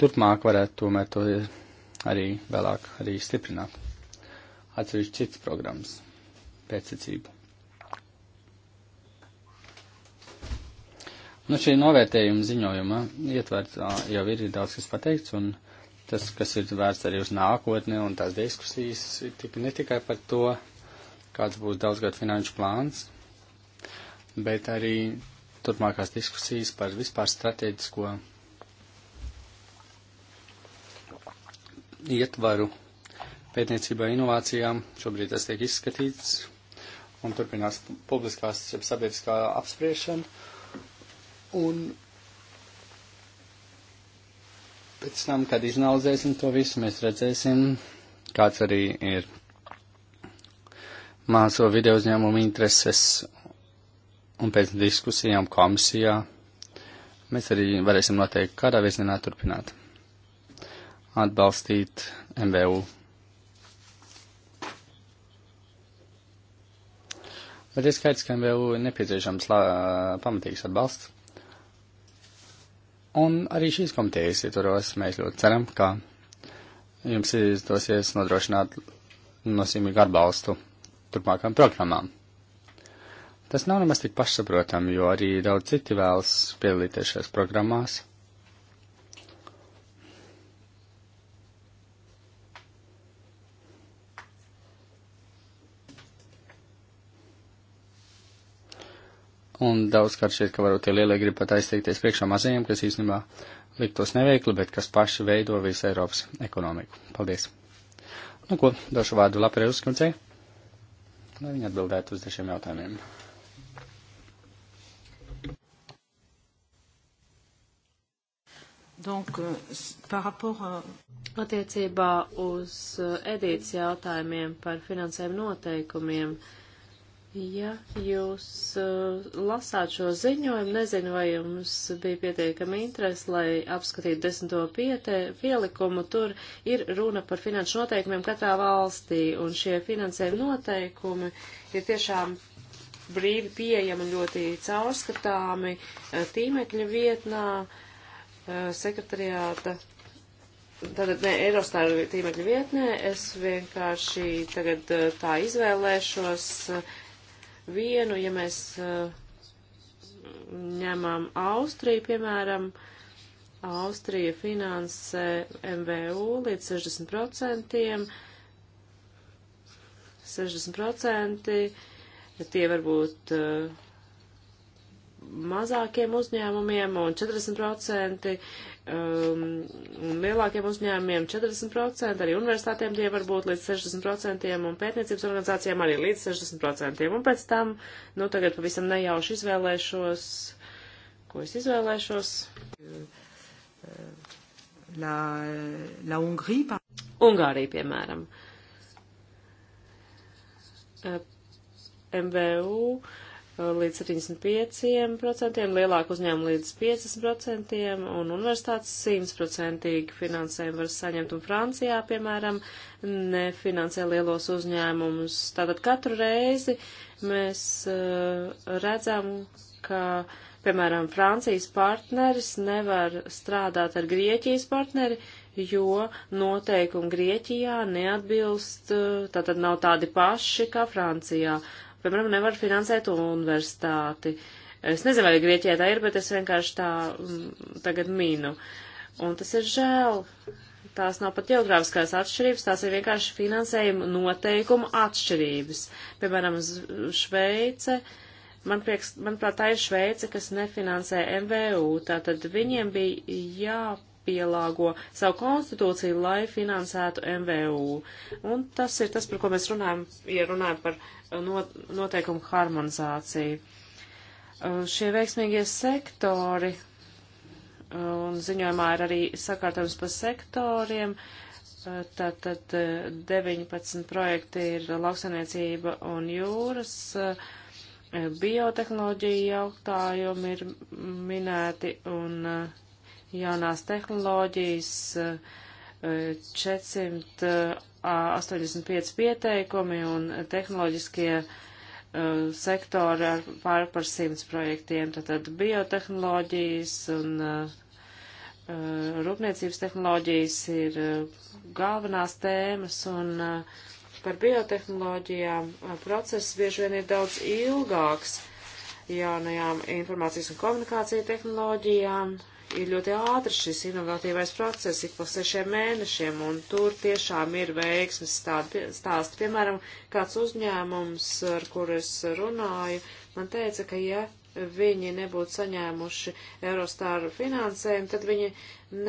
turpmāk varētu tomēr to arī vēlāk arī stiprināt. Atsevišķi cits programmas pēcicību. Nu, šī novērtējuma ziņojuma ietvertā jau ir daudz kas pateikts, un tas, kas ir vērsts arī uz nākotni, un tās diskusijas tik, ne tikai par to, kāds būs daudzgad finanšu plāns, bet arī turpmākās diskusijas par vispār strateģisko ietvaru pētniecībā inovācijām. Šobrīd tas tiek izskatīts un turpinās publiskās, sabiedriskā apspriešana Un pēc tam, kad iznaudzēsim to visu, mēs redzēsim, kāds arī ir māso video uzņēmumu intereses un pēc diskusijām komisijā mēs arī varēsim noteikt, kādā virzienā turpināt. Atbalstīt MVU. Bet ir skaidrs, ka MVU ir nepieciešams lā, pamatīgs atbalsts. Un arī šīs komitejas ietvaros mēs ļoti ceram, ka jums izdosies nodrošināt nozīmīgu atbalstu turpmākām programmām. Tas nav nemaz tik pašsaprotami, jo arī daudz citi vēlas piedalīties šajās programmās. Un daudzkārt šķiet, ka varbūt tie lielie grib pat aizteikties priekšā mazajiem, kas īstenībā liktos neveikli, bet kas paši veido visu Eiropas ekonomiku. Paldies! Nu ko, došu vārdu Lapirēvas kundzei, lai viņa atbildētu uz dažiem jautājumiem. Donc, euh, par rapport à... Euh, Attiecībā uz euh, Edītas jautājumiem par finansējumu noteikumiem. Uh, Ja jūs uh, lasāt šo ziņojumu, nezinu, vai jums bija pietiekami interesi, lai apskatītu desmito pietē, pielikumu, tur ir runa par finanšu noteikumiem katrā valstī, un šie finansējuma noteikumi ir tiešām brīvi pieejami un ļoti caurskatāmi eh, tīmekļa vietnā, eh, sekretariāta Tātad, nē, Eurostāra tīmekļa vietnē es vienkārši tagad tā izvēlēšos vienu, ja mēs uh, ņemam Austriju, piemēram, Austrija finansē MVU līdz 60%, 60% tie varbūt uh, mazākiem uzņēmumiem un 40% um, lielākiem uzņēmumiem 40%, arī universitātiem tie var būt līdz 60% un pētniecības organizācijām arī līdz 60%. Un pēc tam, nu tagad pavisam nejauši izvēlēšos, ko es izvēlēšos. La, la Hungrie, Ungārija, piemēram. Uh, MVU Uh, līdz 75%, lielāku uzņēmumu līdz 50% un universitātes 100% finansējumu var saņemt. Un Francijā, piemēram, nefinansē lielos uzņēmumus. Tātad katru reizi mēs uh, redzam, ka, piemēram, Francijas partneris nevar strādāt ar Grieķijas partneri, jo noteikumi Grieķijā neatbilst, uh, tātad nav tādi paši kā Francijā piemēram, nevar finansēt universitāti. Es nezinu, vai Grieķijā tā ir, bet es vienkārši tā m, mm, tagad mīnu. Un tas ir žēl. Tās nav pat geogrāfiskās atšķirības, tās ir vienkārši finansējuma noteikuma atšķirības. Piemēram, Šveice, man prieks, manuprāt, tā ir Šveice, kas nefinansē MVU, tātad viņiem bija jā jāpielāgo savu konstitūciju, lai finansētu MVU. Un tas ir tas, par ko mēs runājam, ja runājam par uh, noteikumu harmonizāciju. Uh, šie veiksmīgie sektori, uh, un ziņojumā ir arī sakārtojums pa sektoriem, tātad 19 projekti ir lauksainiecība un jūras biotehnoloģija jautājumi ir minēti un uh, jaunās tehnoloģijas, 485 pieteikumi un tehnoloģiskie e, sektori ar pār par 100 projektiem, tātad biotehnoloģijas un e, e, rūpniecības tehnoloģijas ir galvenās tēmas un par biotehnoloģijām process bieži vien ir daudz ilgāks jaunajām informācijas un komunikācija tehnoloģijām, ir ļoti ātri šis inovatīvais process, ik pa sešiem mēnešiem, un tur tiešām ir veiksmes stāsts. Piemēram, kāds uzņēmums, ar kuru es runāju, man teica, ka ja viņi nebūtu saņēmuši Eurostāru finansējumu, tad viņi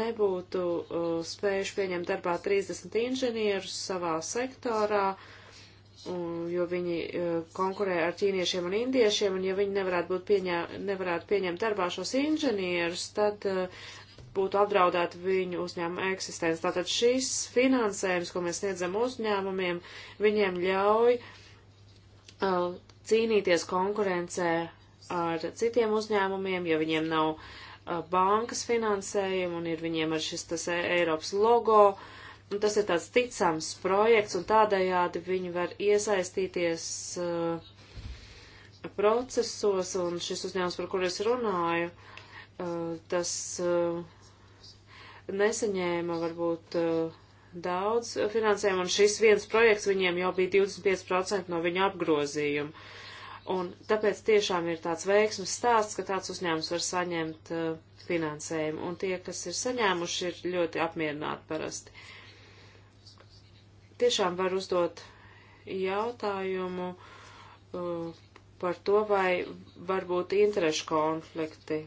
nebūtu uh, spējuši pieņemt darbā 30 inženierus savā sektorā, uh, Mm, jo viņi eh, konkurē ar ķīniešiem un indiešiem, un ja viņi nevarētu, būt pieņē, nevarētu pieņemt darbā šos inženierus, tad eh, būtu apdraudēta viņu uzņēmuma eksistence. Tātad šis finansējums, ko mēs sniedzam uzņēmumiem, viņiem ļauj eh, cīnīties konkurencē ar citiem uzņēmumiem, ja viņiem nav bankas finansējuma un ir viņiem ar šis tas Eiropas logo, uh, Un tas ir tāds ticams projekts, un tādējādi viņi var iesaistīties uh, procesos, un šis uzņēmums, par kur es runāju, uh, tas uh, nesaņēma varbūt uh, daudz finansējumu, un šis viens projekts viņiem jau bija 25% no viņa apgrozījuma. Un tāpēc tiešām ir tāds veiksmes stāsts, ka tāds uzņēmums var saņemt uh, finansējumu, un tie, kas ir saņēmuši, ir ļoti apmierināti parasti. Uh, tiešām var uzdot jautājumu uh, par to, vai var būt interešu konflikti.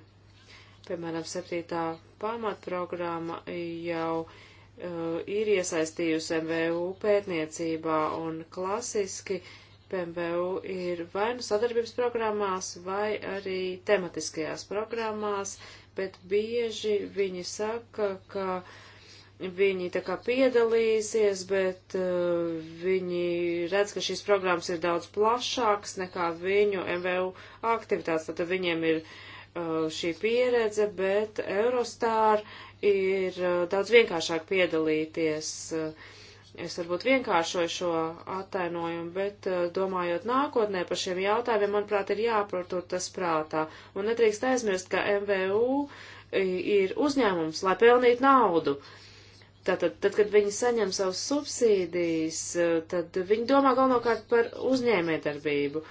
Piemēram, septītā pamatprogramma jau uh, ir iesaistījusi MVU pētniecībā un klasiski PMVU ir vai nu sadarbības programmās, vai arī tematiskajās programmās, bet bieži viņi saka, ka uh, Viņi tā kā piedalīsies, bet uh, viņi redz, ka šīs programmas ir daudz plašākas nekā viņu MVU aktivitātes. Tad viņiem ir uh, šī pieredze, bet Eurostar ir uh, daudz vienkāršāk piedalīties. Uh, Es varbūt vienkāršoju šo attainojumu, bet uh, domājot nākotnē par šiem jautājumiem, manuprāt, ir jāprotur tas prātā. Un nedrīkst aizmirst, ka MVU ir uzņēmums, lai pelnītu naudu. Uh, Tātad, tad, kad viņi saņem savus subsīdijas, eh, tad viņi domā galvenokārt par uzņēmējdarbību.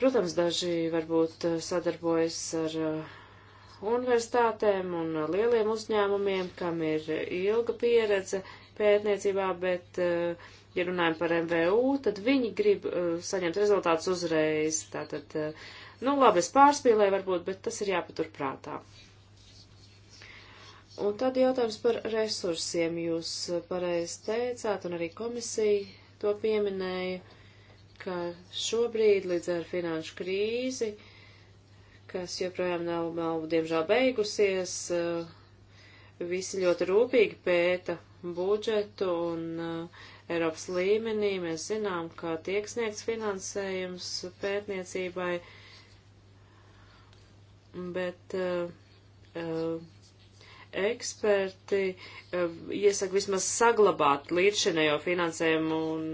Protams, daži varbūt eh, sadarbojas ar eh, universitātēm un lieliem uzņēmumiem, kam ir ilga pieredze pētniecībā, bet, ja runājam par MVU, tad viņi grib saņemt rezultātus uzreiz. Tātad, nu labi, es pārspīlēju varbūt, bet tas ir jāpatur prātā. Un tad jautājums par resursiem. Jūs pareizi teicāt, un arī komisija to pieminēja, ka šobrīd līdz ar finanšu krīzi, kas joprojām nav, nav diemžēl beigusies, eh, visi ļoti rūpīgi pēta budžetu un uh, Eiropas līmenī mēs zinām, ka tiek sniegts finansējums pētniecībai, bet uh, uh, Eksperti eh, iesaka vismaz saglabāt līdzšinējo finansējumu un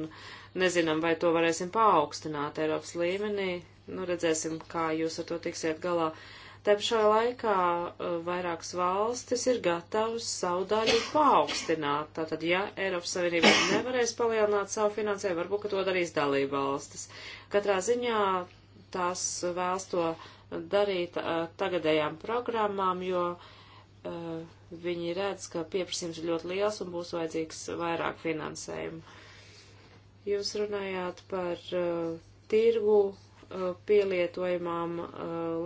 nezinām, vai to varēsim paaugstināt Eiropas līmenī. Nu, redzēsim, kā jūs ar to tiksiet galā. Te pašā laikā eh, vairākas valstis ir gatavas savu daļu paaugstināt. Tātad, ja Eiropas Savienība nevarēs palielināt savu finansējumu, varbūt, ka to darīs dalība valstis. Katrā ziņā tās vēlas to darīt eh, tagadējām programmām, jo uh, uh, viņi redz, ka pieprasījums ir ļoti liels un būs vajadzīgs vairāk finansējumu. Jūs runājāt par uh, tirgu uh, pielietojumām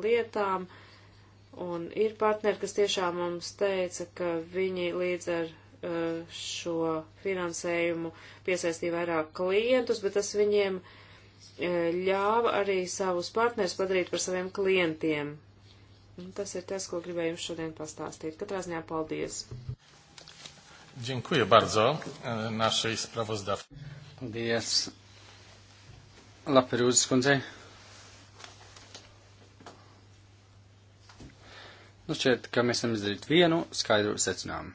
lietām, un ir partneri, kas tiešām mums teica, ka viņi līdz ar šo finansējumu piesaistīja vairāk klientus, bet tas viņiem ļāva arī savus partnerus padarīt par saviem klientiem, Un tas ir tas, ko gribēju jums šodien pastāstīt. Katrā ziņā paldies! Dziękuję bardzo e, naszej sprawozdawcy. Paldies. Laperūzes kundzei. Nu šķiet, ka mēs varam izdarīt vienu skaidru secinājumu.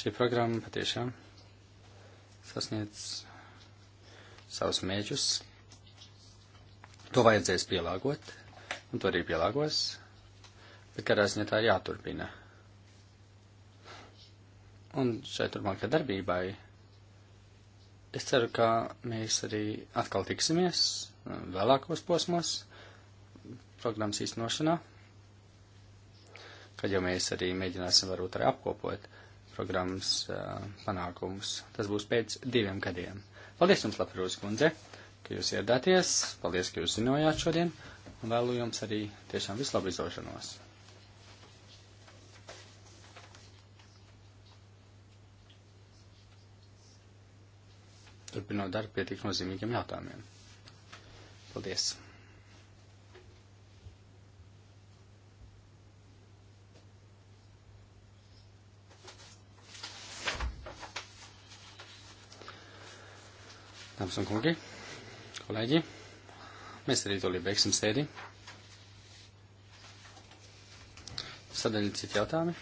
Šī programma patiešām sasniedz savus mēģus. To vajadzēs pielāgot un to arī pielāgos, bet kādā ziņā tā ir jāturpina. Un šai turpmākajai darbībai es ceru, ka mēs arī atkal tiksimies vēlākos posmos programmas īstenošanā, kad jau mēs arī mēģināsim varbūt arī apkopot programmas uh, panākumus. Tas būs pēc diviem gadiem. Paldies jums, Laprūs kundze, ka jūs ieradāties. Paldies, ka jūs zinājāt šodien un vēlu jums arī tiešām vislabu izdošanos. Turpinot darbu pie tik nozīmīgiem jautājumiem. Paldies! Dāmas un kungi, kolēģi! Mēs arī to beigsim sēdi. Sadaļa citi jautājumi.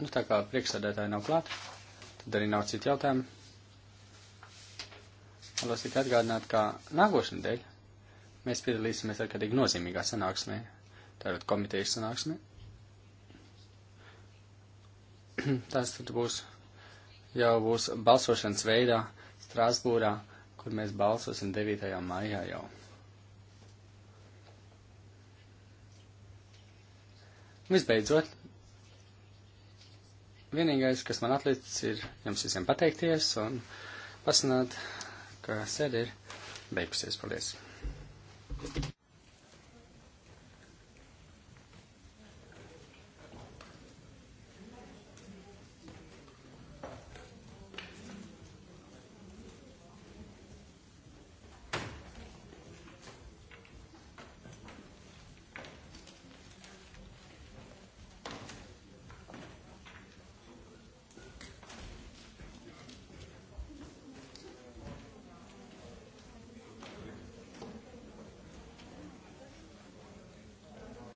Nu, tā kā priekšsēdētāji nav klāt, tad arī nav citu jautājumu. Vēlos tikai atgādināt, ka nākošana dēļ mēs piedalīsimies ar kādīgi nozīmīgā sanāksmē Tātad komitejas sanāksme. Tas tad būs jau būs balsošanas veidā Strasbūrā, kur mēs balsosim 9. maijā jau. Visbeidzot, vienīgais, kas man atlicis, ir jums visiem pateikties un pasināt, ka sēde ir beigusies. Paldies!